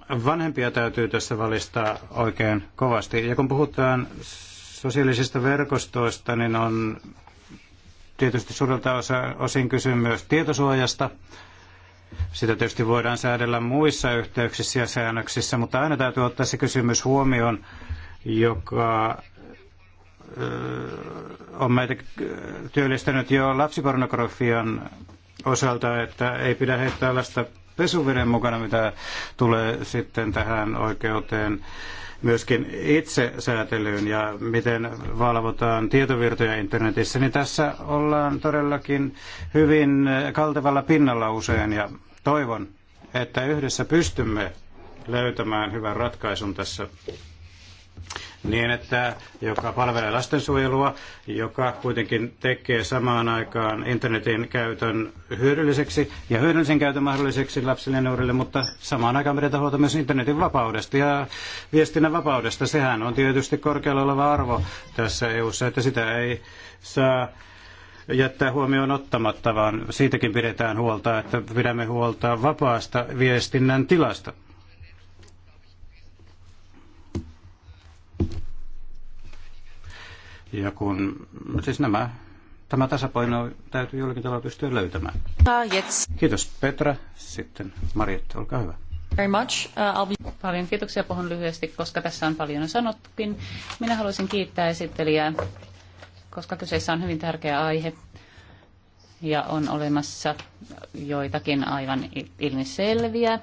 vanhempia täytyy tässä valistaa oikein kovasti. Ja kun puhutaan sosiaalisista verkostoista, niin on tietysti suurelta osa, osin myös tietosuojasta. Sitä tietysti voidaan säädellä muissa yhteyksissä ja säännöksissä, mutta aina täytyy ottaa se kysymys huomioon, joka on meitä työllistänyt jo lapsipornografian osalta, että ei pidä heittää tällaista pesuveden mukana, mitä tulee sitten tähän oikeuteen myöskin itsesäätelyyn ja miten valvotaan tietovirtoja internetissä, niin tässä ollaan todellakin hyvin kaltevalla pinnalla usein ja toivon, että yhdessä pystymme löytämään hyvän ratkaisun tässä niin, että joka palvelee lastensuojelua, joka kuitenkin tekee samaan aikaan internetin käytön hyödylliseksi ja hyödyllisen käytön mahdolliseksi lapsille ja nuorille, mutta samaan aikaan pidetään huolta myös internetin vapaudesta ja viestinnän vapaudesta. Sehän on tietysti korkealla oleva arvo tässä EU:ssa, että sitä ei saa jättää huomioon ottamatta, vaan siitäkin pidetään huolta, että pidämme huolta vapaasta viestinnän tilasta. Ja kun, siis nämä, tämä tasapaino täytyy jollakin tavalla pystyä löytämään. Ah, Kiitos Petra. Sitten Marietta, olkaa hyvä. Very much. Uh, I'll be... Paljon kiitoksia, puhun lyhyesti, koska tässä on paljon sanottukin. Minä haluaisin kiittää esittelijää, koska kyseessä on hyvin tärkeä aihe ja on olemassa joitakin aivan ilmiselviä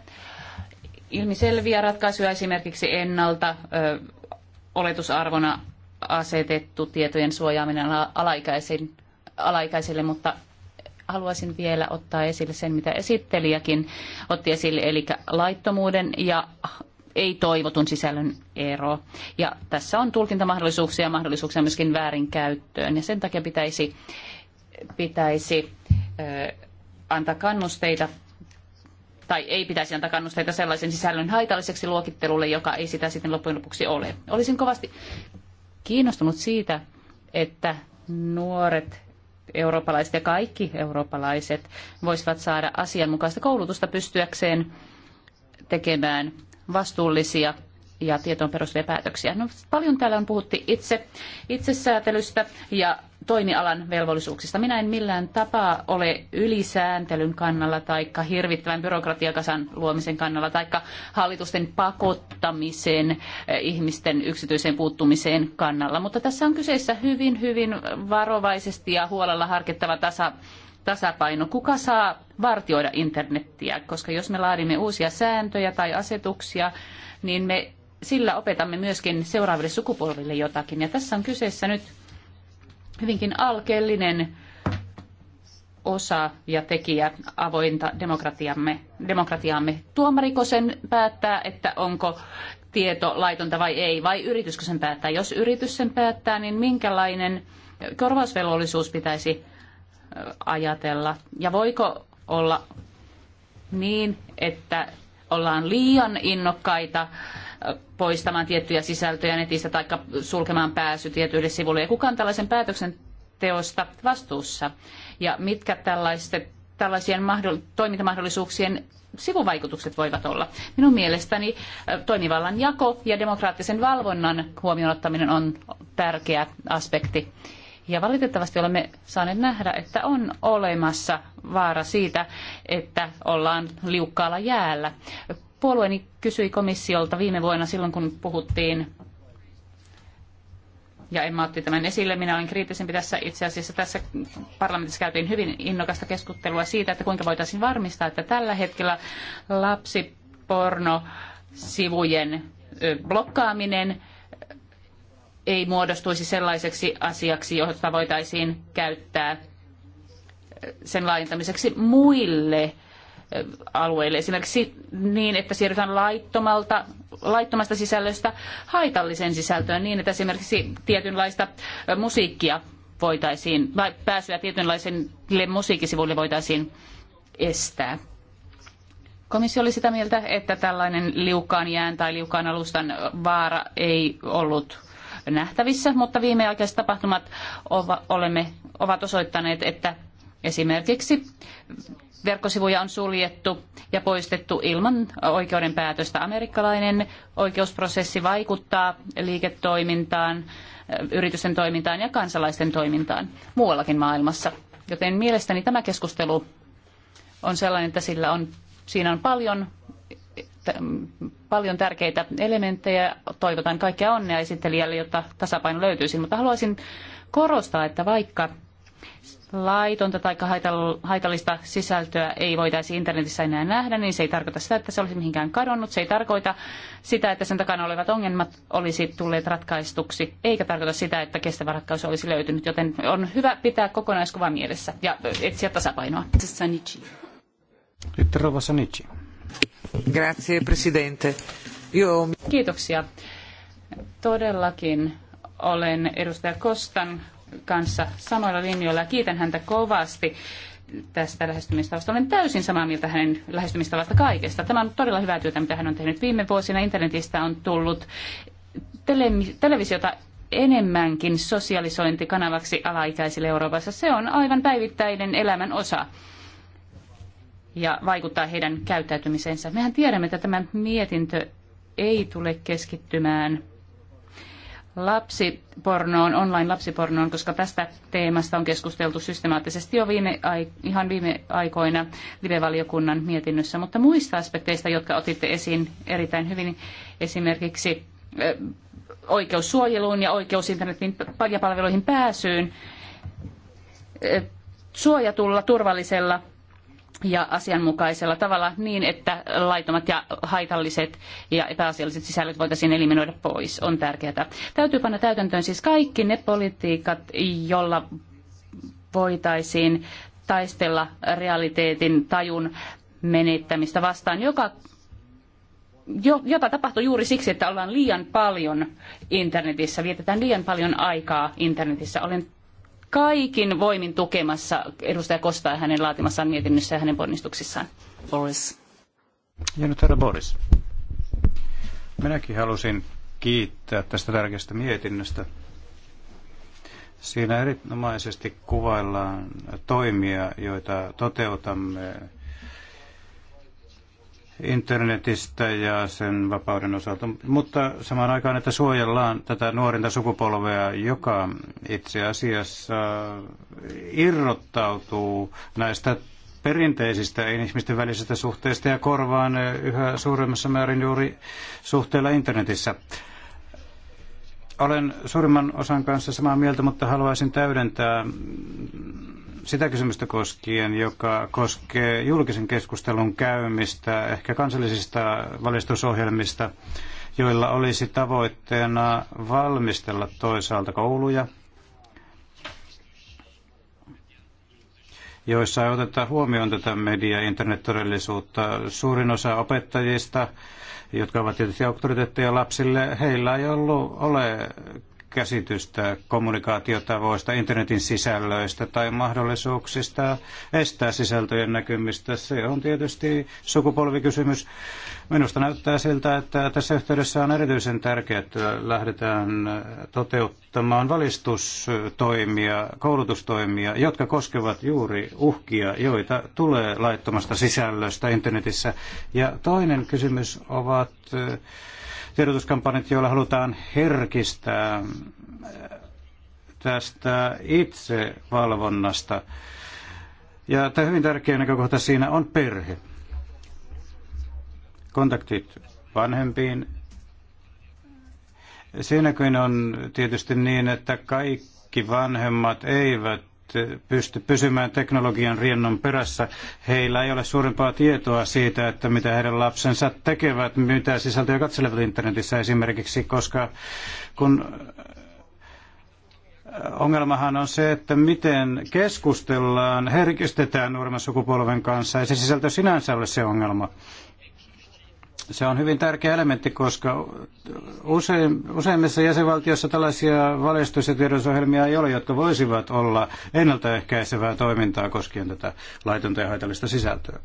ilmiselviä ratkaisuja esimerkiksi ennalta ö, oletusarvona asetettu tietojen suojaaminen alaikäisille, mutta haluaisin vielä ottaa esille sen, mitä esittelijäkin otti esille, eli laittomuuden ja ei-toivotun sisällön ero. Ja tässä on tulkintamahdollisuuksia ja mahdollisuuksia myöskin väärinkäyttöön. Ja sen takia pitäisi, pitäisi ö, antaa kannusteita tai ei pitäisi antaa kannusteita sellaisen sisällön haitalliseksi luokittelulle, joka ei sitä sitten loppujen lopuksi ole. Olisin kovasti kiinnostunut siitä, että nuoret eurooppalaiset ja kaikki eurooppalaiset voisivat saada asianmukaista koulutusta pystyäkseen tekemään vastuullisia ja tietoon perustuvia päätöksiä. No, paljon täällä on puhuttu itse, itsesäätelystä ja toimialan velvollisuuksista. Minä en millään tapaa ole ylisääntelyn kannalla tai hirvittävän byrokratiakasan luomisen kannalla tai hallitusten pakottamisen eh, ihmisten yksityiseen puuttumiseen kannalla. Mutta tässä on kyseessä hyvin, hyvin varovaisesti ja huolella harkittava tasa, tasapaino. Kuka saa vartioida internettiä? Koska jos me laadimme uusia sääntöjä tai asetuksia, niin me sillä opetamme myöskin seuraaville sukupolville jotakin. Ja tässä on kyseessä nyt hyvinkin alkeellinen osa ja tekijä avointa demokratiamme. demokratiaamme. Tuomariko sen päättää, että onko tieto laitonta vai ei, vai yrityskö sen päättää? Jos yritys sen päättää, niin minkälainen korvausvelvollisuus pitäisi ajatella? Ja voiko olla niin, että ollaan liian innokkaita poistamaan tiettyjä sisältöjä netistä tai sulkemaan pääsy tietyille sivuille. Ja kuka on tällaisen päätöksenteosta vastuussa? Ja mitkä tällaisien mahdoll- toimintamahdollisuuksien sivuvaikutukset voivat olla. Minun mielestäni toimivallan jako ja demokraattisen valvonnan huomioon ottaminen on tärkeä aspekti. Ja valitettavasti olemme saaneet nähdä, että on olemassa vaara siitä, että ollaan liukkaalla jäällä puolueeni kysyi komissiolta viime vuonna silloin, kun puhuttiin, ja Emma otti tämän esille, minä olen kriittisempi tässä itse asiassa. Tässä parlamentissa käytiin hyvin innokasta keskustelua siitä, että kuinka voitaisiin varmistaa, että tällä hetkellä lapsipornosivujen blokkaaminen ei muodostuisi sellaiseksi asiaksi, jota voitaisiin käyttää sen laajentamiseksi muille alueille, esimerkiksi niin, että siirrytään laittomalta, laittomasta sisällöstä haitalliseen sisältöön niin, että esimerkiksi tietynlaista musiikkia voitaisiin, tai pääsyä tietynlaisille musiikkisivuille voitaisiin estää. Komissio oli sitä mieltä, että tällainen liukkaan jään tai liukkaan alustan vaara ei ollut nähtävissä, mutta viimeaikaiset tapahtumat olemme, ovat osoittaneet, että esimerkiksi verkkosivuja on suljettu ja poistettu ilman oikeuden päätöstä. Amerikkalainen oikeusprosessi vaikuttaa liiketoimintaan, yritysten toimintaan ja kansalaisten toimintaan muuallakin maailmassa. Joten mielestäni tämä keskustelu on sellainen, että sillä on, siinä on paljon, paljon tärkeitä elementtejä. Toivotan kaikkea onnea esittelijälle, jotta tasapaino löytyisi. Mutta haluaisin korostaa, että vaikka laitonta tai haitallista sisältöä ei voitaisi internetissä enää nähdä, niin se ei tarkoita sitä, että se olisi mihinkään kadonnut. Se ei tarkoita sitä, että sen takana olevat ongelmat olisi tulleet ratkaistuksi, eikä tarkoita sitä, että kestävä ratkaisu olisi löytynyt. Joten on hyvä pitää kokonaiskuva mielessä ja etsiä tasapainoa. Sitten Rova Sanici. Grazie, presidente. Kiitoksia. Todellakin olen edustaja Kostan kanssa samoilla linjoilla. Kiitän häntä kovasti tästä lähestymistavasta. Olen täysin samaa mieltä hänen lähestymistavasta kaikesta. Tämä on todella hyvää työtä, mitä hän on tehnyt viime vuosina. Internetistä on tullut tele- televisiota enemmänkin sosialisointikanavaksi alaikäisille Euroopassa. Se on aivan päivittäinen elämän osa ja vaikuttaa heidän käyttäytymiseensä. Mehän tiedämme, että tämä mietintö ei tule keskittymään lapsipornoon, online-lapsipornoon, koska tästä teemasta on keskusteltu systemaattisesti jo viime, ihan viime aikoina live-valiokunnan mietinnössä, mutta muista aspekteista, jotka otitte esiin erittäin hyvin, esimerkiksi oikeus suojeluun ja oikeus internetin ja palveluihin pääsyyn suojatulla, turvallisella ja asianmukaisella tavalla niin, että laitomat ja haitalliset ja epäasialliset sisällöt voitaisiin eliminoida pois, on tärkeää. Täytyy panna täytäntöön siis kaikki ne politiikat, joilla voitaisiin taistella realiteetin tajun menettämistä vastaan, joka jota tapahtuu juuri siksi, että ollaan liian paljon internetissä, vietetään liian paljon aikaa internetissä. Olen kaikin voimin tukemassa edustaja Kostaa hänen laatimassaan mietinnössä ja hänen ponnistuksissaan. Boris. Ja nyt herra Boris. Minäkin halusin kiittää tästä tärkeästä mietinnöstä. Siinä erinomaisesti kuvaillaan toimia, joita toteutamme internetistä ja sen vapauden osalta, mutta samaan aikaan, että suojellaan tätä nuorinta sukupolvea, joka itse asiassa irrottautuu näistä perinteisistä ihmisten välisistä suhteista ja korvaan yhä suuremmassa määrin juuri suhteella internetissä. Olen suurimman osan kanssa samaa mieltä, mutta haluaisin täydentää sitä kysymystä koskien, joka koskee julkisen keskustelun käymistä, ehkä kansallisista valistusohjelmista, joilla olisi tavoitteena valmistella toisaalta kouluja, joissa ei oteta huomioon tätä media- ja internettodellisuutta. Suurin osa opettajista, jotka ovat tietysti auktoriteetteja lapsille, heillä ei ollut ole käsitystä kommunikaatiotavoista, internetin sisällöistä tai mahdollisuuksista estää sisältöjen näkymistä. Se on tietysti sukupolvikysymys. Minusta näyttää siltä, että tässä yhteydessä on erityisen tärkeää, että lähdetään toteuttamaan valistustoimia, koulutustoimia, jotka koskevat juuri uhkia, joita tulee laittomasta sisällöstä internetissä. Ja toinen kysymys ovat tiedotuskampanjat, joilla halutaan herkistää äh, tästä itsevalvonnasta. Ja tämä hyvin tärkeä näkökohta siinä on perhe. Kontaktit vanhempiin. Siinäkin on tietysti niin, että kaikki vanhemmat eivät pysty pysymään teknologian riennon perässä. Heillä ei ole suurempaa tietoa siitä, että mitä heidän lapsensa tekevät, mitä sisältöjä katselevat internetissä esimerkiksi, koska kun äh, ongelmahan on se, että miten keskustellaan, herkistetään nuoremman sukupolven kanssa, ja se sisältö sinänsä ole se ongelma. Se on hyvin tärkeä elementti, koska usein, useimmissa jäsenvaltioissa tällaisia valistus- ja tiedotusohjelmia ei ole, jotka voisivat olla ennaltaehkäisevää toimintaa koskien tätä laitonta ja haitallista sisältöä.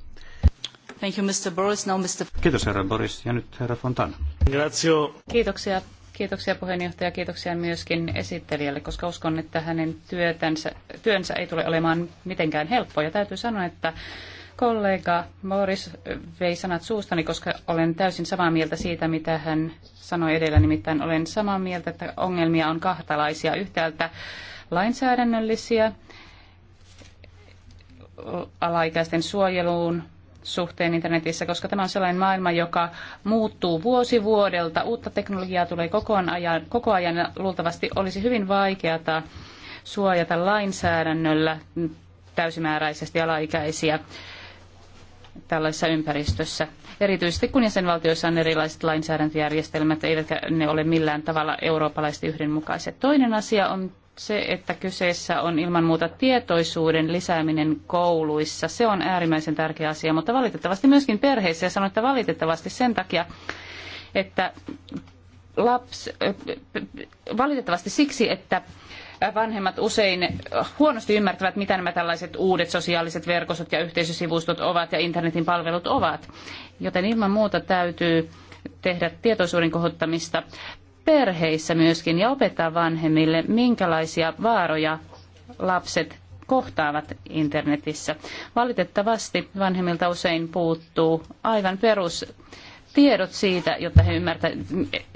Thank you, Mr. Boris. Now, Mr. Kiitos herra Boris ja nyt herra Fontana. Grazio. Kiitoksia. Kiitoksia puheenjohtaja, kiitoksia myöskin esittelijälle, koska uskon, että hänen työtänsä, työnsä ei tule olemaan mitenkään helppoa. Ja täytyy sanoa, että Kollega Morris vei sanat suustani, koska olen täysin samaa mieltä siitä, mitä hän sanoi edellä. Nimittäin olen samaa mieltä, että ongelmia on kahtalaisia. Yhtäältä lainsäädännöllisiä alaikäisten suojeluun suhteen internetissä, koska tämä on sellainen maailma, joka muuttuu vuosi vuodelta. Uutta teknologiaa tulee koko ajan, koko ajan ja luultavasti olisi hyvin vaikeata suojata lainsäädännöllä täysimääräisesti alaikäisiä tällaisessa ympäristössä. Erityisesti kun jäsenvaltioissa on erilaiset lainsäädäntöjärjestelmät, eivätkä ne ole millään tavalla eurooppalaisesti yhdenmukaiset. Toinen asia on se, että kyseessä on ilman muuta tietoisuuden lisääminen kouluissa. Se on äärimmäisen tärkeä asia, mutta valitettavasti myöskin perheissä. Ja sanon, että valitettavasti sen takia, että laps, valitettavasti siksi, että vanhemmat usein huonosti ymmärtävät, mitä nämä tällaiset uudet sosiaaliset verkostot ja yhteisösivustot ovat ja internetin palvelut ovat. Joten ilman muuta täytyy tehdä tietoisuuden kohottamista perheissä myöskin ja opettaa vanhemmille, minkälaisia vaaroja lapset kohtaavat internetissä. Valitettavasti vanhemmilta usein puuttuu aivan perus tiedot siitä, jotta he ymmärtävät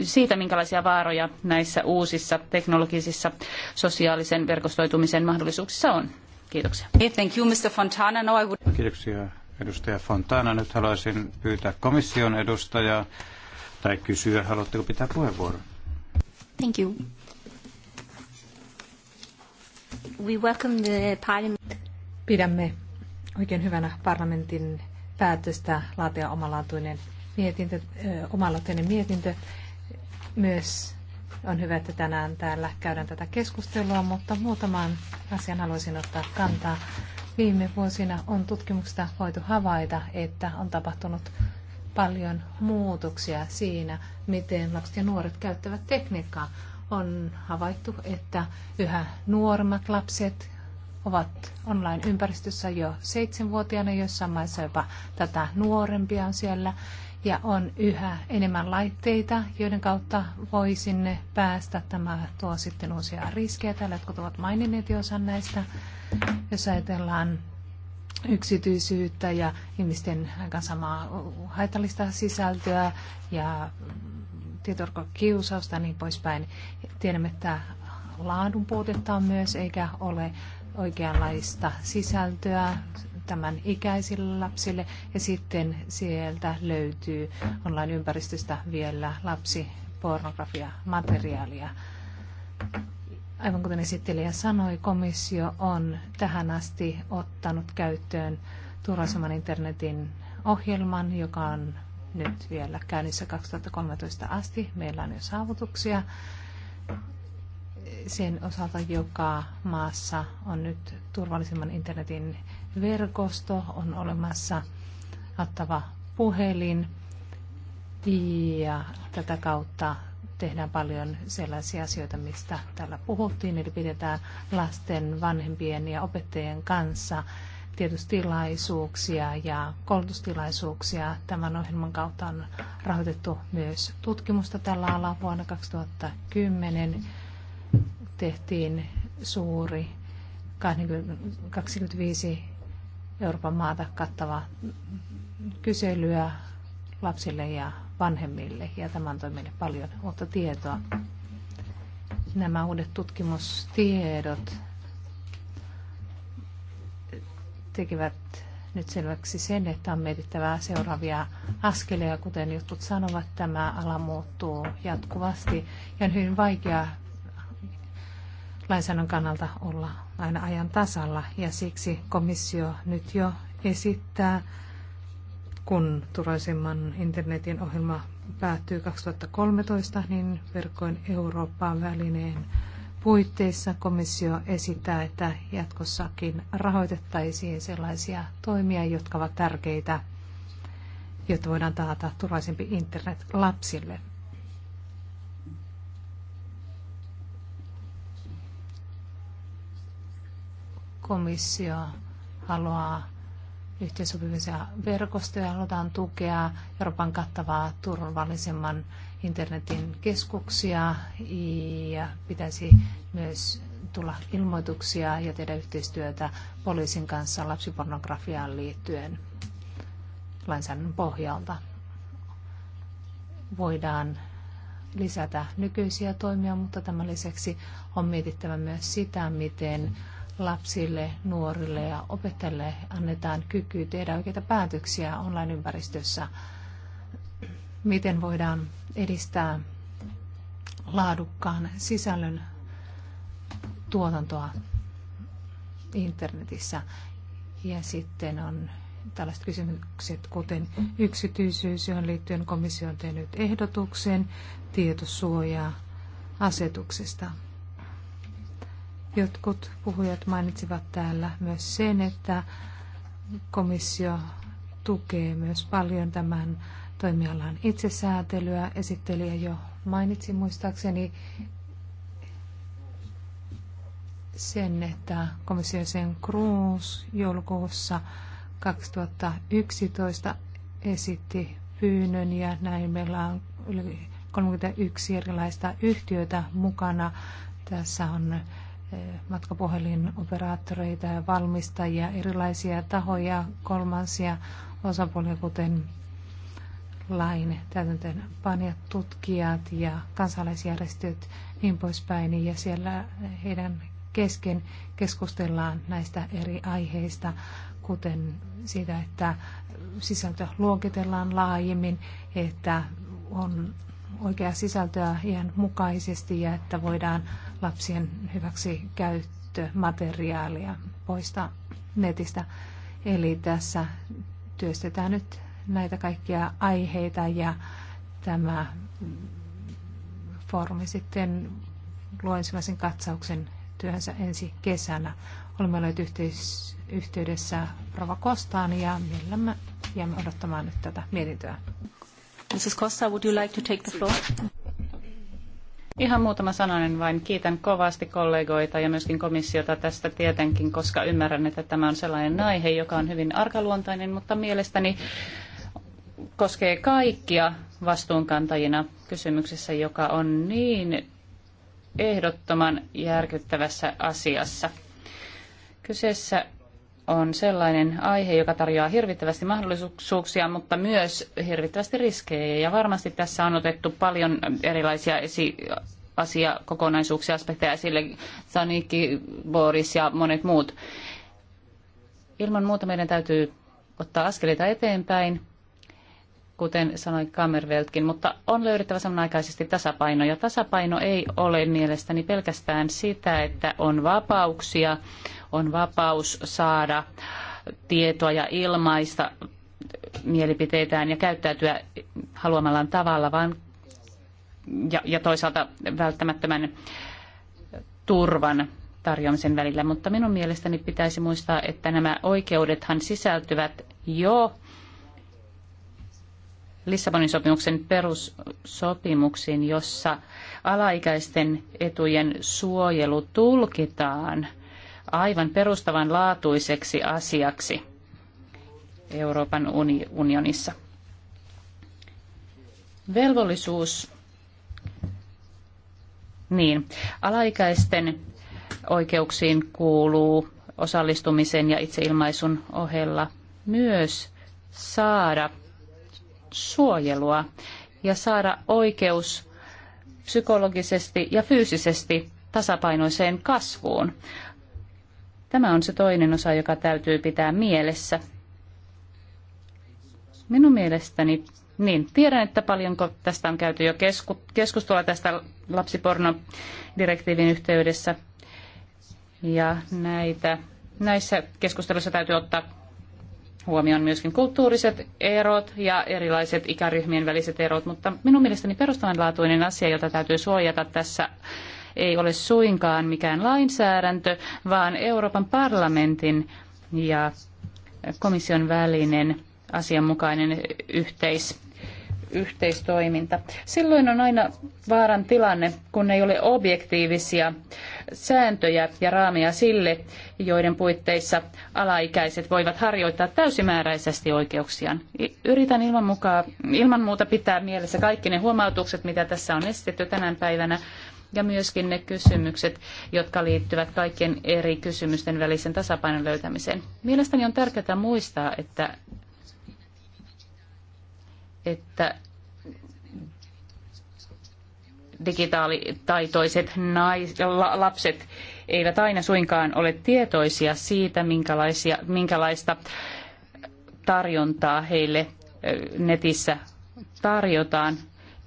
siitä, minkälaisia vaaroja näissä uusissa teknologisissa sosiaalisen verkostoitumisen mahdollisuuksissa on. Kiitoksia. Thank you, Mr. Fontana. No, I would... Kiitoksia, edustaja Fontana. Nyt haluaisin pyytää komission edustajaa tai kysyä, haluatteko pitää puheenvuoron? Thank you. We welcome the parliament. Pidämme oikein hyvänä parlamentin päätöstä laatia omalaatuinen mietintö, omaloitteinen mietintö. Myös on hyvä, että tänään täällä käydään tätä keskustelua, mutta muutamaan asian haluaisin ottaa kantaa. Viime vuosina on tutkimuksesta voitu havaita, että on tapahtunut paljon muutoksia siinä, miten lapset ja nuoret käyttävät tekniikkaa. On havaittu, että yhä nuoremmat lapset ovat online-ympäristössä jo seitsemänvuotiaana, jossain maissa jopa tätä nuorempia on siellä ja on yhä enemmän laitteita, joiden kautta voi sinne päästä. Tämä tuo sitten uusia riskejä. Täällä jotkut ovat maininneet jo osan näistä. Jos ajatellaan yksityisyyttä ja ihmisten aika samaa haitallista sisältöä ja tietokiusausta ja niin poispäin. Tiedämme, että laadun puutetta on myös, eikä ole oikeanlaista sisältöä, tämän ikäisille lapsille ja sitten sieltä löytyy online-ympäristöstä vielä lapsipornografiamateriaalia. Aivan kuten esittelijä sanoi, komissio on tähän asti ottanut käyttöön turvallisemman internetin ohjelman, joka on nyt vielä käynnissä 2013 asti. Meillä on jo saavutuksia sen osalta, joka maassa on nyt turvallisemman internetin verkosto, on olemassa ottava puhelin ja tätä kautta tehdään paljon sellaisia asioita, mistä täällä puhuttiin, eli pidetään lasten, vanhempien ja opettajien kanssa tiedostilaisuuksia ja koulutustilaisuuksia. Tämän ohjelman kautta on rahoitettu myös tutkimusta tällä alalla. Vuonna 2010 tehtiin suuri 25 Euroopan maata kattava kyselyä lapsille ja vanhemmille, ja tämä antoi meille paljon uutta tietoa. Nämä uudet tutkimustiedot tekevät nyt selväksi sen, että on mietittävää seuraavia askelia. Kuten jotkut sanovat, tämä ala muuttuu jatkuvasti ja on hyvin vaikea lainsäädännön kannalta olla aina ajan tasalla ja siksi komissio nyt jo esittää, kun turvallisemman internetin ohjelma päättyy 2013, niin verkkojen Eurooppaan välineen puitteissa komissio esittää, että jatkossakin rahoitettaisiin sellaisia toimia, jotka ovat tärkeitä, jotta voidaan taata turvallisempi internet lapsille. komissio haluaa yhteensopivia verkostoja, halutaan tukea Euroopan kattavaa turvallisemman internetin keskuksia ja pitäisi myös tulla ilmoituksia ja tehdä yhteistyötä poliisin kanssa lapsipornografiaan liittyen lainsäädännön pohjalta. Voidaan lisätä nykyisiä toimia, mutta tämän lisäksi on mietittävä myös sitä, miten lapsille, nuorille ja opettajille annetaan kyky tehdä oikeita päätöksiä online-ympäristössä. Miten voidaan edistää laadukkaan sisällön tuotantoa internetissä. Ja sitten on tällaiset kysymykset, kuten yksityisyys, johon liittyen komissio on tehnyt ehdotuksen tietosuojaa asetuksesta. Jotkut puhujat mainitsivat täällä myös sen, että komissio tukee myös paljon tämän toimialan itsesäätelyä. Esittelijä jo mainitsi muistaakseni sen, että komissiosen Cruz joulukuussa 2011 esitti pyynnön ja näin meillä on yli 31 erilaista yhtiötä mukana. Tässä on matkapuhelinoperaattoreita ja valmistajia, erilaisia tahoja, kolmansia osapuolia, kuten lain täytäntöönpanijat, tutkijat ja kansalaisjärjestöt, niin poispäin. Ja siellä heidän kesken keskustellaan näistä eri aiheista, kuten siitä, että sisältö luokitellaan laajemmin, että on oikea sisältöä ihan mukaisesti ja että voidaan lapsien hyväksi käyttömateriaalia poistaa netistä. Eli tässä työstetään nyt näitä kaikkia aiheita ja tämä foorumi sitten luo ensimmäisen katsauksen työhönsä ensi kesänä. Olemme olleet yhteydessä Rova Kostaan ja millä jäämme odottamaan nyt tätä mietintöä. Mrs. Costa, would you like to take the floor? Ihan muutama sananen vain. Kiitän kovasti kollegoita ja myöskin komissiota tästä tietenkin, koska ymmärrän, että tämä on sellainen aihe, joka on hyvin arkaluontainen, mutta mielestäni koskee kaikkia vastuunkantajina kysymyksessä, joka on niin ehdottoman järkyttävässä asiassa. Kyseessä on sellainen aihe, joka tarjoaa hirvittävästi mahdollisuuksia, mutta myös hirvittävästi riskejä. Ja varmasti tässä on otettu paljon erilaisia esi- kokonaisuuksia aspekteja esille, Sanikki, Boris ja monet muut. Ilman muuta meidän täytyy ottaa askeleita eteenpäin kuten sanoi Kammerveltkin, mutta on löydettävä samanaikaisesti tasapaino. Ja tasapaino ei ole mielestäni pelkästään sitä, että on vapauksia, on vapaus saada tietoa ja ilmaista mielipiteitään ja käyttäytyä haluamallaan tavalla, vaan ja, ja toisaalta välttämättömän turvan tarjoamisen välillä. Mutta minun mielestäni pitäisi muistaa, että nämä oikeudethan sisältyvät jo Lissabonin sopimuksen perussopimuksiin, jossa alaikäisten etujen suojelu tulkitaan aivan perustavanlaatuiseksi asiaksi Euroopan unionissa. Velvollisuus. Niin, alaikäisten oikeuksiin kuuluu osallistumisen ja itseilmaisun ohella myös saada suojelua ja saada oikeus psykologisesti ja fyysisesti tasapainoiseen kasvuun. Tämä on se toinen osa, joka täytyy pitää mielessä. Minun mielestäni, niin tiedän, että paljonko tästä on käyty jo kesku, keskustelua tästä lapsipornodirektiivin yhteydessä. Ja näitä, näissä keskusteluissa täytyy ottaa huomioon myöskin kulttuuriset erot ja erilaiset ikäryhmien väliset erot, mutta minun mielestäni perustavanlaatuinen asia, jota täytyy suojata tässä ei ole suinkaan mikään lainsäädäntö, vaan Euroopan parlamentin ja komission välinen asianmukainen yhteis yhteistoiminta. Silloin on aina vaaran tilanne, kun ei ole objektiivisia sääntöjä ja raameja sille, joiden puitteissa alaikäiset voivat harjoittaa täysimääräisesti oikeuksiaan. Yritän ilman, mukaan, ilman muuta pitää mielessä kaikki ne huomautukset, mitä tässä on esitetty tänä päivänä, ja myöskin ne kysymykset, jotka liittyvät kaikkien eri kysymysten välisen tasapainon löytämiseen. Mielestäni on tärkeää muistaa, että, että digitaalitaitoiset nais, la, lapset eivät aina suinkaan ole tietoisia siitä, minkälaisia, minkälaista tarjontaa heille netissä tarjotaan,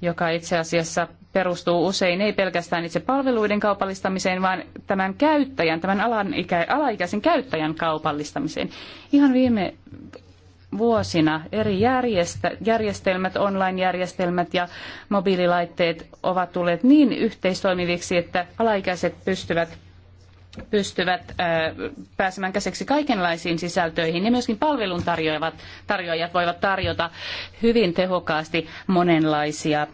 joka itse asiassa perustuu usein ei pelkästään itse palveluiden kaupallistamiseen, vaan tämän käyttäjän, tämän alan ikä, alaikäisen käyttäjän kaupallistamiseen. Ihan viime vuosina eri järjestelmät, online-järjestelmät ja mobiililaitteet ovat tulleet niin yhteistoimiviksi, että alaikäiset pystyvät pystyvät pääsemään käsiksi kaikenlaisiin sisältöihin ja myöskin palveluntarjoajat tarjoajat voivat tarjota hyvin tehokkaasti monenlaisia,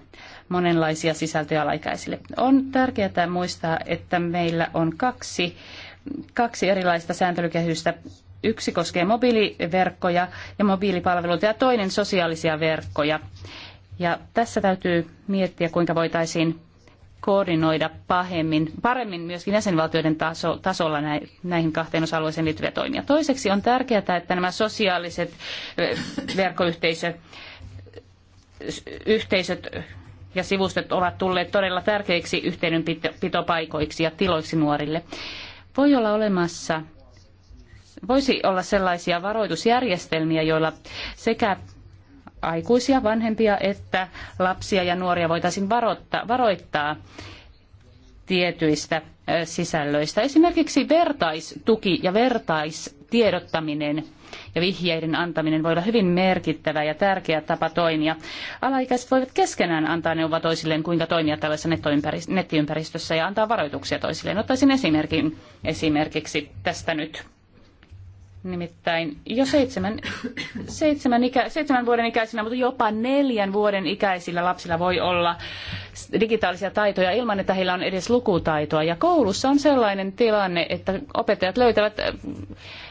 monenlaisia sisältöjä alaikäisille. On tärkeää muistaa, että meillä on kaksi kaksi erilaista sääntelykehystä Yksi koskee mobiiliverkkoja ja mobiilipalveluita ja toinen sosiaalisia verkkoja. Ja tässä täytyy miettiä, kuinka voitaisiin koordinoida pahemmin, paremmin myöskin jäsenvaltioiden taso, tasolla näihin kahteen osa-alueeseen liittyviä toimia. Toiseksi on tärkeää, että nämä sosiaaliset verkkoyhteisöt ja sivustot ovat tulleet todella tärkeiksi yhteydenpitopaikoiksi ja tiloiksi nuorille. Voi olla olemassa voisi olla sellaisia varoitusjärjestelmiä, joilla sekä aikuisia vanhempia että lapsia ja nuoria voitaisiin varoittaa, varoittaa tietyistä sisällöistä. Esimerkiksi vertaistuki ja vertaistiedottaminen ja vihjeiden antaminen voi olla hyvin merkittävä ja tärkeä tapa toimia. Alaikäiset voivat keskenään antaa neuvoa toisilleen, kuinka toimia tällaisessa nettiympäristössä ja antaa varoituksia toisilleen. Ottaisin esimerkin esimerkiksi tästä nyt. Nimittäin jo seitsemän, seitsemän, ikä, seitsemän vuoden ikäisinä, mutta jopa neljän vuoden ikäisillä lapsilla voi olla digitaalisia taitoja ilman, että heillä on edes lukutaitoa. Ja koulussa on sellainen tilanne, että opettajat löytävät äh,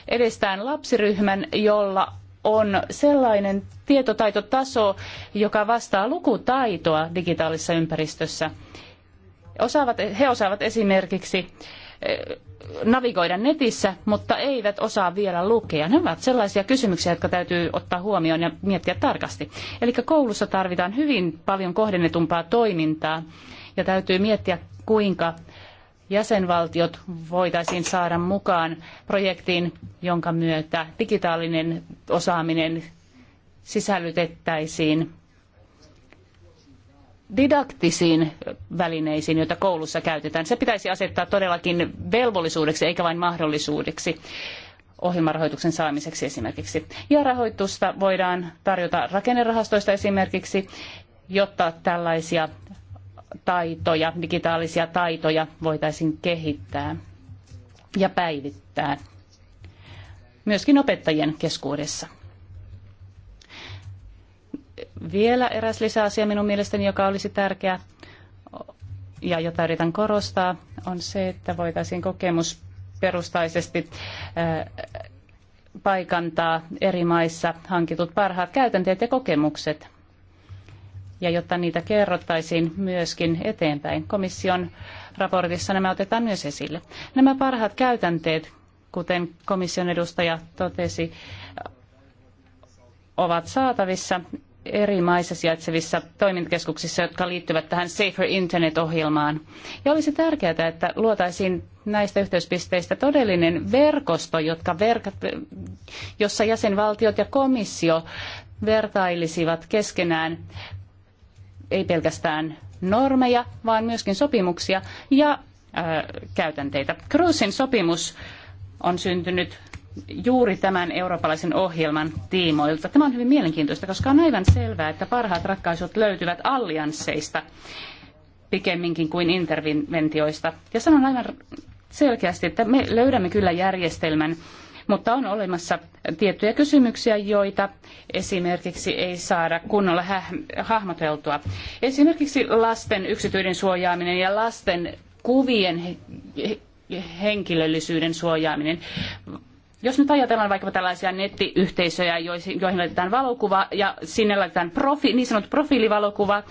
edestään lapsiryhmän, jolla on sellainen tietotaitotaso, joka vastaa lukutaitoa digitaalisessa ympäristössä. Osaavat, he osaavat esimerkiksi Eh, navigoida netissä, mutta eivät osaa vielä lukea. Ne ovat sellaisia kysymyksiä, jotka täytyy ottaa huomioon ja miettiä tarkasti. Eli koulussa tarvitaan hyvin paljon kohdennetumpaa toimintaa ja täytyy miettiä, kuinka jäsenvaltiot voitaisiin saada mukaan projektiin, jonka myötä digitaalinen osaaminen sisällytettäisiin didaktisiin välineisiin, joita koulussa käytetään. Se pitäisi asettaa todellakin velvollisuudeksi eikä vain mahdollisuudeksi ohjelmarahoituksen saamiseksi esimerkiksi. Ja rahoitusta voidaan tarjota rakennerahastoista esimerkiksi, jotta tällaisia taitoja, digitaalisia taitoja voitaisiin kehittää ja päivittää myöskin opettajien keskuudessa vielä eräs lisäasia minun mielestäni, joka olisi tärkeä ja jota yritän korostaa, on se, että voitaisiin kokemusperustaisesti äh, paikantaa eri maissa hankitut parhaat käytänteet ja kokemukset. Ja jotta niitä kerrottaisiin myöskin eteenpäin. Komission raportissa nämä otetaan myös esille. Nämä parhaat käytänteet, kuten komission edustaja totesi, ovat saatavissa eri maissa sijaitsevissa toimintakeskuksissa, jotka liittyvät tähän Safer Internet-ohjelmaan. Ja olisi tärkeää, että luotaisiin näistä yhteyspisteistä todellinen verkosto, jotka jossa jäsenvaltiot ja komissio vertailisivat keskenään ei pelkästään normeja, vaan myöskin sopimuksia ja ää, käytänteitä. Cruisin sopimus on syntynyt juuri tämän eurooppalaisen ohjelman tiimoilta. Tämä on hyvin mielenkiintoista, koska on aivan selvää, että parhaat ratkaisut löytyvät alliansseista pikemminkin kuin interventioista. Ja sanon aivan selkeästi, että me löydämme kyllä järjestelmän, mutta on olemassa tiettyjä kysymyksiä, joita esimerkiksi ei saada kunnolla hahmoteltua. Esimerkiksi lasten yksityinen suojaaminen ja lasten kuvien henkilöllisyyden suojaaminen jos nyt ajatellaan vaikka tällaisia nettiyhteisöjä, joihin laitetaan valokuva ja sinne laitetaan profi, niin sanottu profiilivalokuva,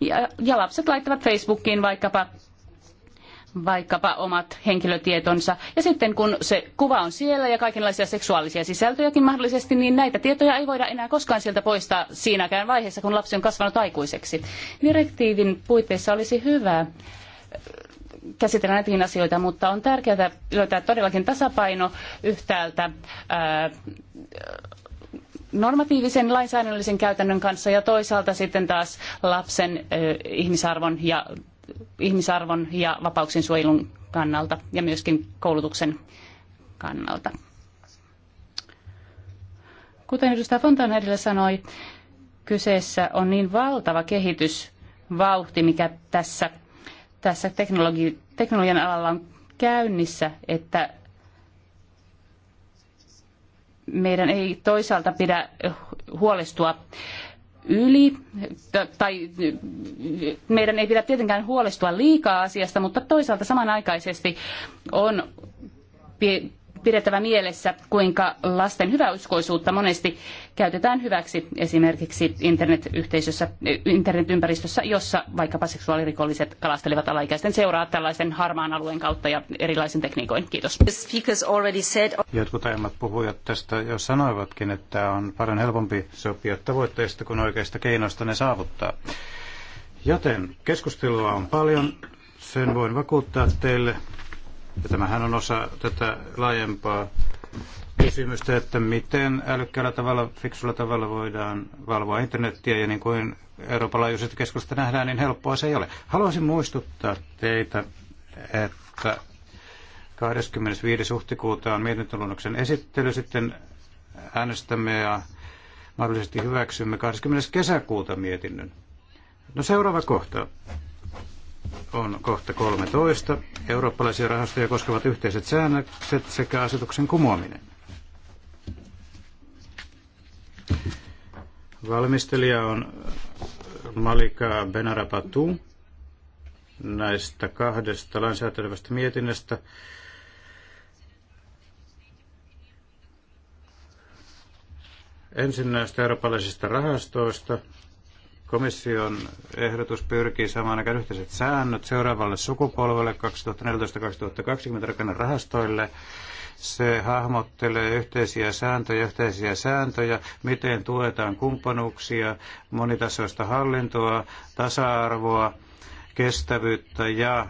ja, ja lapset laittavat Facebookiin vaikkapa vaikkapa omat henkilötietonsa. Ja sitten kun se kuva on siellä ja kaikenlaisia seksuaalisia sisältöjäkin mahdollisesti, niin näitä tietoja ei voida enää koskaan sieltä poistaa siinäkään vaiheessa, kun lapsi on kasvanut aikuiseksi. Direktiivin puitteissa olisi hyvä käsitellä näitäkin asioita, mutta on tärkeää löytää todellakin tasapaino yhtäältä ää, normatiivisen lainsäädännöllisen käytännön kanssa ja toisaalta sitten taas lapsen ää, ihmisarvon ja ihmisarvon ja vapauksien suojelun kannalta ja myöskin koulutuksen kannalta. Kuten edustaja Fontana edellä sanoi, kyseessä on niin valtava kehitysvauhti, mikä tässä tässä teknologi- teknologian alalla on käynnissä, että meidän ei toisaalta pidä huolestua yli, tai meidän ei pidä tietenkään huolestua liikaa asiasta, mutta toisaalta samanaikaisesti on pidettävä mielessä, kuinka lasten hyväuskoisuutta monesti käytetään hyväksi esimerkiksi internetyhteisössä, internetympäristössä, jossa vaikkapa seksuaalirikolliset kalastelevat alaikäisten seuraa tällaisen harmaan alueen kautta ja erilaisin tekniikoin. Kiitos. Jotkut aiemmat puhujat tästä jo sanoivatkin, että on paljon helpompi sopia tavoitteista kuin oikeista keinoista ne saavuttaa. Joten keskustelua on paljon. Sen voin vakuuttaa teille. Ja tämähän on osa tätä laajempaa kysymystä, että miten älykkäällä tavalla, fiksulla tavalla voidaan valvoa internettiä ja niin kuin Euroopan laajuisesta keskusta nähdään, niin helppoa se ei ole. Haluaisin muistuttaa teitä, että 25. huhtikuuta on mietintöluonnoksen esittely, sitten äänestämme ja mahdollisesti hyväksymme 20. kesäkuuta mietinnön. No seuraava kohta on kohta 13. Eurooppalaisia rahastoja koskevat yhteiset säännökset sekä asetuksen kumoaminen. Valmistelija on Malika Benarapatu näistä kahdesta lainsäätelevästä mietinnöstä. Ensin näistä eurooppalaisista rahastoista Komission ehdotus pyrkii saamaan aikaan yhteiset säännöt seuraavalle sukupolvelle 2014-2020 rakennerahastoille. Se hahmottelee yhteisiä sääntöjä, yhteisiä sääntöjä, miten tuetaan kumppanuuksia, monitasoista hallintoa, tasa-arvoa, kestävyyttä ja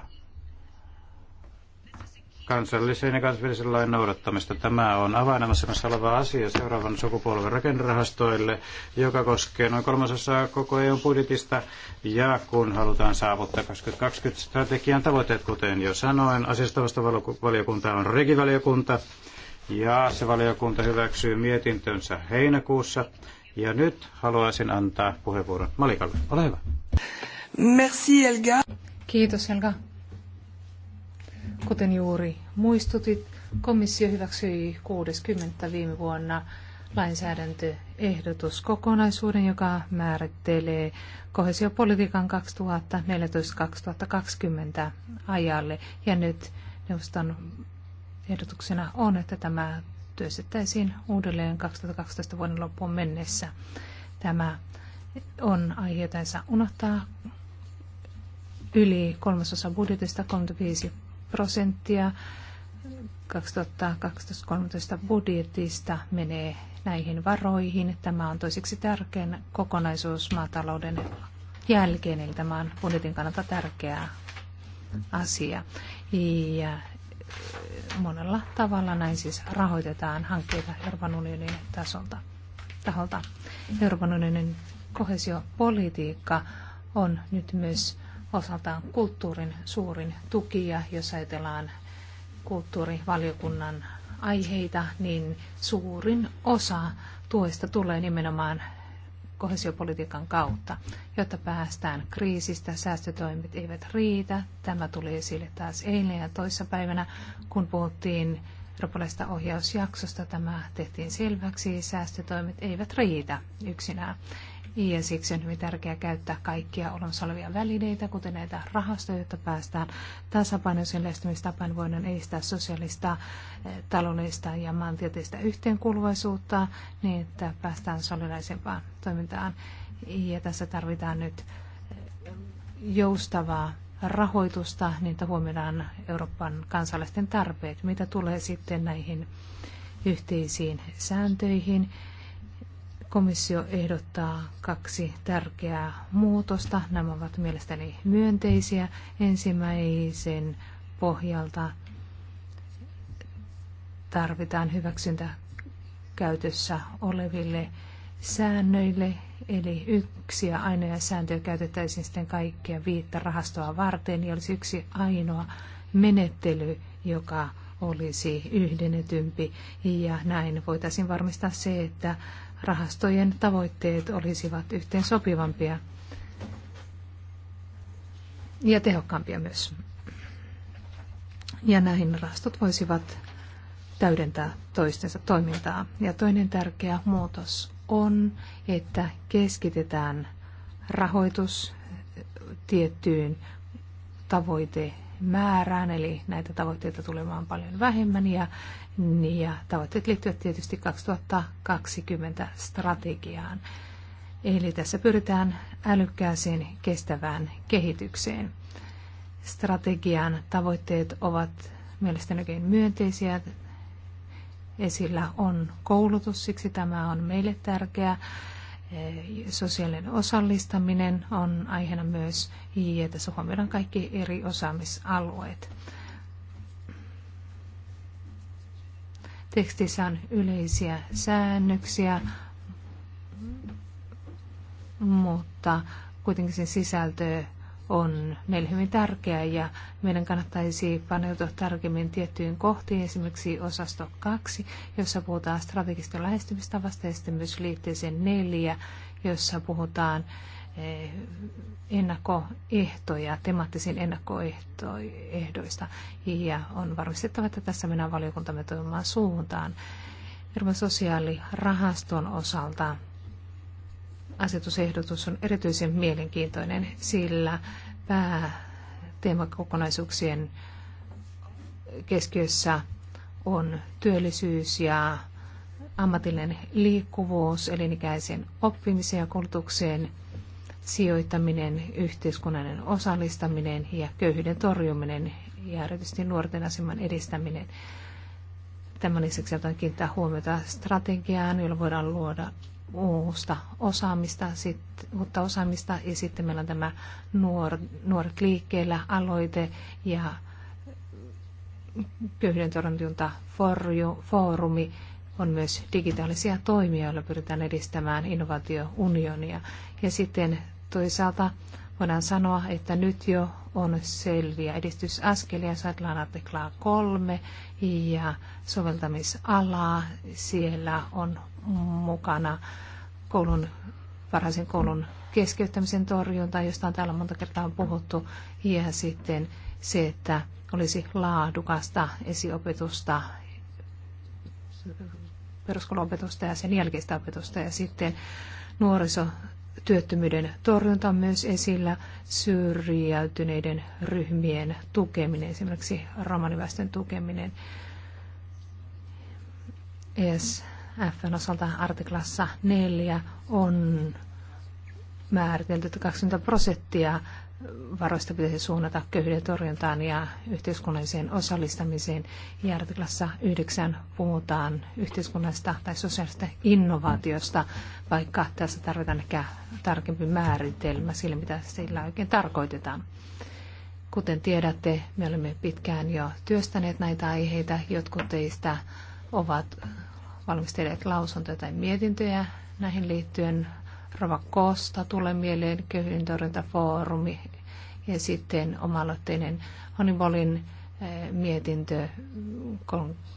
kansallisen ja kansainvälisen lain noudattamista. Tämä on avainasemassa oleva asia seuraavan sukupolven rakennerahastoille, joka koskee noin kolmasosaa koko EUn budjetista. Ja kun halutaan saavuttaa 2020 strategian tavoitteet, kuten jo sanoin, asiasta valiokunta on regivaliokunta. Ja se valiokunta hyväksyy mietintönsä heinäkuussa. Ja nyt haluaisin antaa puheenvuoron Malikalle. Ole hyvä. Merci Elga. Kiitos Elga. Kuten juuri muistutit, komissio hyväksyi 60. viime vuonna lainsäädäntöehdotus kokonaisuuden, joka määrittelee kohesiopolitiikan 2014-2020 ajalle. Ja nyt neuvoston ehdotuksena on, että tämä työstettäisiin uudelleen 2012 vuoden loppuun mennessä. Tämä on aiheutensa unohtaa yli kolmasosa budjetista, 35 prosenttia 2012-2013 budjetista menee näihin varoihin. Tämä on toiseksi tärkein kokonaisuus maatalouden jälkeen, eli tämä on budjetin kannalta tärkeä asia. Ja monella tavalla näin siis rahoitetaan hankkeita Euroopan unionin tasolta, taholta. Euroopan unionin kohesiopolitiikka on nyt myös osaltaan kulttuurin suurin tukija, jos ajatellaan kulttuurivaliokunnan aiheita, niin suurin osa tuesta tulee nimenomaan kohesiopolitiikan kautta, jotta päästään kriisistä. Säästötoimet eivät riitä. Tämä tuli esille taas eilen ja toissapäivänä, kun puhuttiin eurooppalaisesta ohjausjaksosta. Tämä tehtiin selväksi. Säästötoimet eivät riitä yksinään ja siksi on hyvin tärkeää käyttää kaikkia olemassa olevia välineitä, kuten näitä rahastoja, jotta päästään tasapainoisen lähestymistapaan, voidaan edistää sosiaalista, eh, taloudellista ja maantieteistä yhteenkuuluvaisuutta, niin että päästään solidaisempaan toimintaan. Ja tässä tarvitaan nyt eh, joustavaa rahoitusta, niin että huomioidaan Euroopan kansalaisten tarpeet. Mitä tulee sitten näihin yhteisiin sääntöihin, Komissio ehdottaa kaksi tärkeää muutosta. Nämä ovat mielestäni myönteisiä. Ensimmäisen pohjalta tarvitaan hyväksyntä käytössä oleville säännöille, eli yksi ja ainoa sääntö käytettäisiin sitten kaikkia viittä rahastoa varten, ja olisi yksi ainoa menettely, joka olisi yhdennetympi, ja näin voitaisiin varmistaa se, että rahastojen tavoitteet olisivat yhteen sopivampia ja tehokkaampia myös. Ja näihin rahastot voisivat täydentää toistensa toimintaa. Ja toinen tärkeä muutos on, että keskitetään rahoitus tiettyyn tavoitemäärään, eli näitä tavoitteita tulemaan paljon vähemmän ja niin, ja tavoitteet liittyvät tietysti 2020 strategiaan. Eli tässä pyritään älykkääseen kestävään kehitykseen. Strategian tavoitteet ovat mielestäni oikein myönteisiä. Esillä on koulutus, siksi tämä on meille tärkeää sosiaalinen osallistaminen on aiheena myös, ja tässä huomioidaan kaikki eri osaamisalueet. Tekstissä on yleisiä säännöksiä, mutta kuitenkin sen sisältö on meille hyvin tärkeä ja meidän kannattaisi paneutua tarkemmin tiettyyn kohtiin, esimerkiksi osasto 2, jossa puhutaan strategista lähestymistavasta ja sitten myös liitteeseen 4, jossa puhutaan Eh, ennakkoehtoja, temaattisiin ennakkoehdoista. Ja on varmistettava, että tässä mennään valiokuntamme toimimaan suuntaan. Euroopan sosiaalirahaston osalta asetusehdotus on erityisen mielenkiintoinen, sillä pääteemakokonaisuuksien keskiössä on työllisyys ja ammatillinen liikkuvuus, elinikäisen oppimisen ja koulutukseen sijoittaminen, yhteiskunnallinen osallistaminen ja köyhyyden torjuminen ja erityisesti nuorten aseman edistäminen. Tämän lisäksi otan kiinnittää huomiota strategiaan, jolla voidaan luoda uusta osaamista, sit, uutta osaamista ja sitten meillä on tämä nuor, Nuoret liikkeellä aloite ja köyhyyden torjunta foorumi on myös digitaalisia toimia, joilla pyritään edistämään innovaatiounionia. Ja sitten Toisaalta voidaan sanoa, että nyt jo on selviä edistysaskelia, jos ajatellaan artiklaa kolme ja soveltamisalaa. Siellä on mukana koulun, varhaisen koulun keskeyttämisen torjunta, josta on täällä monta kertaa puhuttu, ja sitten se, että olisi laadukasta esiopetusta, opetusta ja sen jälkeistä opetusta, ja sitten nuoriso työttömyyden torjunta on myös esillä syrjäytyneiden ryhmien tukeminen, esimerkiksi romaniväestön tukeminen. ESFn osalta artiklassa 4 on määritelty, että 20 prosenttia varoista pitäisi suunnata köyhyyden torjuntaan ja yhteiskunnalliseen osallistamiseen. Ja artiklassa 9 puhutaan yhteiskunnasta tai sosiaalista innovaatiosta, vaikka tässä tarvitaan ehkä tarkempi määritelmä sille, mitä sillä oikein tarkoitetaan. Kuten tiedätte, me olemme pitkään jo työstäneet näitä aiheita. Jotkut teistä ovat valmistelleet lausuntoja tai mietintöjä näihin liittyen. Rova Kosta tulee mieleen köyhyydentorjuntafoorumi ja sitten omaloitteinen Honibolin eh, mietintö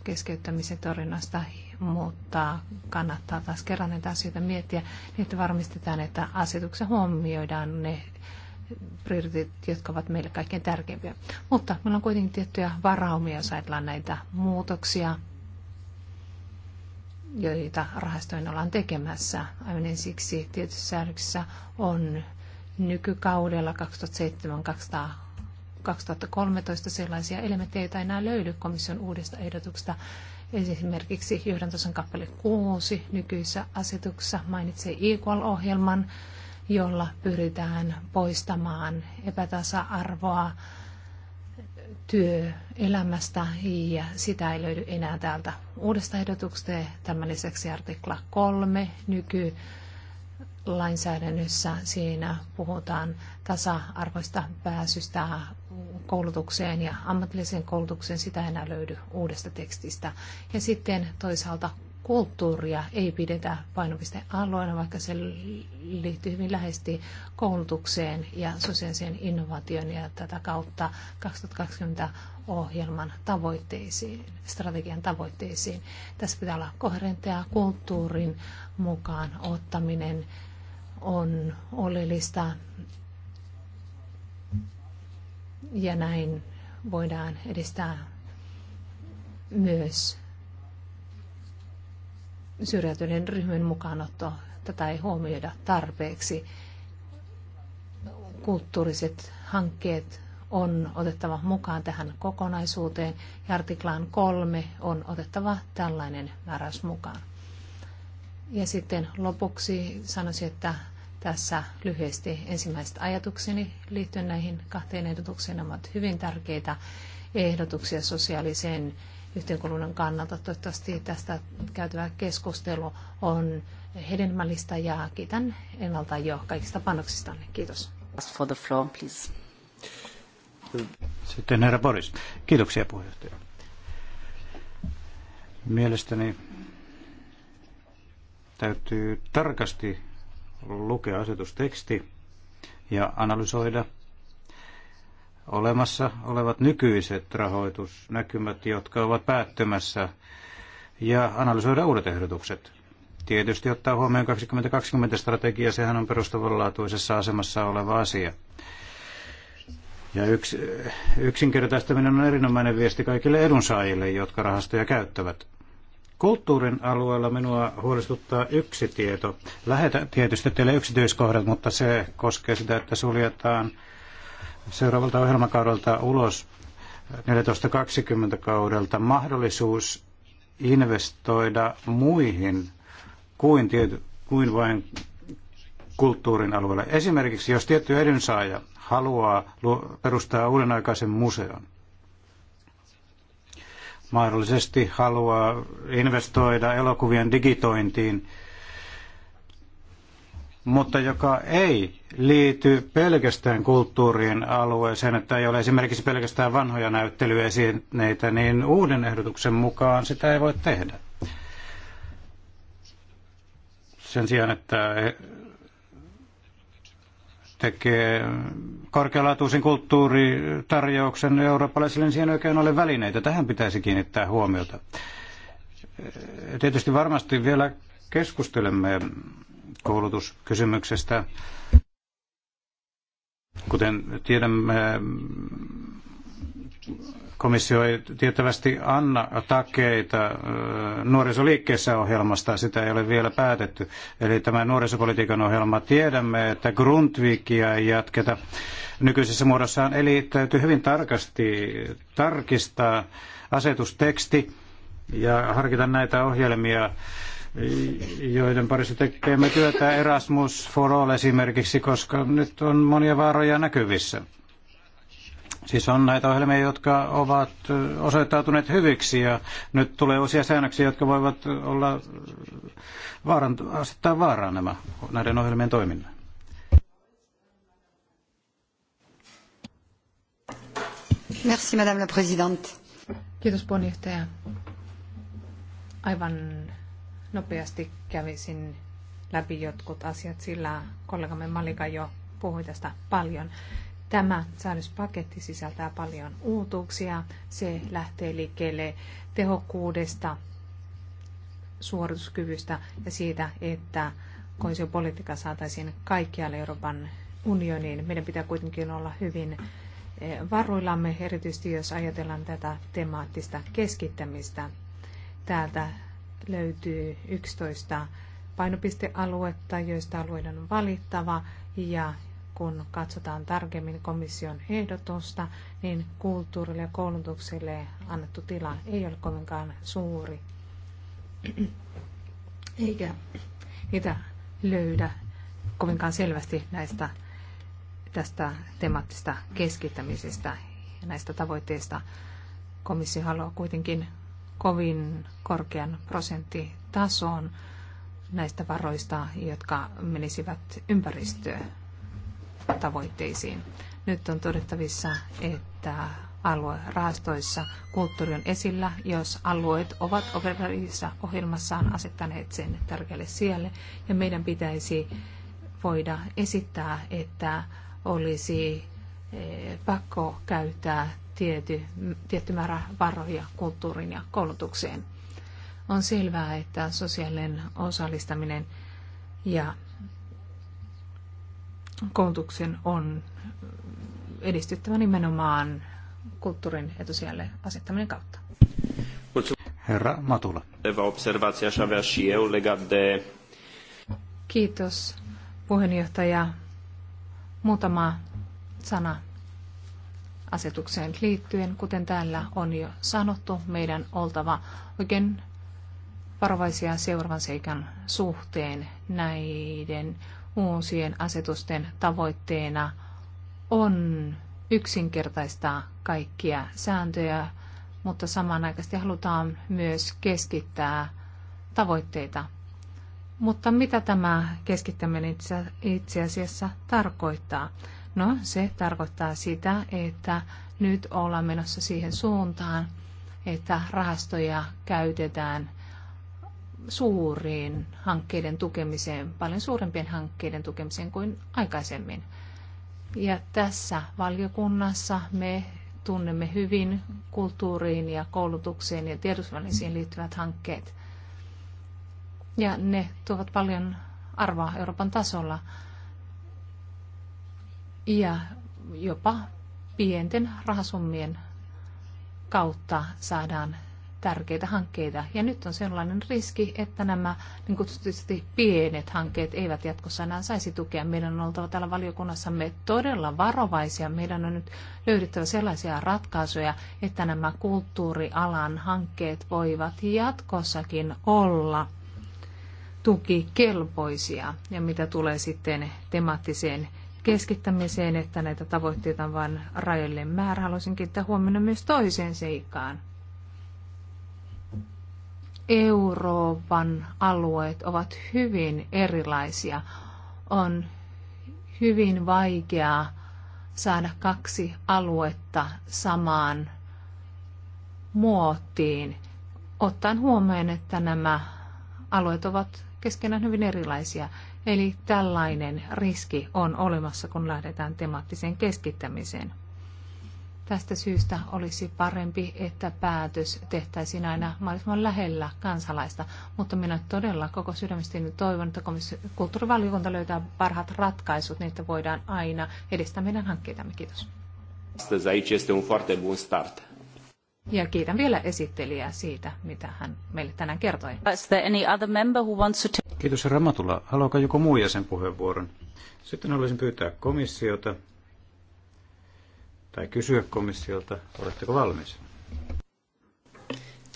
keskeyttämisen torjunnasta, mutta kannattaa taas kerran näitä asioita miettiä, niin että varmistetaan, että asetuksessa huomioidaan ne prioriteetit, jotka ovat meille kaikkein tärkeimpiä. Mutta meillä on kuitenkin tiettyjä varaumia, jos ajatellaan näitä muutoksia, joita rahastoin ollaan tekemässä. Aivan siksi tietysti säädöksessä on nykykaudella 2007 2013 sellaisia elementtejä, joita enää löydy komission uudesta ehdotuksesta. Esimerkiksi johdantosan kappale 6 nykyisessä asetuksessa mainitsee Equal-ohjelman, jolla pyritään poistamaan epätasa-arvoa työelämästä ja sitä ei löydy enää täältä uudesta ehdotuksesta. Tämän lisäksi artikla 3 nyky lainsäädännössä siinä puhutaan tasa-arvoista pääsystä koulutukseen ja ammatilliseen koulutukseen, sitä enää löydy uudesta tekstistä. Ja sitten toisaalta kulttuuria ei pidetä painopistealueena, vaikka se liittyy hyvin läheisesti koulutukseen ja sosiaaliseen innovaatioon ja tätä kautta 2020 ohjelman tavoitteisiin, strategian tavoitteisiin. Tässä pitää olla koherentteja kulttuurin mukaan ottaminen on oleellista ja näin voidaan edistää myös syrjäytyneen ryhmän mukaanotto. Tätä ei huomioida tarpeeksi. Kulttuuriset hankkeet on otettava mukaan tähän kokonaisuuteen ja artiklaan kolme on otettava tällainen määräys mukaan. Ja sitten lopuksi sanoisin, että tässä lyhyesti ensimmäiset ajatukseni liittyen näihin kahteen ehdotukseen. ovat hyvin tärkeitä ehdotuksia sosiaaliseen yhteenkuuluvuuden kannalta. Toivottavasti tästä käytävä keskustelu on hedelmällistä ja kiitän ennalta jo kaikista panoksistanne. Kiitos. For the floor, please. Sitten herra Boris. Kiitoksia puheenjohtaja. Mielestäni täytyy tarkasti lukea asetusteksti ja analysoida – olemassa olevat nykyiset rahoitusnäkymät, jotka ovat päättymässä, ja analysoida uudet ehdotukset. Tietysti ottaa huomioon 2020-strategia, sehän on perustavanlaatuisessa asemassa oleva asia. Ja yks, yksinkertaistaminen on erinomainen viesti kaikille edunsaajille, jotka rahastoja käyttävät. Kulttuurin alueella minua huolestuttaa yksi tieto. Lähetä tietysti teille yksityiskohdat, mutta se koskee sitä, että suljetaan seuraavalta ohjelmakaudelta ulos 14.20 kaudelta mahdollisuus investoida muihin kuin, tiety, kuin vain kulttuurin alueelle. Esimerkiksi jos tietty edunsaaja haluaa perustaa uudenaikaisen museon, mahdollisesti haluaa investoida elokuvien digitointiin, mutta joka ei liity pelkästään kulttuuriin alueeseen, että ei ole esimerkiksi pelkästään vanhoja näyttelyesineitä, niin uuden ehdotuksen mukaan sitä ei voi tehdä. Sen sijaan, että tekee korkealaatuisen kulttuuritarjouksen eurooppalaisille, niin siihen oikein ole välineitä. Tähän pitäisi kiinnittää huomiota. Tietysti varmasti vielä keskustelemme koulutuskysymyksestä. Kuten tiedämme, komissio ei tiettävästi anna takeita nuorisoliikkeessä ohjelmasta, sitä ei ole vielä päätetty. Eli tämä nuorisopolitiikan ohjelma tiedämme, että Grundvikia ei jatketa nykyisessä muodossaan. Eli täytyy hyvin tarkasti tarkistaa asetusteksti ja harkita näitä ohjelmia joiden parissa tekemme työtä Erasmus for All esimerkiksi, koska nyt on monia vaaroja näkyvissä. Siis on näitä ohjelmia, jotka ovat osoittautuneet hyviksi ja nyt tulee uusia säännöksiä, jotka voivat olla vaaran, asettaa vaaraan nämä, näiden ohjelmien toiminnan. Merci, Madame la Présidente. Kiitos puheenjohtaja. Aivan Nopeasti kävisin läpi jotkut asiat, sillä kollegamme Malika jo puhui tästä paljon. Tämä säädöspaketti sisältää paljon uutuuksia. Se lähtee liikkeelle tehokkuudesta, suorituskyvystä ja siitä, että koisiopolitiikka saataisiin kaikkialle Euroopan unioniin. Meidän pitää kuitenkin olla hyvin eh, varuillamme, erityisesti jos ajatellaan tätä temaattista keskittämistä. Täältä löytyy 11 painopistealuetta, joista alueiden on valittava ja kun katsotaan tarkemmin komission ehdotusta, niin kulttuurille ja koulutukselle annettu tila ei ole kovinkaan suuri. Eikä niitä löydä kovinkaan selvästi näistä tästä temaattista keskittämisestä ja näistä tavoitteista. Komissio haluaa kuitenkin kovin korkean prosenttitason näistä varoista, jotka menisivät ympäristötavoitteisiin. Nyt on todettavissa, että aluerahastoissa kulttuuri on esillä, jos alueet ovat operatiivisessa ohjelmassaan asettaneet sen tärkeälle sijalle. Ja meidän pitäisi voida esittää, että olisi Eh, pakko käyttää tiety, tietty määrä varoja kulttuurin ja koulutukseen. On selvää, että sosiaalinen osallistaminen ja koulutuksen on edistyttävä nimenomaan kulttuurin etusijalle asettaminen kautta. Herra Matula. Kiitos, puheenjohtaja. Muutama sana asetukseen liittyen, kuten täällä on jo sanottu, meidän oltava oikein varovaisia seuraavan seikan suhteen. Näiden uusien asetusten tavoitteena on yksinkertaistaa kaikkia sääntöjä, mutta samanaikaisesti halutaan myös keskittää tavoitteita. Mutta mitä tämä keskittäminen itse asiassa tarkoittaa? No, se tarkoittaa sitä, että nyt ollaan menossa siihen suuntaan, että rahastoja käytetään suuriin hankkeiden tukemiseen, paljon suurempien hankkeiden tukemiseen kuin aikaisemmin. Ja tässä valiokunnassa me tunnemme hyvin kulttuuriin ja koulutukseen ja tiedotusvälineisiin liittyvät hankkeet. Ja ne tuovat paljon arvoa Euroopan tasolla ja jopa pienten rahasummien kautta saadaan tärkeitä hankkeita. Ja nyt on sellainen riski, että nämä niin kutsutusti pienet hankkeet eivät jatkossa enää saisi tukea. Meidän on oltava täällä valiokunnassamme todella varovaisia. Meidän on nyt löydettävä sellaisia ratkaisuja, että nämä kulttuurialan hankkeet voivat jatkossakin olla tukikelpoisia. Ja mitä tulee sitten temaattiseen keskittämiseen, että näitä tavoitteita on vain rajallinen määrä. Haluaisin kiittää huomenna myös toiseen seikkaan. Euroopan alueet ovat hyvin erilaisia. On hyvin vaikeaa saada kaksi aluetta samaan muottiin, ottaen huomioon, että nämä alueet ovat keskenään hyvin erilaisia. Eli tällainen riski on olemassa, kun lähdetään temaattiseen keskittämiseen. Tästä syystä olisi parempi, että päätös tehtäisiin aina mahdollisimman lähellä kansalaista, mutta minä todella koko sydämestä toivon, että kulttuurivaliokunta löytää parhaat ratkaisut, niin että voidaan aina edistää meidän hankkeitamme. Kiitos. Astăzi aici este un foarte bun start. Ja kiitän vielä esittelijää siitä, mitä hän meille tänään kertoi. Kiitos Ramatula. Haluaako joku muu jäsen puheenvuoron? Sitten haluaisin pyytää komissiota tai kysyä komissiolta, oletteko valmis?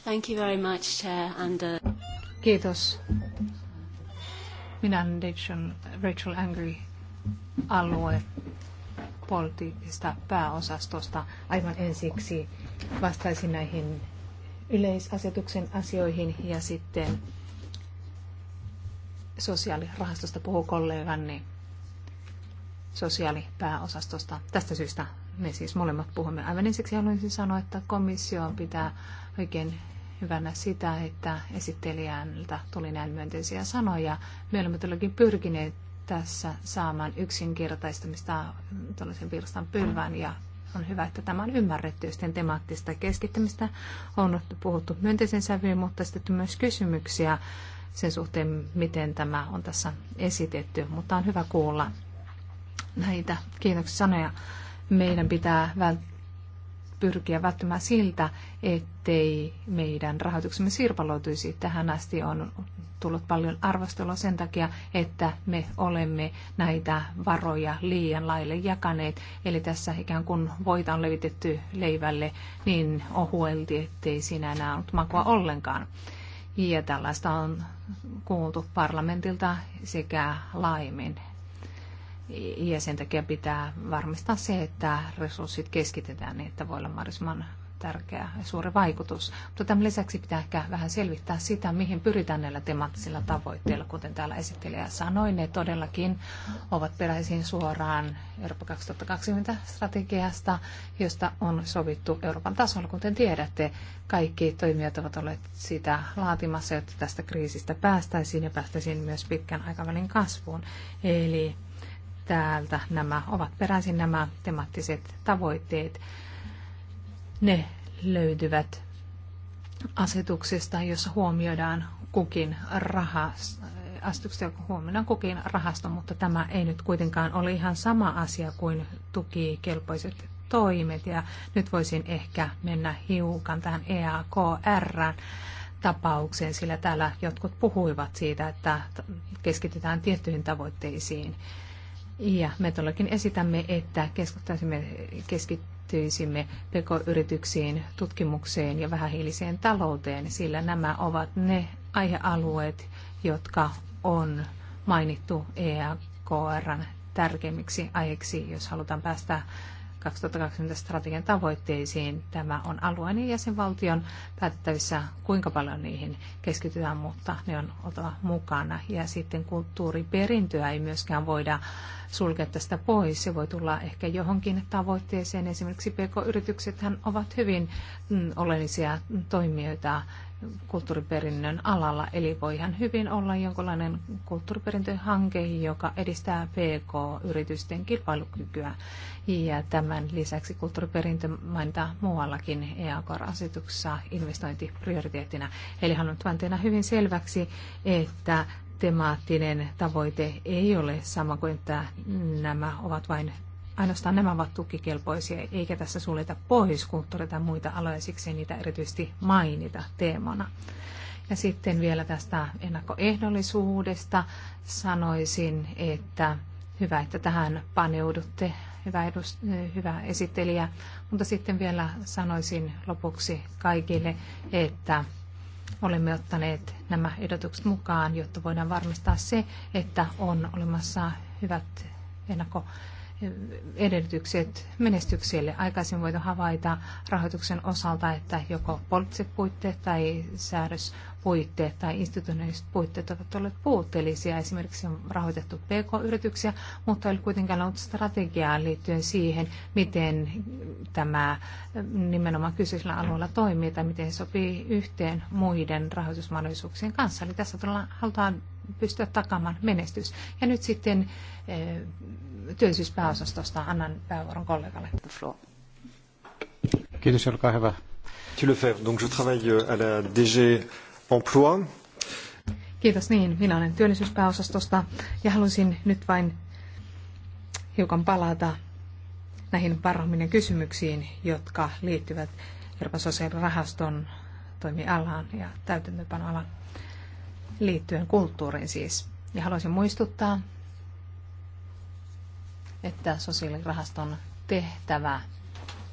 Thank you very much, Chair. And, uh... Kiitos. Minä olen Rachel, Angry alue politiikista pääosastosta. Aivan ensiksi vastaisi näihin yleisasetuksen asioihin ja sitten sosiaalirahastosta puhuu kollegani sosiaalipääosastosta. Tästä syystä me siis molemmat puhumme. Aivan ensiksi haluaisin sanoa, että komissio pitää oikein hyvänä sitä, että esittelijältä tuli näin myönteisiä sanoja. Me olemme todellakin pyrkineet tässä saamaan yksinkertaistamista tällaisen virstan pylvään ja on hyvä, että tämä on ymmärretty. Sitten temaattista keskittämistä on puhuttu myönteisen sävyyn, mutta sitten myös kysymyksiä sen suhteen, miten tämä on tässä esitetty. Mutta on hyvä kuulla näitä kiitoksia sanoja. Meidän pitää välttää pyrkiä välttämään siltä, ettei meidän rahoituksemme sirpaloituisi. Tähän asti on tullut paljon arvostelua sen takia, että me olemme näitä varoja liian laille jakaneet. Eli tässä ikään kuin voita on levitetty leivälle niin ohuelti, ettei siinä enää ollut makua ollenkaan. Ja tällaista on kuultu parlamentilta sekä laajemmin ja sen takia pitää varmistaa se, että resurssit keskitetään niin, että voi olla mahdollisimman tärkeä ja suuri vaikutus. Mutta tämän lisäksi pitää ehkä vähän selvittää sitä, mihin pyritään näillä temaattisilla tavoitteilla. Kuten täällä esittelijä sanoi, ne todellakin ovat peräisin suoraan Eurooppa 2020-strategiasta, josta on sovittu Euroopan tasolla. Kuten tiedätte, kaikki toimijat ovat olleet sitä laatimassa, jotta tästä kriisistä päästäisiin ja päästäisiin myös pitkän aikavälin kasvuun. Eli täältä nämä ovat peräisin nämä temaattiset tavoitteet. Ne löytyvät asetuksesta, jossa huomioidaan kukin rahas, joka huomioidaan kukin rahasto, mutta tämä ei nyt kuitenkaan ole ihan sama asia kuin tukikelpoiset toimet. Ja nyt voisin ehkä mennä hiukan tähän EAKR tapaukseen, sillä täällä jotkut puhuivat siitä, että keskitytään tiettyihin tavoitteisiin. Ja me todellakin esitämme, että keskittyisimme pk-yrityksiin, tutkimukseen ja vähähiiliseen talouteen, sillä nämä ovat ne aihealueet, jotka on mainittu EAKRn tärkeimmiksi aiheiksi, jos halutaan päästä 2020 strategian tavoitteisiin. Tämä on alueen ja jäsenvaltion päätettävissä, kuinka paljon niihin keskitytään, mutta ne on oltava mukana. Ja sitten kulttuuriperintöä ei myöskään voida sulkea tästä pois. Se voi tulla ehkä johonkin tavoitteeseen. Esimerkiksi PK-yrityksethän ovat hyvin mm, oleellisia toimijoita kulttuuriperinnön alalla. Eli voihan hyvin olla jonkinlainen kulttuuriperintöhanke, joka edistää PK-yritysten kilpailukykyä. Ja tämän lisäksi kulttuuriperintö mainitaan muuallakin eakor asetuksessa investointiprioriteettina. Eli haluan vain tehdä hyvin selväksi, että temaattinen tavoite ei ole sama kuin, että nämä ovat vain ainoastaan nämä ovat tukikelpoisia, eikä tässä suljeta pois tai muita aloja, siksi niitä erityisesti mainita teemana. Ja sitten vielä tästä ennakkoehdollisuudesta sanoisin, että hyvä, että tähän paneudutte, hyvä, edust, hyvä esittelijä. Mutta sitten vielä sanoisin lopuksi kaikille, että olemme ottaneet nämä ehdotukset mukaan, jotta voidaan varmistaa se, että on olemassa hyvät ennakkoehdollisuudet edellytykset menestykselle. Aikaisemmin voitu havaita rahoituksen osalta, että joko poliittiset puitteet tai säädöspuitteet tai institutionaaliset puitteet ovat olleet puutteellisia. Esimerkiksi on rahoitettu PK-yrityksiä, mutta ei ole kuitenkaan ollut strategiaa liittyen siihen, miten tämä nimenomaan kyseisellä alueella toimii tai miten se sopii yhteen muiden rahoitusmahdollisuuksien kanssa. Eli tässä halutaan pystyä takaamaan menestys. Ja nyt sitten eh, työllisyyspääosastosta. Annan päävuoron kollegalle. Kiitos, olkaa hyvä. Donc je travaille euh, à la DG Emploi. Kiitos niin. Minä olen työllisyyspääosastosta ja halusin nyt vain hiukan palata näihin parhaimmin kysymyksiin, jotka liittyvät Euroopan sosiaalirahaston toimialaan ja täytäntöpanoalan liittyen kulttuuriin siis. Ja haluaisin muistuttaa, että sosiaalirahaston tehtävä,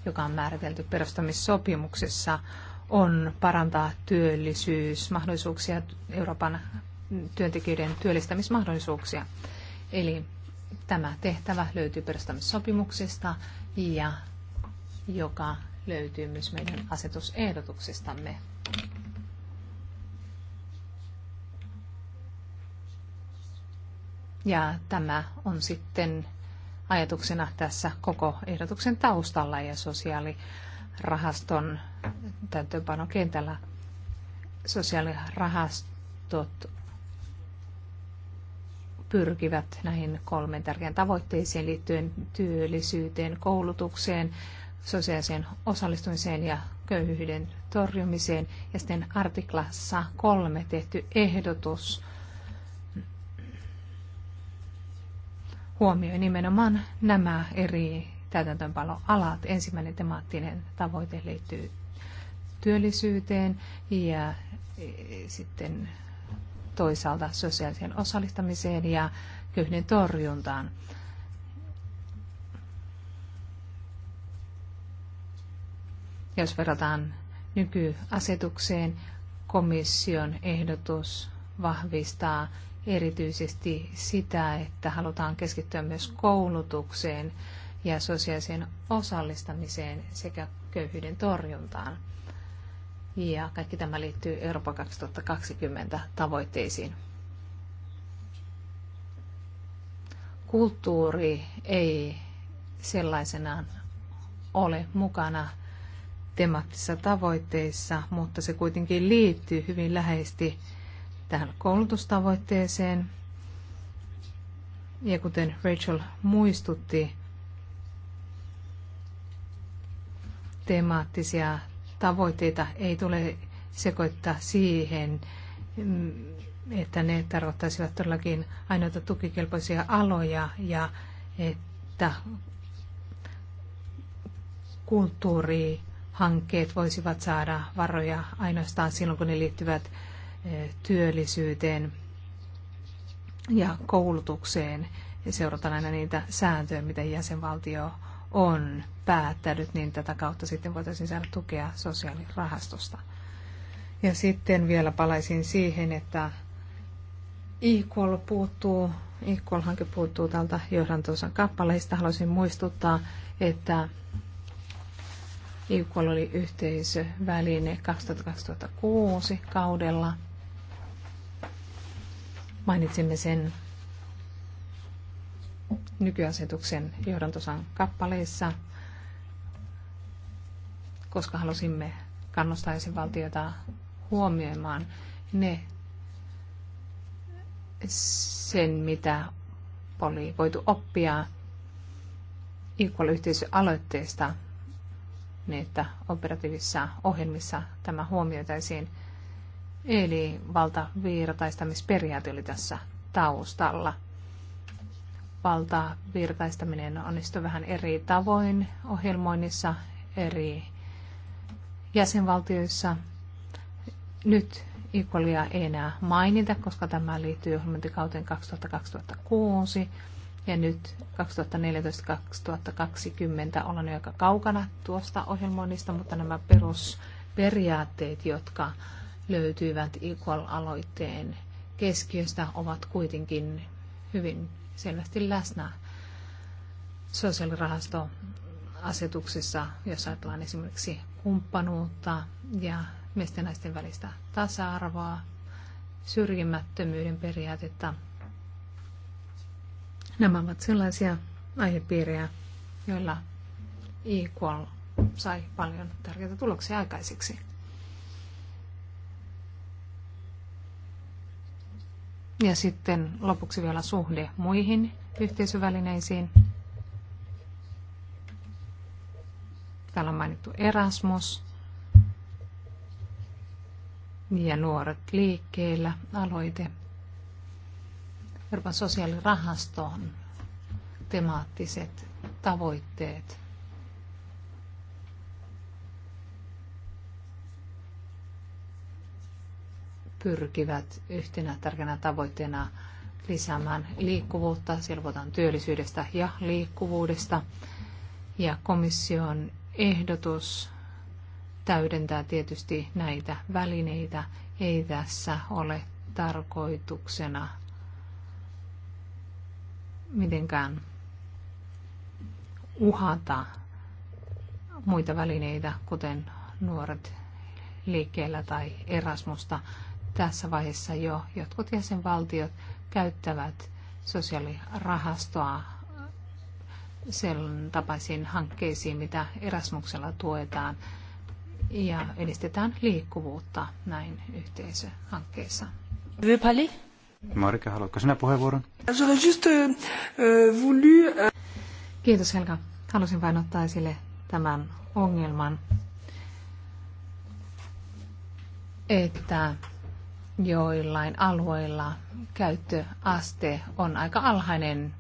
joka on määritelty perustamissopimuksessa, on parantaa työllisyysmahdollisuuksia, Euroopan työntekijöiden työllistämismahdollisuuksia. Eli tämä tehtävä löytyy perustamissopimuksesta ja joka löytyy myös meidän asetusehdotuksistamme. Ja tämä on sitten ajatuksena tässä koko ehdotuksen taustalla ja sosiaalirahaston täytäntöönpanokentällä. Sosiaalirahastot pyrkivät näihin kolmeen tärkeään tavoitteeseen liittyen työllisyyteen, koulutukseen, sosiaaliseen osallistumiseen ja köyhyyden torjumiseen. Ja sitten artiklassa kolme tehty ehdotus huomioi nimenomaan nämä eri täytäntöönpanoalat. Ensimmäinen temaattinen tavoite liittyy työllisyyteen ja e, sitten toisaalta sosiaaliseen osallistamiseen ja köyhden torjuntaan. Jos verrataan nykyasetukseen, komission ehdotus vahvistaa erityisesti sitä, että halutaan keskittyä myös koulutukseen ja sosiaaliseen osallistamiseen sekä köyhyyden torjuntaan. Ja kaikki tämä liittyy Eurooppa 2020 tavoitteisiin. Kulttuuri ei sellaisenaan ole mukana temaattisissa tavoitteissa, mutta se kuitenkin liittyy hyvin läheisesti tähän koulutustavoitteeseen. Ja kuten Rachel muistutti, temaattisia tavoitteita ei tule sekoittaa siihen, että ne tarkoittaisivat todellakin ainoita tukikelpoisia aloja ja että kulttuurihankkeet voisivat saada varoja ainoastaan silloin, kun ne liittyvät työllisyyteen ja koulutukseen ja seurataan aina niitä sääntöjä, mitä jäsenvaltio on päättänyt, niin tätä kautta sitten voitaisiin saada tukea sosiaalirahastosta. Ja sitten vielä palaisin siihen, että Equal puuttuu, Equal-hanke puuttuu tältä johdantonsa kappaleista. Haluaisin muistuttaa, että Equal oli yhteisöväline 2006 kaudella – Mainitsimme sen nykyasetuksen johdantosan kappaleissa, koska halusimme kannustaa valtiota huomioimaan ne sen, mitä oli voitu oppia Equal-yhteisöaloitteesta, niin että operatiivisissa ohjelmissa tämä huomioitaisiin – Eli valtavirtaistamisperiaate oli tässä taustalla. Valtavirtaistaminen onnistui vähän eri tavoin ohjelmoinnissa eri jäsenvaltioissa. Nyt Equalia ei enää mainita, koska tämä liittyy ohjelmointikauteen 2000-2006. Ja nyt 2014-2020 ollaan jo aika kaukana tuosta ohjelmoinnista, mutta nämä perusperiaatteet, jotka löytyivät Equal-aloitteen keskiöstä, ovat kuitenkin hyvin selvästi läsnä sosiaalirahastoasetuksessa, jos ajatellaan esimerkiksi kumppanuutta ja miesten ja naisten välistä tasa-arvoa, syrjimättömyyden periaatetta. Nämä ovat sellaisia aihepiirejä, joilla Equal sai paljon tärkeitä tuloksia aikaiseksi. Ja sitten lopuksi vielä suhde muihin yhteisövälineisiin. Täällä on mainittu Erasmus ja nuoret liikkeellä aloite. Euroopan sosiaalirahaston temaattiset tavoitteet pyrkivät yhtenä tärkeänä tavoitteena lisäämään liikkuvuutta. Siellä puhutaan työllisyydestä ja liikkuvuudesta. Ja komission ehdotus täydentää tietysti näitä välineitä. Ei tässä ole tarkoituksena mitenkään uhata muita välineitä, kuten nuoret liikkeellä tai Erasmusta, tässä vaiheessa jo jotkut jäsenvaltiot käyttävät sosiaalirahastoa sen tapaisiin hankkeisiin, mitä Erasmuksella tuetaan ja edistetään liikkuvuutta näin yhteisöhankkeissa. Vypali? Marika, haluatko sinä puheenvuoron? Euh, euh, Kiitos Helga. Halusin vain ottaa esille tämän ongelman, että joillain alueilla käyttöaste on aika alhainen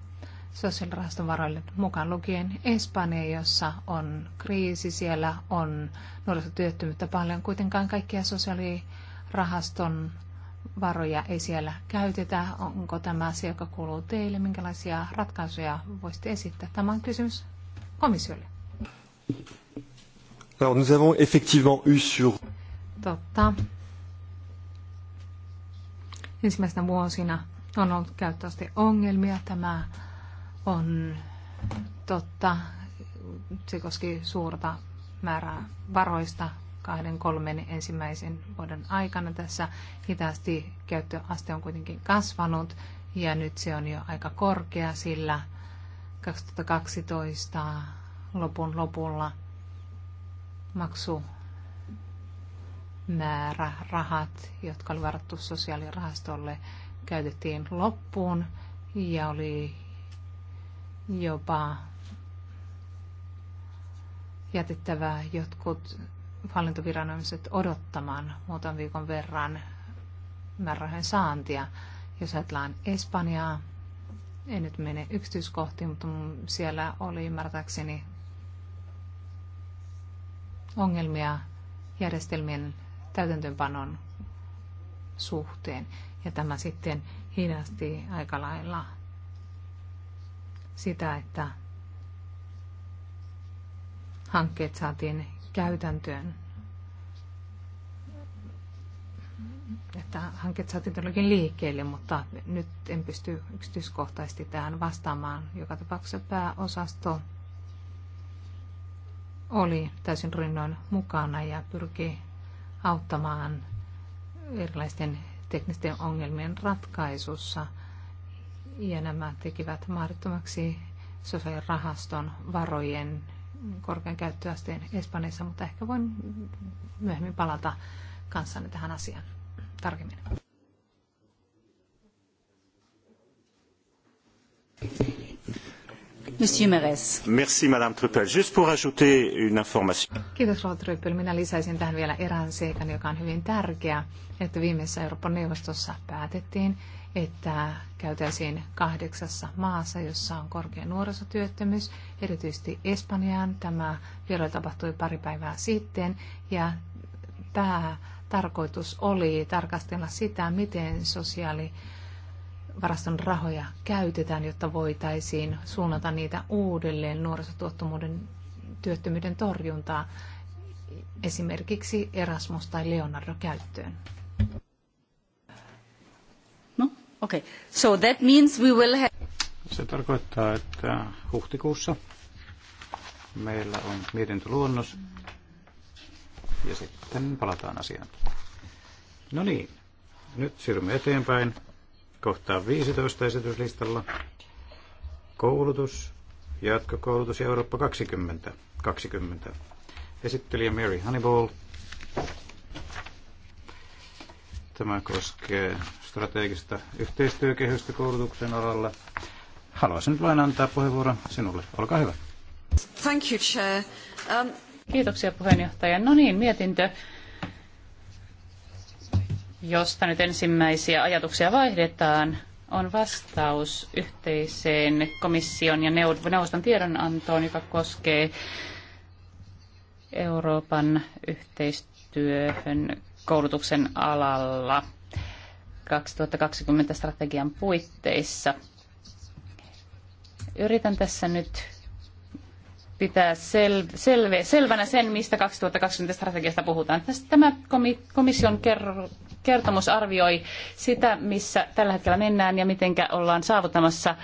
sosiaalirahaston varoille mukaan lukien Espanja, jossa on kriisi, siellä on nuorisotyöttömyyttä paljon. Kuitenkaan kaikkia sosiaalirahaston varoja ei siellä käytetä. Onko tämä asia, joka kuuluu teille? Minkälaisia ratkaisuja voisitte esittää? Tämä on kysymys komissiolle. Alors, nous avons effectivement eu sur... Totta, ensimmäisenä vuosina on ollut käyttöaste ongelmia. Tämä on totta. Se koski suurta määrää varoista kahden, kolmen ensimmäisen vuoden aikana. Tässä hitaasti käyttöaste on kuitenkin kasvanut ja nyt se on jo aika korkea, sillä 2012 lopun lopulla maksu määrä rahat, jotka oli varattu sosiaalirahastolle, käytettiin loppuun ja oli jopa jätettävä jotkut hallintoviranomaiset odottamaan muutaman viikon verran määrärahojen saantia. Jos ajatellaan Espanjaa, en nyt mene yksityiskohtiin, mutta siellä oli ymmärtääkseni ongelmia järjestelmien täytäntöönpanon suhteen. Ja tämä sitten hidasti aika lailla sitä, että hankkeet saatiin käytäntöön. Että hankkeet saatiin todellakin liikkeelle, mutta nyt en pysty yksityiskohtaisesti tähän vastaamaan. Joka tapauksessa pääosasto oli täysin rinnoin mukana ja pyrki auttamaan erilaisten teknisten ongelmien ratkaisussa. Ja nämä tekivät mahdottomaksi sosiaalirahaston varojen korkean käyttöasteen Espanjassa, mutta ehkä voin myöhemmin palata kanssanne tähän asiaan tarkemmin. Monsieur Meres. Merci, Madame Truppel. pour ajouter une information. Kiitos, Rova Truppel. Minä lisäisin tähän vielä erään seikan, joka on hyvin tärkeä, että viimeisessä Euroopan neuvostossa päätettiin, että käytäisiin kahdeksassa maassa, jossa on korkea nuorisotyöttömyys, erityisesti Espanjaan. Tämä vielä tapahtui pari päivää sitten ja päätarkoitus oli tarkastella sitä, miten sosiaali- varaston rahoja käytetään, jotta voitaisiin suunnata niitä uudelleen nuorisotuottomuuden työttömyyden torjuntaa esimerkiksi Erasmus tai Leonardo käyttöön? No, okay. So that means we will have... Se tarkoittaa, että huhtikuussa meillä on mietintöluonnos ja sitten palataan asiaan. No niin, nyt siirrymme eteenpäin kohtaan 15 esityslistalla. Koulutus, jatkokoulutus ja Eurooppa 20. 20. Esittelijä Mary Honeyball. Tämä koskee strategista yhteistyökehystä koulutuksen alalla. Haluaisin nyt vain antaa puheenvuoron sinulle. Olkaa hyvä. Thank you, Chair. Um... Kiitoksia puheenjohtaja. No niin, mietintö josta nyt ensimmäisiä ajatuksia vaihdetaan, on vastaus yhteiseen komission ja neuvoston tiedonantoon, joka koskee Euroopan yhteistyöhön koulutuksen alalla 2020 strategian puitteissa. Yritän tässä nyt pitää sel, selve, selvänä sen, mistä 2020 strategiasta puhutaan. Tämä komission kertomus arvioi sitä, missä tällä hetkellä mennään ja miten ollaan saavuttamassa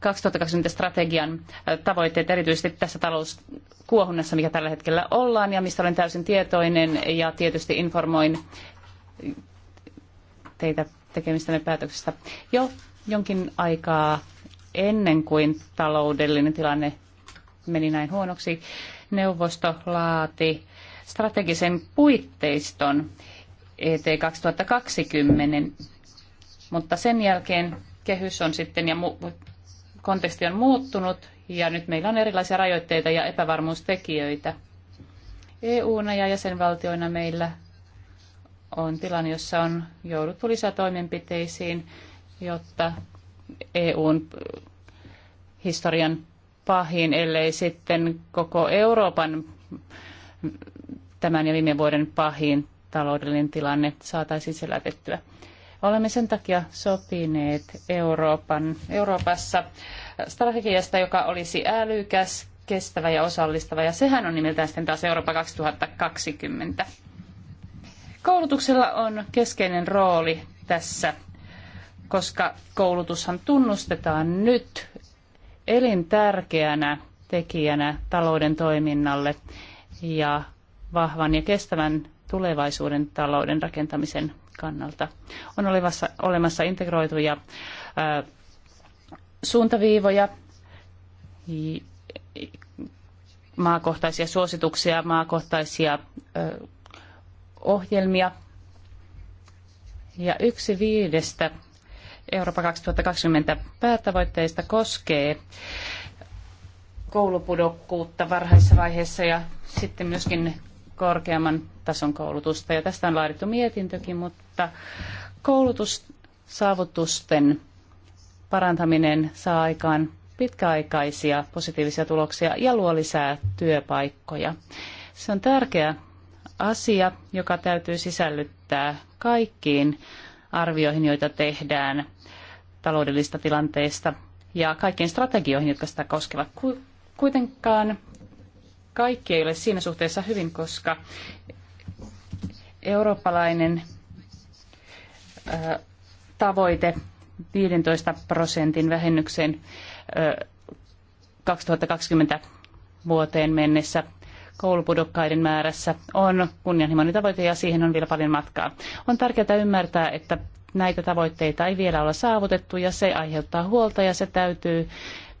2020 strategian tavoitteet erityisesti tässä talouskuohunnassa, mikä tällä hetkellä ollaan ja mistä olen täysin tietoinen ja tietysti informoin teitä tekemistämme päätöksistä jo jonkin aikaa ennen kuin taloudellinen tilanne meni näin huonoksi, neuvosto laati strategisen puitteiston ET 2020, mutta sen jälkeen kehys on sitten ja konteksti on muuttunut ja nyt meillä on erilaisia rajoitteita ja epävarmuustekijöitä. EUna ja jäsenvaltioina meillä on tilanne, jossa on jouduttu lisätoimenpiteisiin, jotta EUn äh, historian pahin, ellei sitten koko Euroopan tämän ja viime vuoden pahin taloudellinen tilanne saataisiin selätettyä. Olemme sen takia sopineet Euroopan, Euroopassa strategiasta, joka olisi älykäs, kestävä ja osallistava, ja sehän on nimeltään sitten taas Eurooppa 2020. Koulutuksella on keskeinen rooli tässä, koska koulutushan tunnustetaan nyt elintärkeänä tekijänä talouden toiminnalle ja vahvan ja kestävän tulevaisuuden talouden rakentamisen kannalta. On olevassa, olemassa integroituja ää, suuntaviivoja, maakohtaisia suosituksia, maakohtaisia ää, ohjelmia. Ja yksi viidestä Eurooppa 2020 päätavoitteista koskee koulupudokkuutta varhaisessa vaiheessa ja sitten myöskin korkeamman tason koulutusta. Ja tästä on laadittu mietintökin, mutta koulutussaavutusten parantaminen saa aikaan pitkäaikaisia positiivisia tuloksia ja luo lisää työpaikkoja. Se on tärkeä asia, joka täytyy sisällyttää kaikkiin arvioihin, joita tehdään taloudellista tilanteesta ja kaikkiin strategioihin, jotka sitä koskevat. Kuitenkaan kaikki ei ole siinä suhteessa hyvin, koska eurooppalainen tavoite 15 prosentin vähennykseen 2020 vuoteen mennessä koulupudokkaiden määrässä on kunnianhimoinen tavoite ja siihen on vielä paljon matkaa. On tärkeää ymmärtää, että näitä tavoitteita ei vielä ole saavutettu ja se aiheuttaa huolta ja se täytyy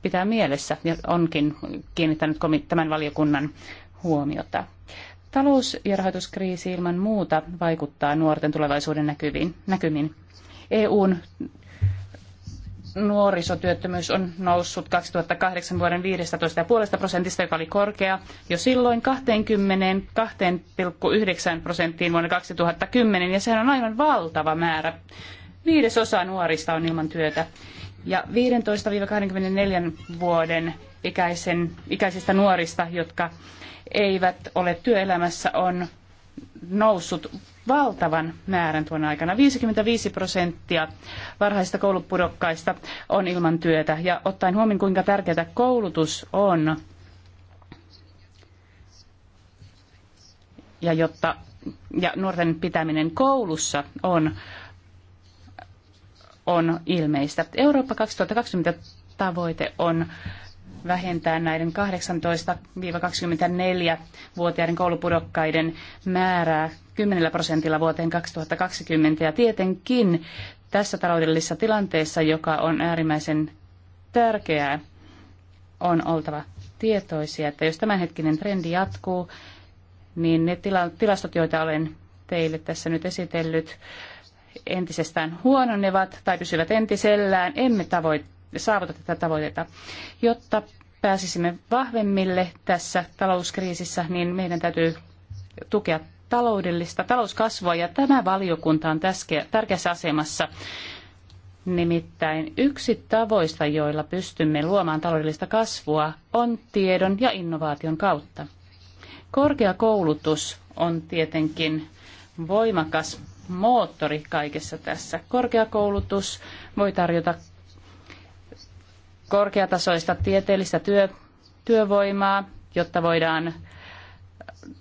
pitää mielessä ja onkin kiinnittänyt tämän valiokunnan huomiota. Talous- ja rahoituskriisi ilman muuta vaikuttaa nuorten tulevaisuuden näkyviin, näkymiin. EUn nuorisotyöttömyys on noussut 2008 vuoden 15,5 prosentista, joka oli korkea, jo silloin 22,9 prosenttiin vuonna 2010, ja sehän on aivan valtava määrä. Viidesosa nuorista on ilman työtä. Ja 15-24 vuoden ikäisen, ikäisistä nuorista, jotka eivät ole työelämässä, on noussut valtavan määrän tuona aikana. 55 prosenttia varhaisista koulupudokkaista on ilman työtä. Ja ottaen huomioon, kuinka tärkeää koulutus on, ja, jotta, ja nuorten pitäminen koulussa on, on ilmeistä. Eurooppa 2020 tavoite on vähentää näiden 18-24-vuotiaiden koulupudokkaiden määrää 10 prosentilla vuoteen 2020. Ja tietenkin tässä taloudellisessa tilanteessa, joka on äärimmäisen tärkeää, on oltava tietoisia, että jos tämänhetkinen trendi jatkuu, niin ne tila- tilastot, joita olen teille tässä nyt esitellyt, entisestään huononevat tai pysyvät entisellään. Emme tavoittele saavuta tätä tavoitetta. Jotta pääsisimme vahvemmille tässä talouskriisissä, niin meidän täytyy tukea taloudellista talouskasvua ja tämä valiokunta on tärkeässä asemassa. Nimittäin yksi tavoista, joilla pystymme luomaan taloudellista kasvua, on tiedon ja innovaation kautta. Korkeakoulutus on tietenkin voimakas moottori kaikessa tässä. Korkeakoulutus voi tarjota korkeatasoista tieteellistä työ, työvoimaa, jotta voidaan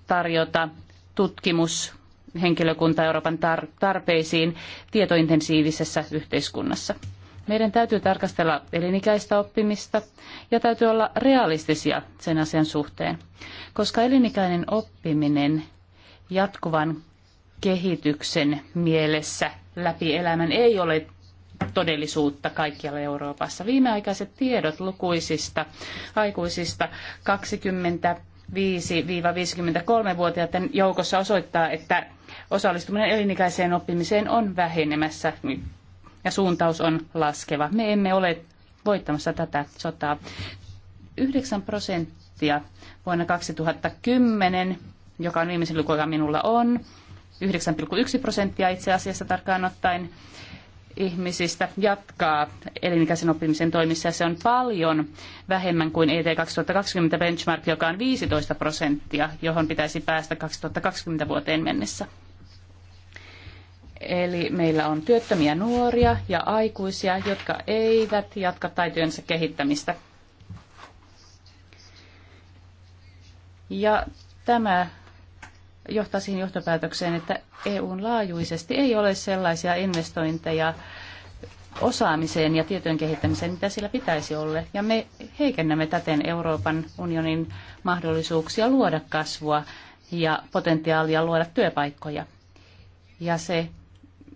tarjota tutkimushenkilökunta Euroopan tar- tarpeisiin tietointensiivisessä yhteiskunnassa. Meidän täytyy tarkastella elinikäistä oppimista ja täytyy olla realistisia sen asian suhteen, koska elinikäinen oppiminen jatkuvan kehityksen mielessä läpi elämän ei ole todellisuutta kaikkialla Euroopassa. Viimeaikaiset tiedot lukuisista aikuisista 20 5-53-vuotiaiden joukossa osoittaa, että osallistuminen elinikäiseen oppimiseen on vähenemässä ja suuntaus on laskeva. Me emme ole voittamassa tätä sotaa. 9 prosenttia vuonna 2010, joka on viimeisin luku, joka minulla on, 9,1 prosenttia itse asiassa tarkkaan ottaen, ihmisistä jatkaa elinikäisen oppimisen toimissa ja se on paljon vähemmän kuin ET 2020 benchmark, joka on 15 prosenttia, johon pitäisi päästä 2020 vuoteen mennessä. Eli meillä on työttömiä nuoria ja aikuisia, jotka eivät jatka taitojensa kehittämistä. Ja tämä johtaa siihen johtopäätökseen, että EUn laajuisesti ei ole sellaisia investointeja osaamiseen ja tietojen kehittämiseen, mitä sillä pitäisi olla. Ja me heikennämme täten Euroopan unionin mahdollisuuksia luoda kasvua ja potentiaalia luoda työpaikkoja. Ja, se,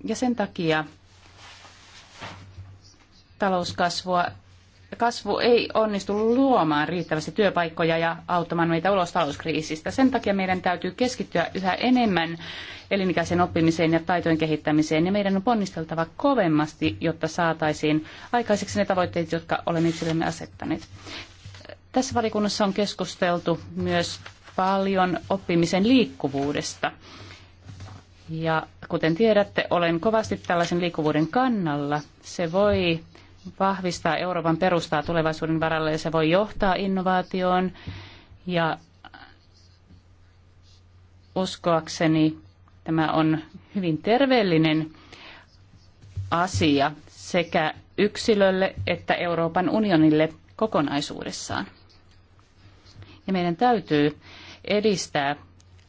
ja sen takia talouskasvua kasvu ei onnistu luomaan riittävästi työpaikkoja ja auttamaan meitä ulos talouskriisistä. Sen takia meidän täytyy keskittyä yhä enemmän elinikäiseen oppimiseen ja taitojen kehittämiseen, ja meidän on ponnisteltava kovemmasti, jotta saataisiin aikaiseksi ne tavoitteet, jotka olemme itsellemme asettaneet. Tässä valikunnassa on keskusteltu myös paljon oppimisen liikkuvuudesta. Ja kuten tiedätte, olen kovasti tällaisen liikkuvuuden kannalla. Se voi vahvistaa Euroopan perustaa tulevaisuuden varalle ja se voi johtaa innovaatioon ja uskoakseni tämä on hyvin terveellinen asia sekä yksilölle että Euroopan unionille kokonaisuudessaan. Ja meidän täytyy edistää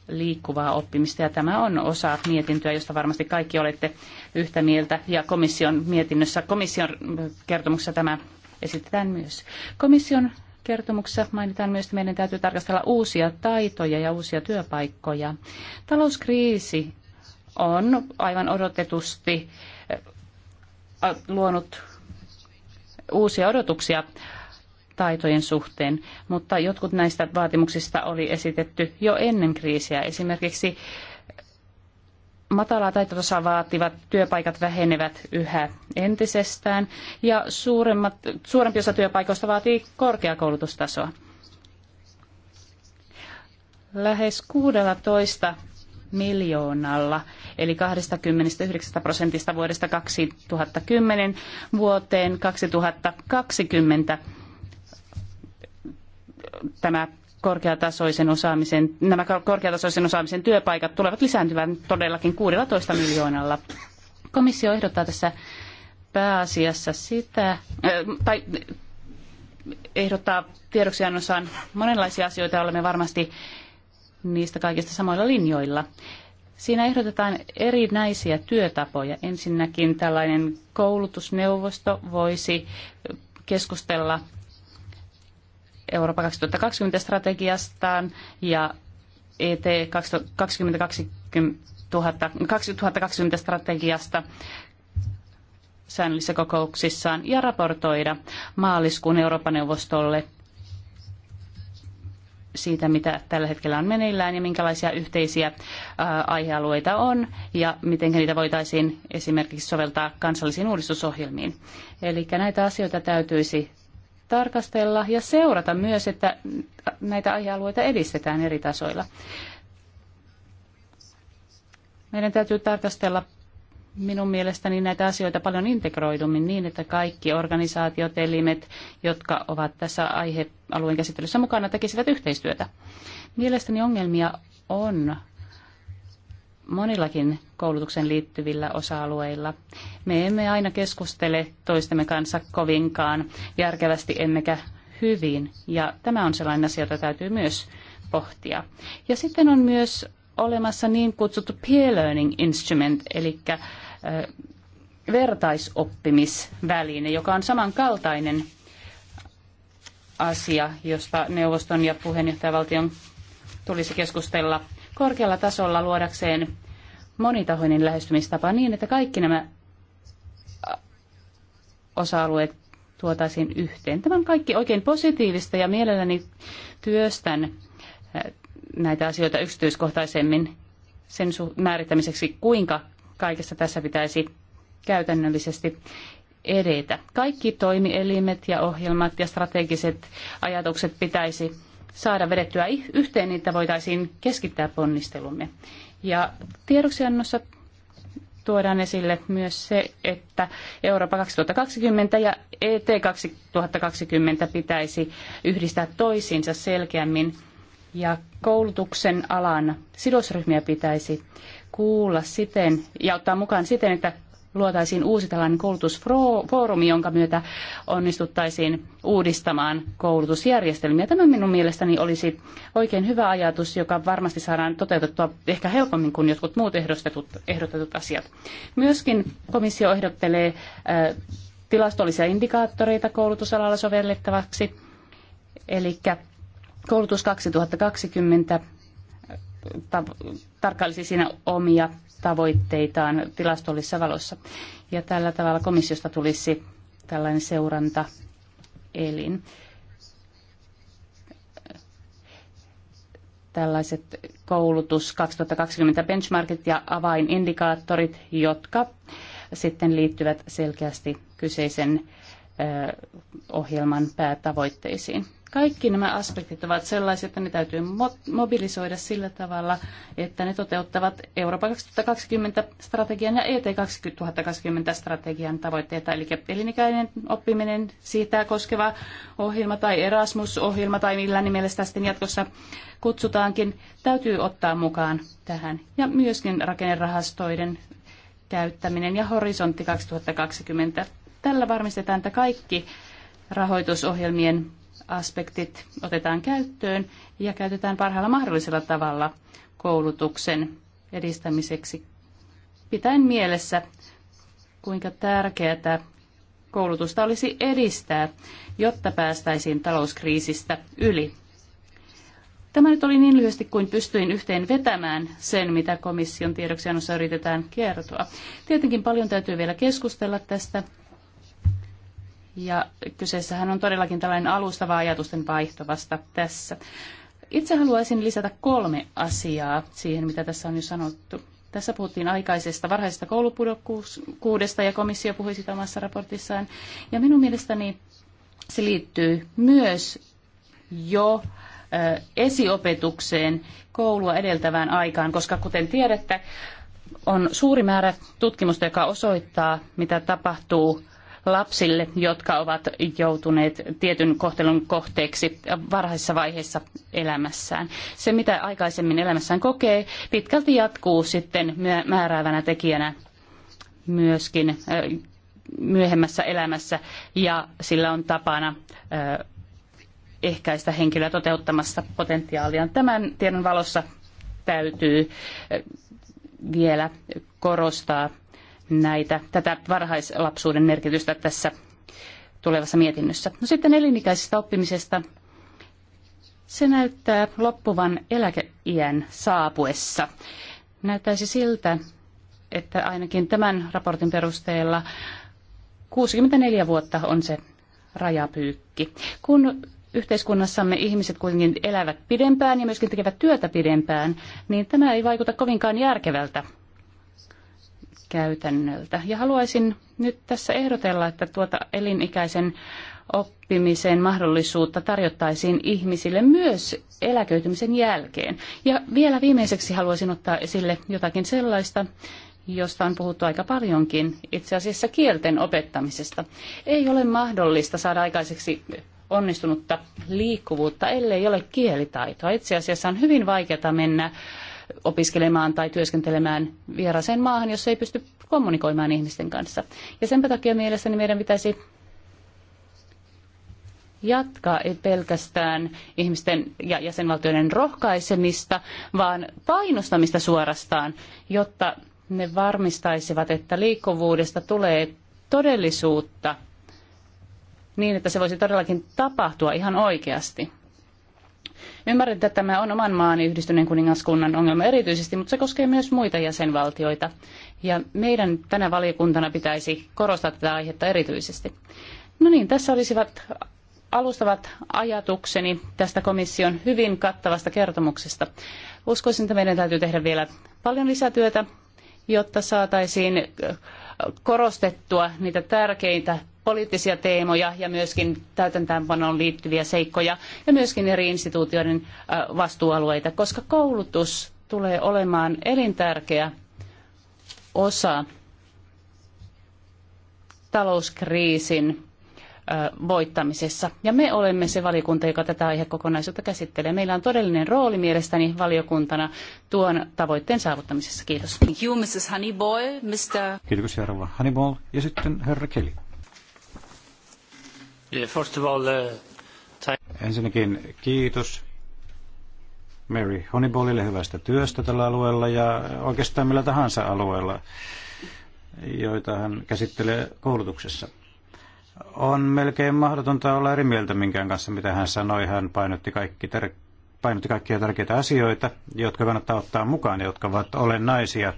liikkuvaa oppimista. Ja tämä on osa mietintöä, josta varmasti kaikki olette yhtä mieltä. Ja komission mietinnössä, komission kertomuksessa tämä esitetään myös. Komission kertomuksessa mainitaan myös, että meidän täytyy tarkastella uusia taitoja ja uusia työpaikkoja. Talouskriisi on aivan odotetusti äh, luonut uusia odotuksia taitojen suhteen, mutta jotkut näistä vaatimuksista oli esitetty jo ennen kriisiä. Esimerkiksi matalaa taitotasoa vaativat työpaikat vähenevät yhä entisestään ja suuremmat, suurempi osa työpaikoista vaatii korkeakoulutustasoa. Lähes 16 miljoonalla, eli 29 prosentista vuodesta 2010 vuoteen 2020 tämä korkeatasoisen osaamisen, nämä korkeatasoisen osaamisen työpaikat tulevat lisääntymään todellakin 16 miljoonalla. Komissio ehdottaa tässä pääasiassa sitä, äh, tai ehdottaa tiedoksiannossaan monenlaisia asioita, olemme varmasti niistä kaikista samoilla linjoilla. Siinä ehdotetaan erinäisiä työtapoja. Ensinnäkin tällainen koulutusneuvosto voisi keskustella Eurooppa 2020 strategiastaan ja ET 2020, 2020 strategiasta säännöllisissä kokouksissaan ja raportoida maaliskuun Euroopan neuvostolle siitä, mitä tällä hetkellä on meneillään ja minkälaisia yhteisiä aihealueita on ja miten niitä voitaisiin esimerkiksi soveltaa kansallisiin uudistusohjelmiin. Eli näitä asioita täytyisi tarkastella ja seurata myös, että näitä aihealueita edistetään eri tasoilla. Meidän täytyy tarkastella minun mielestäni näitä asioita paljon integroidummin niin, että kaikki organisaatiot, elimet, jotka ovat tässä aihealueen käsittelyssä mukana, tekisivät yhteistyötä. Mielestäni ongelmia on monillakin koulutuksen liittyvillä osa-alueilla. Me emme aina keskustele toistemme kanssa kovinkaan järkevästi emmekä hyvin. Ja tämä on sellainen asia, jota täytyy myös pohtia. Ja sitten on myös olemassa niin kutsuttu peer learning instrument, eli vertaisoppimisväline, joka on samankaltainen asia, josta neuvoston ja puheenjohtajavaltion tulisi keskustella korkealla tasolla luodakseen monitahoinen lähestymistapa niin, että kaikki nämä osa-alueet tuotaisiin yhteen. Tämä on kaikki oikein positiivista ja mielelläni työstän näitä asioita yksityiskohtaisemmin sen määrittämiseksi, kuinka kaikessa tässä pitäisi käytännöllisesti edetä. Kaikki toimielimet ja ohjelmat ja strategiset ajatukset pitäisi saada vedettyä yhteen, niin että voitaisiin keskittää ponnistelumme. Ja tiedoksiannossa tuodaan esille myös se, että Eurooppa 2020 ja ET 2020 pitäisi yhdistää toisiinsa selkeämmin ja koulutuksen alan sidosryhmiä pitäisi kuulla siten ja ottaa mukaan siten, että luotaisiin uusi tällainen koulutusfoorumi, jonka myötä onnistuttaisiin uudistamaan koulutusjärjestelmiä. Tämä minun mielestäni olisi oikein hyvä ajatus, joka varmasti saadaan toteutettua ehkä helpommin kuin jotkut muut ehdotetut, ehdotetut asiat. Myöskin komissio ehdottelee äh, tilastollisia indikaattoreita koulutusalalla sovellettavaksi, eli koulutus 2020 äh, tarkkailisi siinä omia tavoitteitaan tilastollisessa valossa. Ja tällä tavalla komissiosta tulisi tällainen seurantaelin. Tällaiset koulutus 2020 benchmarkit ja avainindikaattorit, jotka sitten liittyvät selkeästi kyseisen ohjelman päätavoitteisiin. Kaikki nämä aspektit ovat sellaisia, että ne täytyy mobilisoida sillä tavalla, että ne toteuttavat Euroopan 2020-strategian ja ET 2020-strategian tavoitteita, eli elinikäinen oppiminen, siitä koskeva ohjelma tai Erasmus-ohjelma tai millä nimellä sitä sitten jatkossa kutsutaankin, täytyy ottaa mukaan tähän. Ja myöskin rakennerahastoiden käyttäminen ja horisontti 2020. Tällä varmistetaan, että kaikki rahoitusohjelmien aspektit otetaan käyttöön ja käytetään parhaalla mahdollisella tavalla koulutuksen edistämiseksi. Pitäen mielessä, kuinka tärkeää koulutusta olisi edistää, jotta päästäisiin talouskriisistä yli. Tämä nyt oli niin lyhyesti kuin pystyin yhteen vetämään sen, mitä komission tiedoksiannossa yritetään kertoa. Tietenkin paljon täytyy vielä keskustella tästä ja kyseessähän on todellakin tällainen alustava ajatusten vaihto vasta tässä. Itse haluaisin lisätä kolme asiaa siihen, mitä tässä on jo sanottu. Tässä puhuttiin aikaisesta varhaisesta koulupudokkuudesta ja komissio puhui sitä omassa raportissaan. Ja minun mielestäni se liittyy myös jo esiopetukseen koulua edeltävään aikaan, koska kuten tiedätte, on suuri määrä tutkimusta, joka osoittaa, mitä tapahtuu lapsille, jotka ovat joutuneet tietyn kohtelun kohteeksi varhaisessa vaiheessa elämässään. Se, mitä aikaisemmin elämässään kokee, pitkälti jatkuu sitten määräävänä tekijänä myöskin myöhemmässä elämässä ja sillä on tapana ehkäistä henkilöä toteuttamasta potentiaaliaan. Tämän tiedon valossa täytyy vielä korostaa näitä, tätä varhaislapsuuden merkitystä tässä tulevassa mietinnössä. No sitten elinikäisestä oppimisesta. Se näyttää loppuvan eläkeiän saapuessa. Näyttäisi siltä, että ainakin tämän raportin perusteella 64 vuotta on se rajapyykki. Kun yhteiskunnassamme ihmiset kuitenkin elävät pidempään ja myöskin tekevät työtä pidempään, niin tämä ei vaikuta kovinkaan järkevältä käytännöltä. Ja haluaisin nyt tässä ehdotella, että tuota elinikäisen oppimisen mahdollisuutta tarjottaisiin ihmisille myös eläköitymisen jälkeen. Ja vielä viimeiseksi haluaisin ottaa esille jotakin sellaista, josta on puhuttu aika paljonkin, itse asiassa kielten opettamisesta. Ei ole mahdollista saada aikaiseksi onnistunutta liikkuvuutta, ellei ole kielitaitoa. Itse asiassa on hyvin vaikeaa mennä opiskelemaan tai työskentelemään vieraaseen maahan, jos ei pysty kommunikoimaan ihmisten kanssa. Ja sen takia mielestäni meidän pitäisi jatkaa ei pelkästään ihmisten ja jäsenvaltioiden rohkaisemista, vaan painostamista suorastaan, jotta ne varmistaisivat, että liikkuvuudesta tulee todellisuutta niin, että se voisi todellakin tapahtua ihan oikeasti. Ymmärrän, että tämä on oman maan yhdistyneen kuningaskunnan ongelma erityisesti, mutta se koskee myös muita jäsenvaltioita. Ja meidän tänä valiokuntana pitäisi korostaa tätä aihetta erityisesti. No niin, tässä olisivat alustavat ajatukseni tästä komission hyvin kattavasta kertomuksesta. Uskoisin, että meidän täytyy tehdä vielä paljon lisätyötä, jotta saataisiin korostettua niitä tärkeitä poliittisia teemoja ja myöskin täytäntäänpanoon liittyviä seikkoja ja myöskin eri instituutioiden vastuualueita, koska koulutus tulee olemaan elintärkeä osa talouskriisin voittamisessa. Ja me olemme se valiokunta, joka tätä aihekokonaisuutta käsittelee. Meillä on todellinen rooli mielestäni valiokuntana tuon tavoitteen saavuttamisessa. Kiitos. Thank you, Mrs. Honeyball, Mr. Kiitos, Honeyball ja sitten herra Kelly. First of all, uh, Ensinnäkin kiitos Mary Honeyballille hyvästä työstä tällä alueella ja oikeastaan millä tahansa alueella, joita hän käsittelee koulutuksessa. On melkein mahdotonta olla eri mieltä minkään kanssa, mitä hän sanoi. Hän painotti, kaikki tär- painotti kaikkia tärkeitä asioita, jotka kannattaa ottaa mukaan ja jotka ovat olennaisia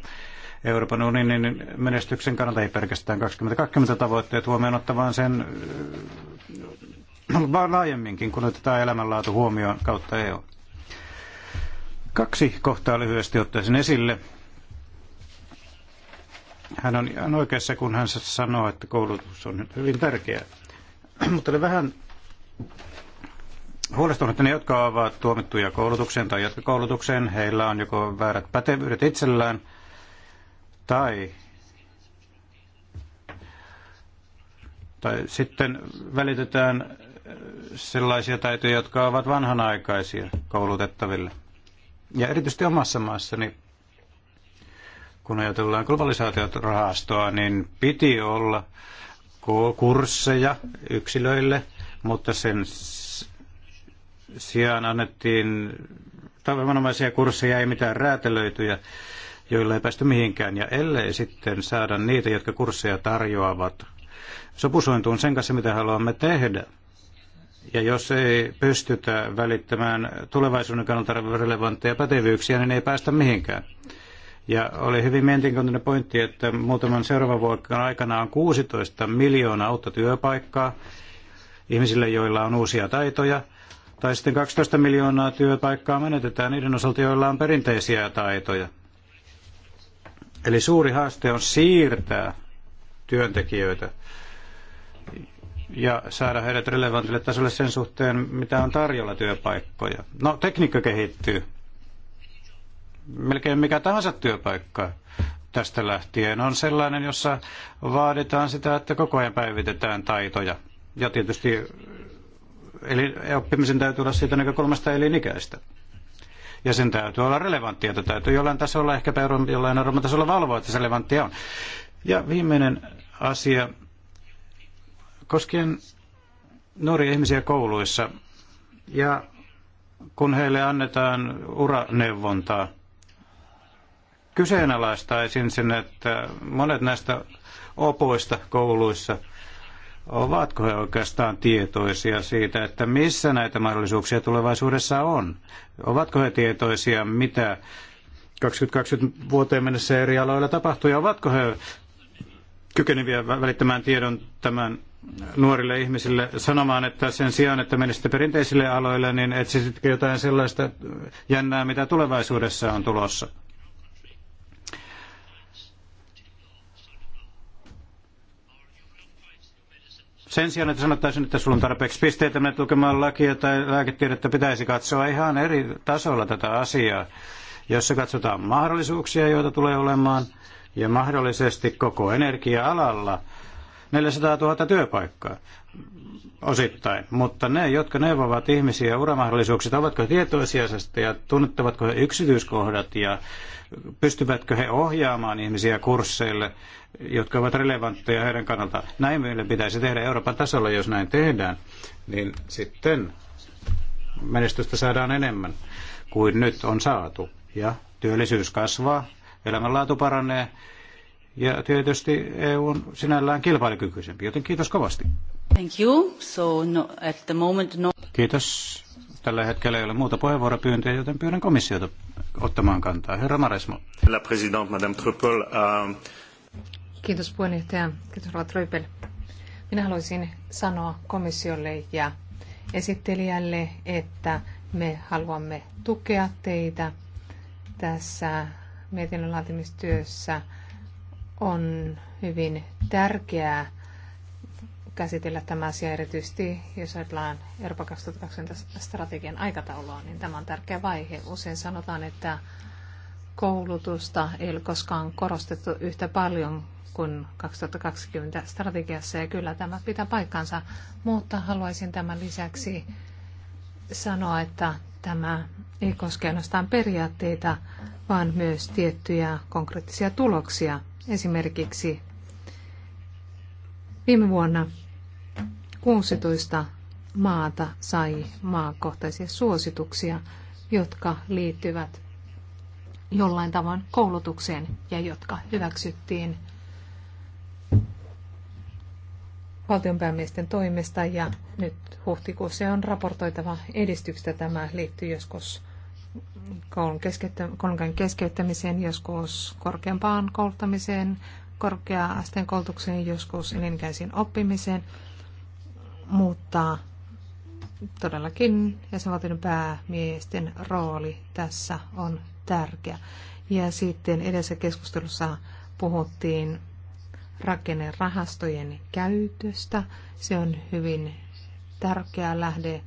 Euroopan unionin menestyksen kannalta, ei pelkästään 2020 tavoitteet huomioon ottavaan sen äh, vaan laajemminkin, kun otetaan elämänlaatu huomioon kautta EU. Kaksi kohtaa lyhyesti ottaisin esille. Hän on ihan oikeassa, kun hän sanoo, että koulutus on nyt hyvin tärkeää. (clears throat) Mutta olen vähän huolestunut, että ne, jotka ovat tuomittuja koulutukseen tai jatkokoulutukseen, heillä on joko väärät pätevyydet itsellään – tai, tai sitten välitetään sellaisia taitoja, jotka ovat vanhanaikaisia koulutettaville. Ja erityisesti omassa maassani, kun ajatellaan globalisaatiorahastoa, niin piti olla kursseja yksilöille, mutta sen sijaan annettiin tavanomaisia kursseja, ei mitään räätälöityjä joilla ei päästy mihinkään. Ja ellei sitten saada niitä, jotka kursseja tarjoavat, sopusointuun sen kanssa, mitä haluamme tehdä. Ja jos ei pystytä välittämään tulevaisuuden kannalta relevantteja pätevyyksiä, niin ei päästä mihinkään. Ja oli hyvin mielenkiintoinen pointti, että muutaman seuraavan vuoden aikana on 16 miljoonaa uutta työpaikkaa ihmisille, joilla on uusia taitoja. Tai sitten 12 miljoonaa työpaikkaa menetetään niiden osalta, joilla on perinteisiä taitoja. Eli suuri haaste on siirtää työntekijöitä ja saada heidät relevantille tasolle sen suhteen, mitä on tarjolla työpaikkoja. No, tekniikka kehittyy. Melkein mikä tahansa työpaikka tästä lähtien on sellainen, jossa vaaditaan sitä, että koko ajan päivitetään taitoja. Ja tietysti eli oppimisen täytyy olla siitä näkökulmasta elinikäistä. Ja sen täytyy olla relevanttia, että täytyy jollain tasolla, ehkä jollain Euroopan tasolla valvoa, että se relevanttia on. Ja viimeinen asia koskien nuoria ihmisiä kouluissa. Ja kun heille annetaan uraneuvontaa, kyseenalaistaisin sen, että monet näistä opoista kouluissa – Ovatko he oikeastaan tietoisia siitä, että missä näitä mahdollisuuksia tulevaisuudessa on? Ovatko he tietoisia, mitä 2020 vuoteen mennessä eri aloilla tapahtuu, ja ovatko he kykeneviä välittämään tiedon tämän nuorille ihmisille sanomaan, että sen sijaan, että menisitte perinteisille aloille, niin etsisitkö jotain sellaista jännää, mitä tulevaisuudessa on tulossa? Sen sijaan, että sanottaisiin, että sulla on tarpeeksi pisteitä menet lukemaan lakia tai lääketiedettä, pitäisi katsoa ihan eri tasolla tätä asiaa, jossa katsotaan mahdollisuuksia, joita tulee olemaan, ja mahdollisesti koko energia-alalla 400 000 työpaikkaa osittain. Mutta ne, jotka neuvovat ihmisiä uramahdollisuuksista, ovatko he tietoisia ja tunnettavatko he yksityiskohdat ja pystyvätkö he ohjaamaan ihmisiä kursseille, jotka ovat relevantteja heidän kannaltaan. Näin meille pitäisi tehdä Euroopan tasolla, jos näin tehdään, niin sitten menestystä saadaan enemmän kuin nyt on saatu. Ja työllisyys kasvaa, elämänlaatu paranee ja tietysti EU on sinällään kilpailukykyisempi, joten kiitos kovasti. Thank you. So no, at the moment no... Kiitos. Tällä hetkellä ei ole muuta puheenvuoropyyntöä, joten pyydän komissiota ottamaan kantaa. Herra Maresmo. La présidente, madame Trupel. uh... Kiitos puheenjohtaja. Kiitos rouva Trupel. Minä haluaisin sanoa komissiolle ja esittelijälle, että me haluamme tukea teitä tässä mietinnön laatimistyössä. On hyvin tärkeää käsitellä tämä asia erityisesti, jos ajatellaan Eurooppa 2020 strategian aikataulua, niin tämä on tärkeä vaihe. Usein sanotaan, että koulutusta ei ole koskaan korostettu yhtä paljon kuin 2020 strategiassa, ja kyllä tämä pitää paikkansa, mutta haluaisin tämän lisäksi sanoa, että tämä ei koske ainoastaan periaatteita, vaan myös tiettyjä konkreettisia tuloksia. Esimerkiksi viime vuonna 16 maata sai maakohtaisia suosituksia, jotka liittyvät jollain tavoin koulutukseen ja jotka hyväksyttiin valtionpäämiesten toimesta ja nyt huhtikuussa on raportoitava edistyksestä. Tämä liittyy joskus koulun keskeyttämiseen, joskus korkeampaan kouluttamiseen, korkea-asteen koulutukseen, joskus elinikäisiin oppimiseen mutta todellakin jäsenvaltioiden päämiesten rooli tässä on tärkeä. Ja sitten edessä keskustelussa puhuttiin rakennerahastojen käytöstä. Se on hyvin tärkeä lähde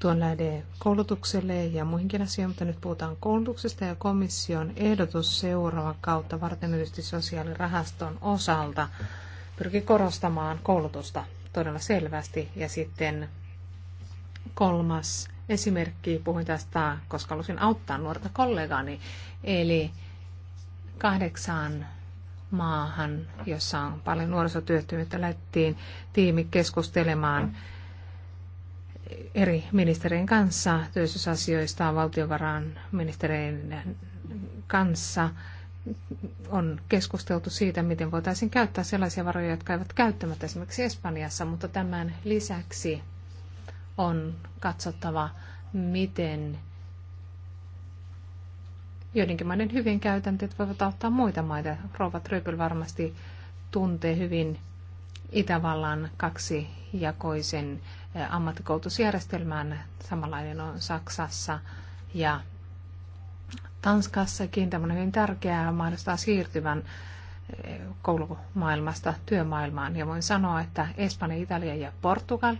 tuon lähde koulutukselle ja muihinkin asioihin, mutta nyt puhutaan koulutuksesta ja komission ehdotus seuraava kautta varten erityisesti sosiaalirahaston osalta pyrkii korostamaan koulutusta todella selvästi. Ja sitten kolmas esimerkki, puhuin tästä, koska halusin auttaa nuorta kollegaani, eli kahdeksaan maahan, jossa on paljon nuorisotyöttömyyttä, lähdettiin tiimi keskustelemaan eri ministerien kanssa, työllisyysasioista, valtiovarainministerien kanssa on keskusteltu siitä, miten voitaisiin käyttää sellaisia varoja, jotka eivät käyttämättä esimerkiksi Espanjassa, mutta tämän lisäksi on katsottava, miten joidenkin maiden hyvin käytänteet voivat auttaa muita maita. Rova Tröpel varmasti tuntee hyvin Itävallan kaksijakoisen eh, ammattikoulutusjärjestelmän. Samanlainen on Saksassa ja Tanskassakin. tämmöinen hyvin tärkeä ja mahdollistaa siirtyvän eh, koulumaailmasta työmaailmaan. Ja voin sanoa, että Espanja, Italia ja Portugal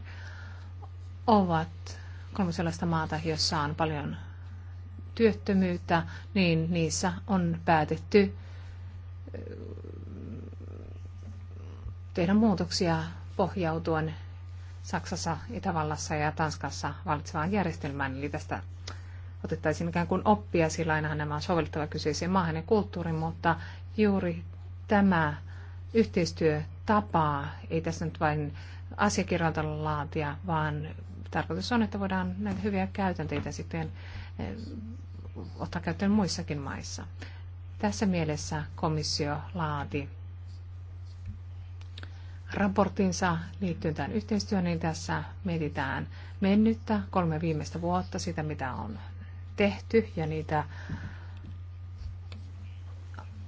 ovat kolme sellaista maata, jossa on paljon työttömyyttä, niin niissä on päätetty eh, tehdä muutoksia pohjautuen Saksassa, Itävallassa ja Tanskassa valitsevaan järjestelmään. Eli tästä otettaisiin ikään kuin oppia, sillä ainahan nämä on sovellettava kyseiseen maahan ja kulttuuriin, mutta juuri tämä yhteistyötapa ei tässä nyt vain asiakirjalta laatia, vaan tarkoitus on, että voidaan näitä hyviä käytänteitä sitten eh, ottaa käyttöön muissakin maissa. Tässä mielessä komissio laati raportinsa liittyen tähän yhteistyöhön, niin tässä mietitään mennyttä kolme viimeistä vuotta, sitä mitä on tehty ja niitä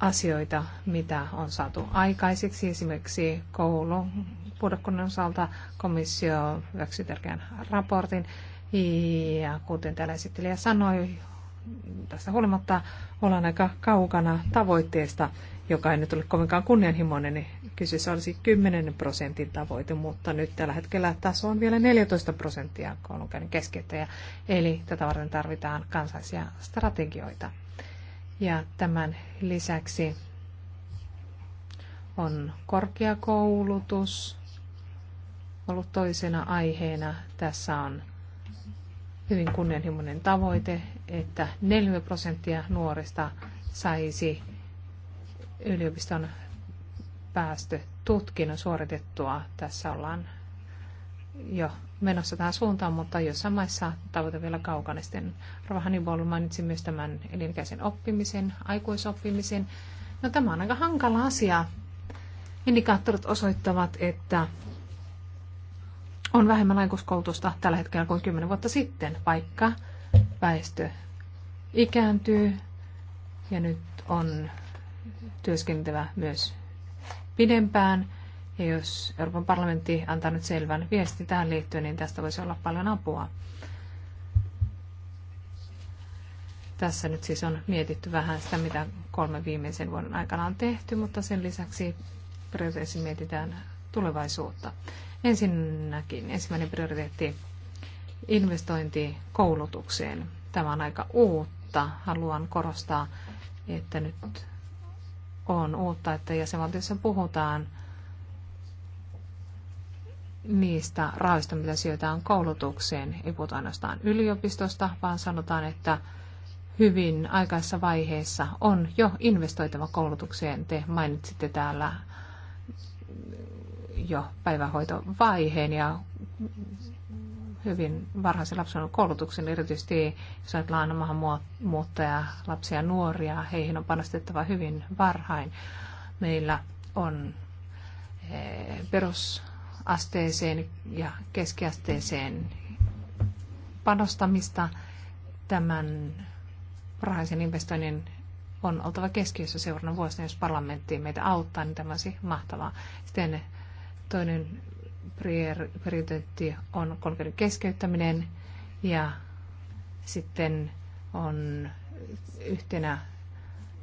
asioita, mitä on saatu aikaiseksi. Esimerkiksi koulun pudokkunnan osalta komissio hyväksyi tärkeän raportin. Ja kuten täällä esittelijä sanoi, tästä huolimatta ollaan aika kaukana tavoitteesta, joka ei nyt ole kovinkaan kunnianhimoinen, niin Kyseessä olisi 10 prosentin tavoite, mutta nyt tällä hetkellä taso on vielä 14 prosenttia koulunkäynnin keskeyttäjä. Eli tätä varten tarvitaan kansallisia strategioita. Ja tämän lisäksi on korkeakoulutus ollut toisena aiheena. Tässä on hyvin kunnianhimoinen tavoite, että 4 prosenttia nuorista saisi yliopiston päästötutkinnon suoritettua. Tässä ollaan jo menossa tähän suuntaan, mutta jossain maissa tavoite vielä kaukana. Sitten Rova Hannibal mainitsi myös tämän elinikäisen oppimisen, aikuisoppimisen. No tämä on aika hankala asia. Indikaattorit osoittavat, että on vähemmän aikuiskoulutusta tällä hetkellä kuin 10 vuotta sitten, vaikka väestö ikääntyy ja nyt on työskentelevä myös pidempään. Ja jos Euroopan parlamentti antaa nyt selvän viestin tähän liittyen, niin tästä voisi olla paljon apua. Tässä nyt siis on mietitty vähän sitä, mitä kolme viimeisen vuoden aikana on tehty, mutta sen lisäksi prioriteetti mietitään tulevaisuutta. Ensinnäkin ensimmäinen prioriteetti investointi koulutukseen. Tämä on aika uutta. Haluan korostaa, että nyt on uutta, että jäsenvaltiossa puhutaan niistä rahoista, mitä sijoitetaan koulutukseen. Ei puhuta ainoastaan yliopistosta, vaan sanotaan, että hyvin aikaisessa vaiheessa on jo investoitava koulutukseen. Te mainitsitte täällä jo päivähoitovaiheen ja hyvin varhaisen lapsen koulutuksen, erityisesti jos ajatellaan maahanmuuttajia, lapsia ja nuoria, heihin on panostettava hyvin varhain. Meillä on eh, perusasteeseen ja keskiasteeseen panostamista. Tämän varhaisen investoinnin on oltava keskiössä seuraavana vuosina, jos parlamentti meitä auttaa, niin tämä olisi mahtavaa. Sitten toinen prioriteetti on kolkeuden keskeyttäminen ja sitten on yhtenä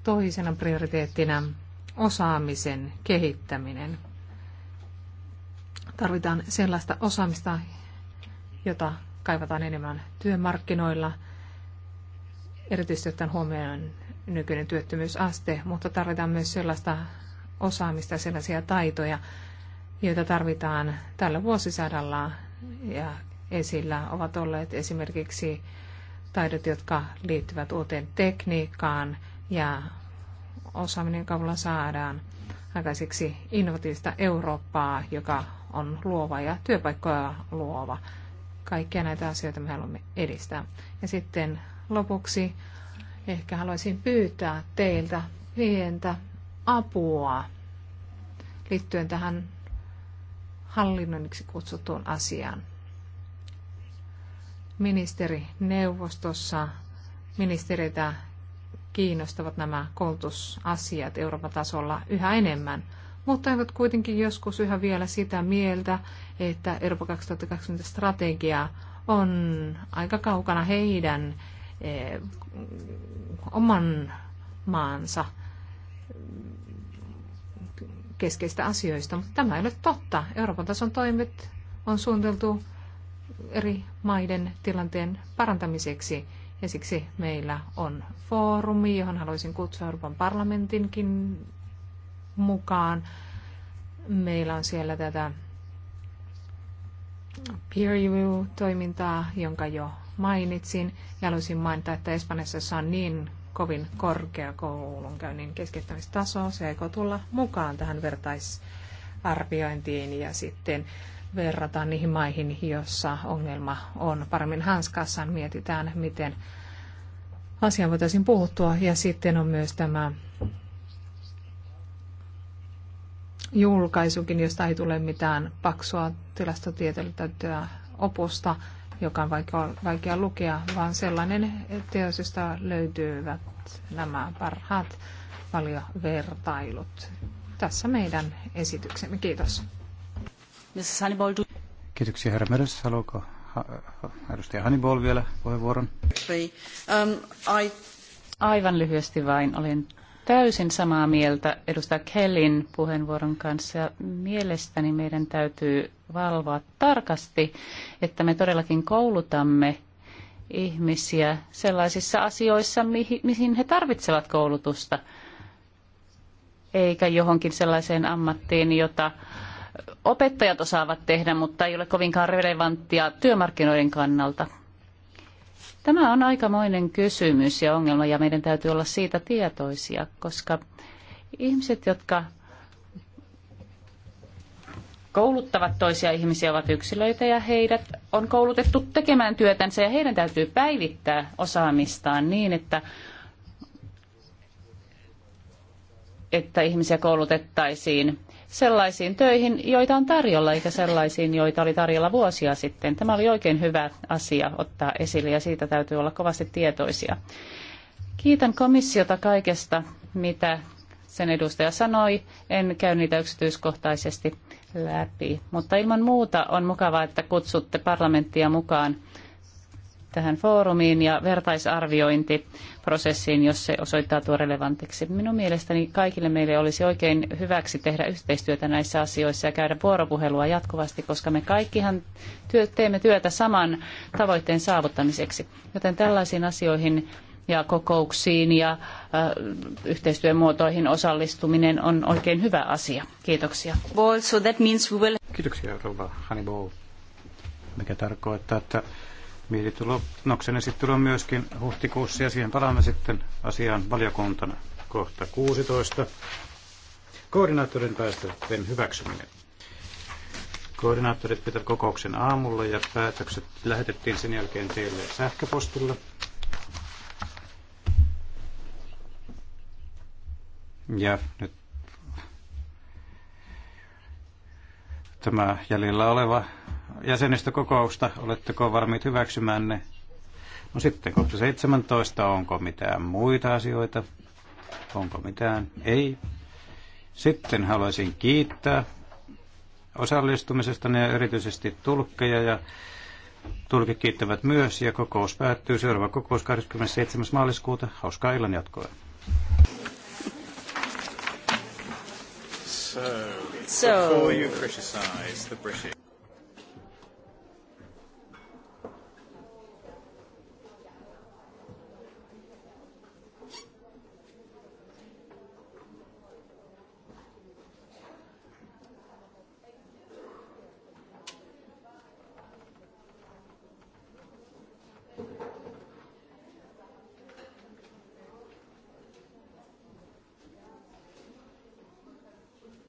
toisena prioriteettina osaamisen kehittäminen. Tarvitaan sellaista osaamista, jota kaivataan enemmän työmarkkinoilla, erityisesti ottaen huomioon nykyinen työttömyysaste, mutta tarvitaan myös sellaista osaamista, sellaisia taitoja, joita tarvitaan tällä vuosisadalla ja esillä ovat olleet esimerkiksi taidot, jotka liittyvät uuteen tekniikkaan ja osaaminen, joka saadaan aikaiseksi innovatiivista Eurooppaa, joka on luova ja työpaikkoja luova. Kaikkia näitä asioita me haluamme edistää. Ja sitten lopuksi ehkä haluaisin pyytää teiltä pientä apua liittyen tähän hallinnoniksi kutsuttuun asiaan. Ministerineuvostossa ministeritä kiinnostavat nämä koulutusasiat Euroopan tasolla yhä enemmän, mutta eivät kuitenkin joskus yhä vielä sitä mieltä, että Euroopan 2020 strategia on aika kaukana heidän eh, oman maansa keskeistä asioista, mutta tämä ei ole totta. Euroopan tason toimet on suunniteltu eri maiden tilanteen parantamiseksi ja siksi meillä on foorumi, johon haluaisin kutsua Euroopan parlamentinkin mukaan. Meillä on siellä tätä peer review-toimintaa, jonka jo mainitsin. Ja haluaisin mainita, että Espanjassa on niin kovin korkea koulunkäynnin keskittämistaso. Se eikö tulla mukaan tähän vertaisarviointiin ja sitten verrata niihin maihin, joissa ongelma on paremmin hanskassaan. Mietitään, miten asiaan voitaisiin puuttua. Ja sitten on myös tämä julkaisukin, josta ei tule mitään paksua tilastotieteellistä opusta, joka on vaikea, vaikea lukea, vaan sellainen teos, josta löytyvät nämä parhaat valiovertailut. Tässä meidän esityksemme. Kiitos. Kiitoksia herra Meres. Haluaako ha, edustaja Hannibal vielä puheenvuoron? Um, Aivan lyhyesti vain. Olen täysin samaa mieltä edustaja Kellin puheenvuoron kanssa. Mielestäni meidän täytyy valvoa tarkasti, että me todellakin koulutamme ihmisiä sellaisissa asioissa, mihin he tarvitsevat koulutusta, eikä johonkin sellaiseen ammattiin, jota opettajat osaavat tehdä, mutta ei ole kovinkaan relevanttia työmarkkinoiden kannalta. Tämä on aikamoinen kysymys ja ongelma ja meidän täytyy olla siitä tietoisia, koska ihmiset, jotka kouluttavat toisia ihmisiä, ovat yksilöitä ja heidät on koulutettu tekemään työtänsä ja heidän täytyy päivittää osaamistaan niin, että että ihmisiä koulutettaisiin sellaisiin töihin, joita on tarjolla, eikä sellaisiin, joita oli tarjolla vuosia sitten. Tämä oli oikein hyvä asia ottaa esille ja siitä täytyy olla kovasti tietoisia. Kiitän komissiota kaikesta, mitä sen edustaja sanoi. En käy niitä yksityiskohtaisesti läpi, mutta ilman muuta on mukavaa, että kutsutte parlamenttia mukaan tähän foorumiin ja vertaisarviointiprosessiin, jos se osoittautuu relevantiksi. Minun mielestäni kaikille meille olisi oikein hyväksi tehdä yhteistyötä näissä asioissa ja käydä vuoropuhelua jatkuvasti, koska me kaikkihan työ, teemme työtä saman tavoitteen saavuttamiseksi. Joten tällaisiin asioihin ja kokouksiin ja äh, yhteistyömuotoihin osallistuminen on oikein hyvä asia. Kiitoksia. Kiitoksia, Rova Hannibal. Mikä tarkoittaa, että Mietituloksen esittely on myöskin huhtikuussa ja siihen palaamme sitten asiaan valiokuntana. Kohta 16. Koordinaattorin päästöjen hyväksyminen. Koordinaattorit pitävät kokouksen aamulla ja päätökset lähetettiin sen jälkeen teille sähköpostilla. Ja nyt tämä jäljellä oleva jäsenistökokousta. Oletteko varmiit hyväksymään ne? No sitten kohta 17. Onko mitään muita asioita? Onko mitään? Ei. Sitten haluaisin kiittää osallistumisesta ja erityisesti tulkkeja ja tulkit kiittävät myös ja kokous päättyy. Seuraava kokous 27. maaliskuuta. Hauskaa illan jatkoa. So, so before you criticize the British.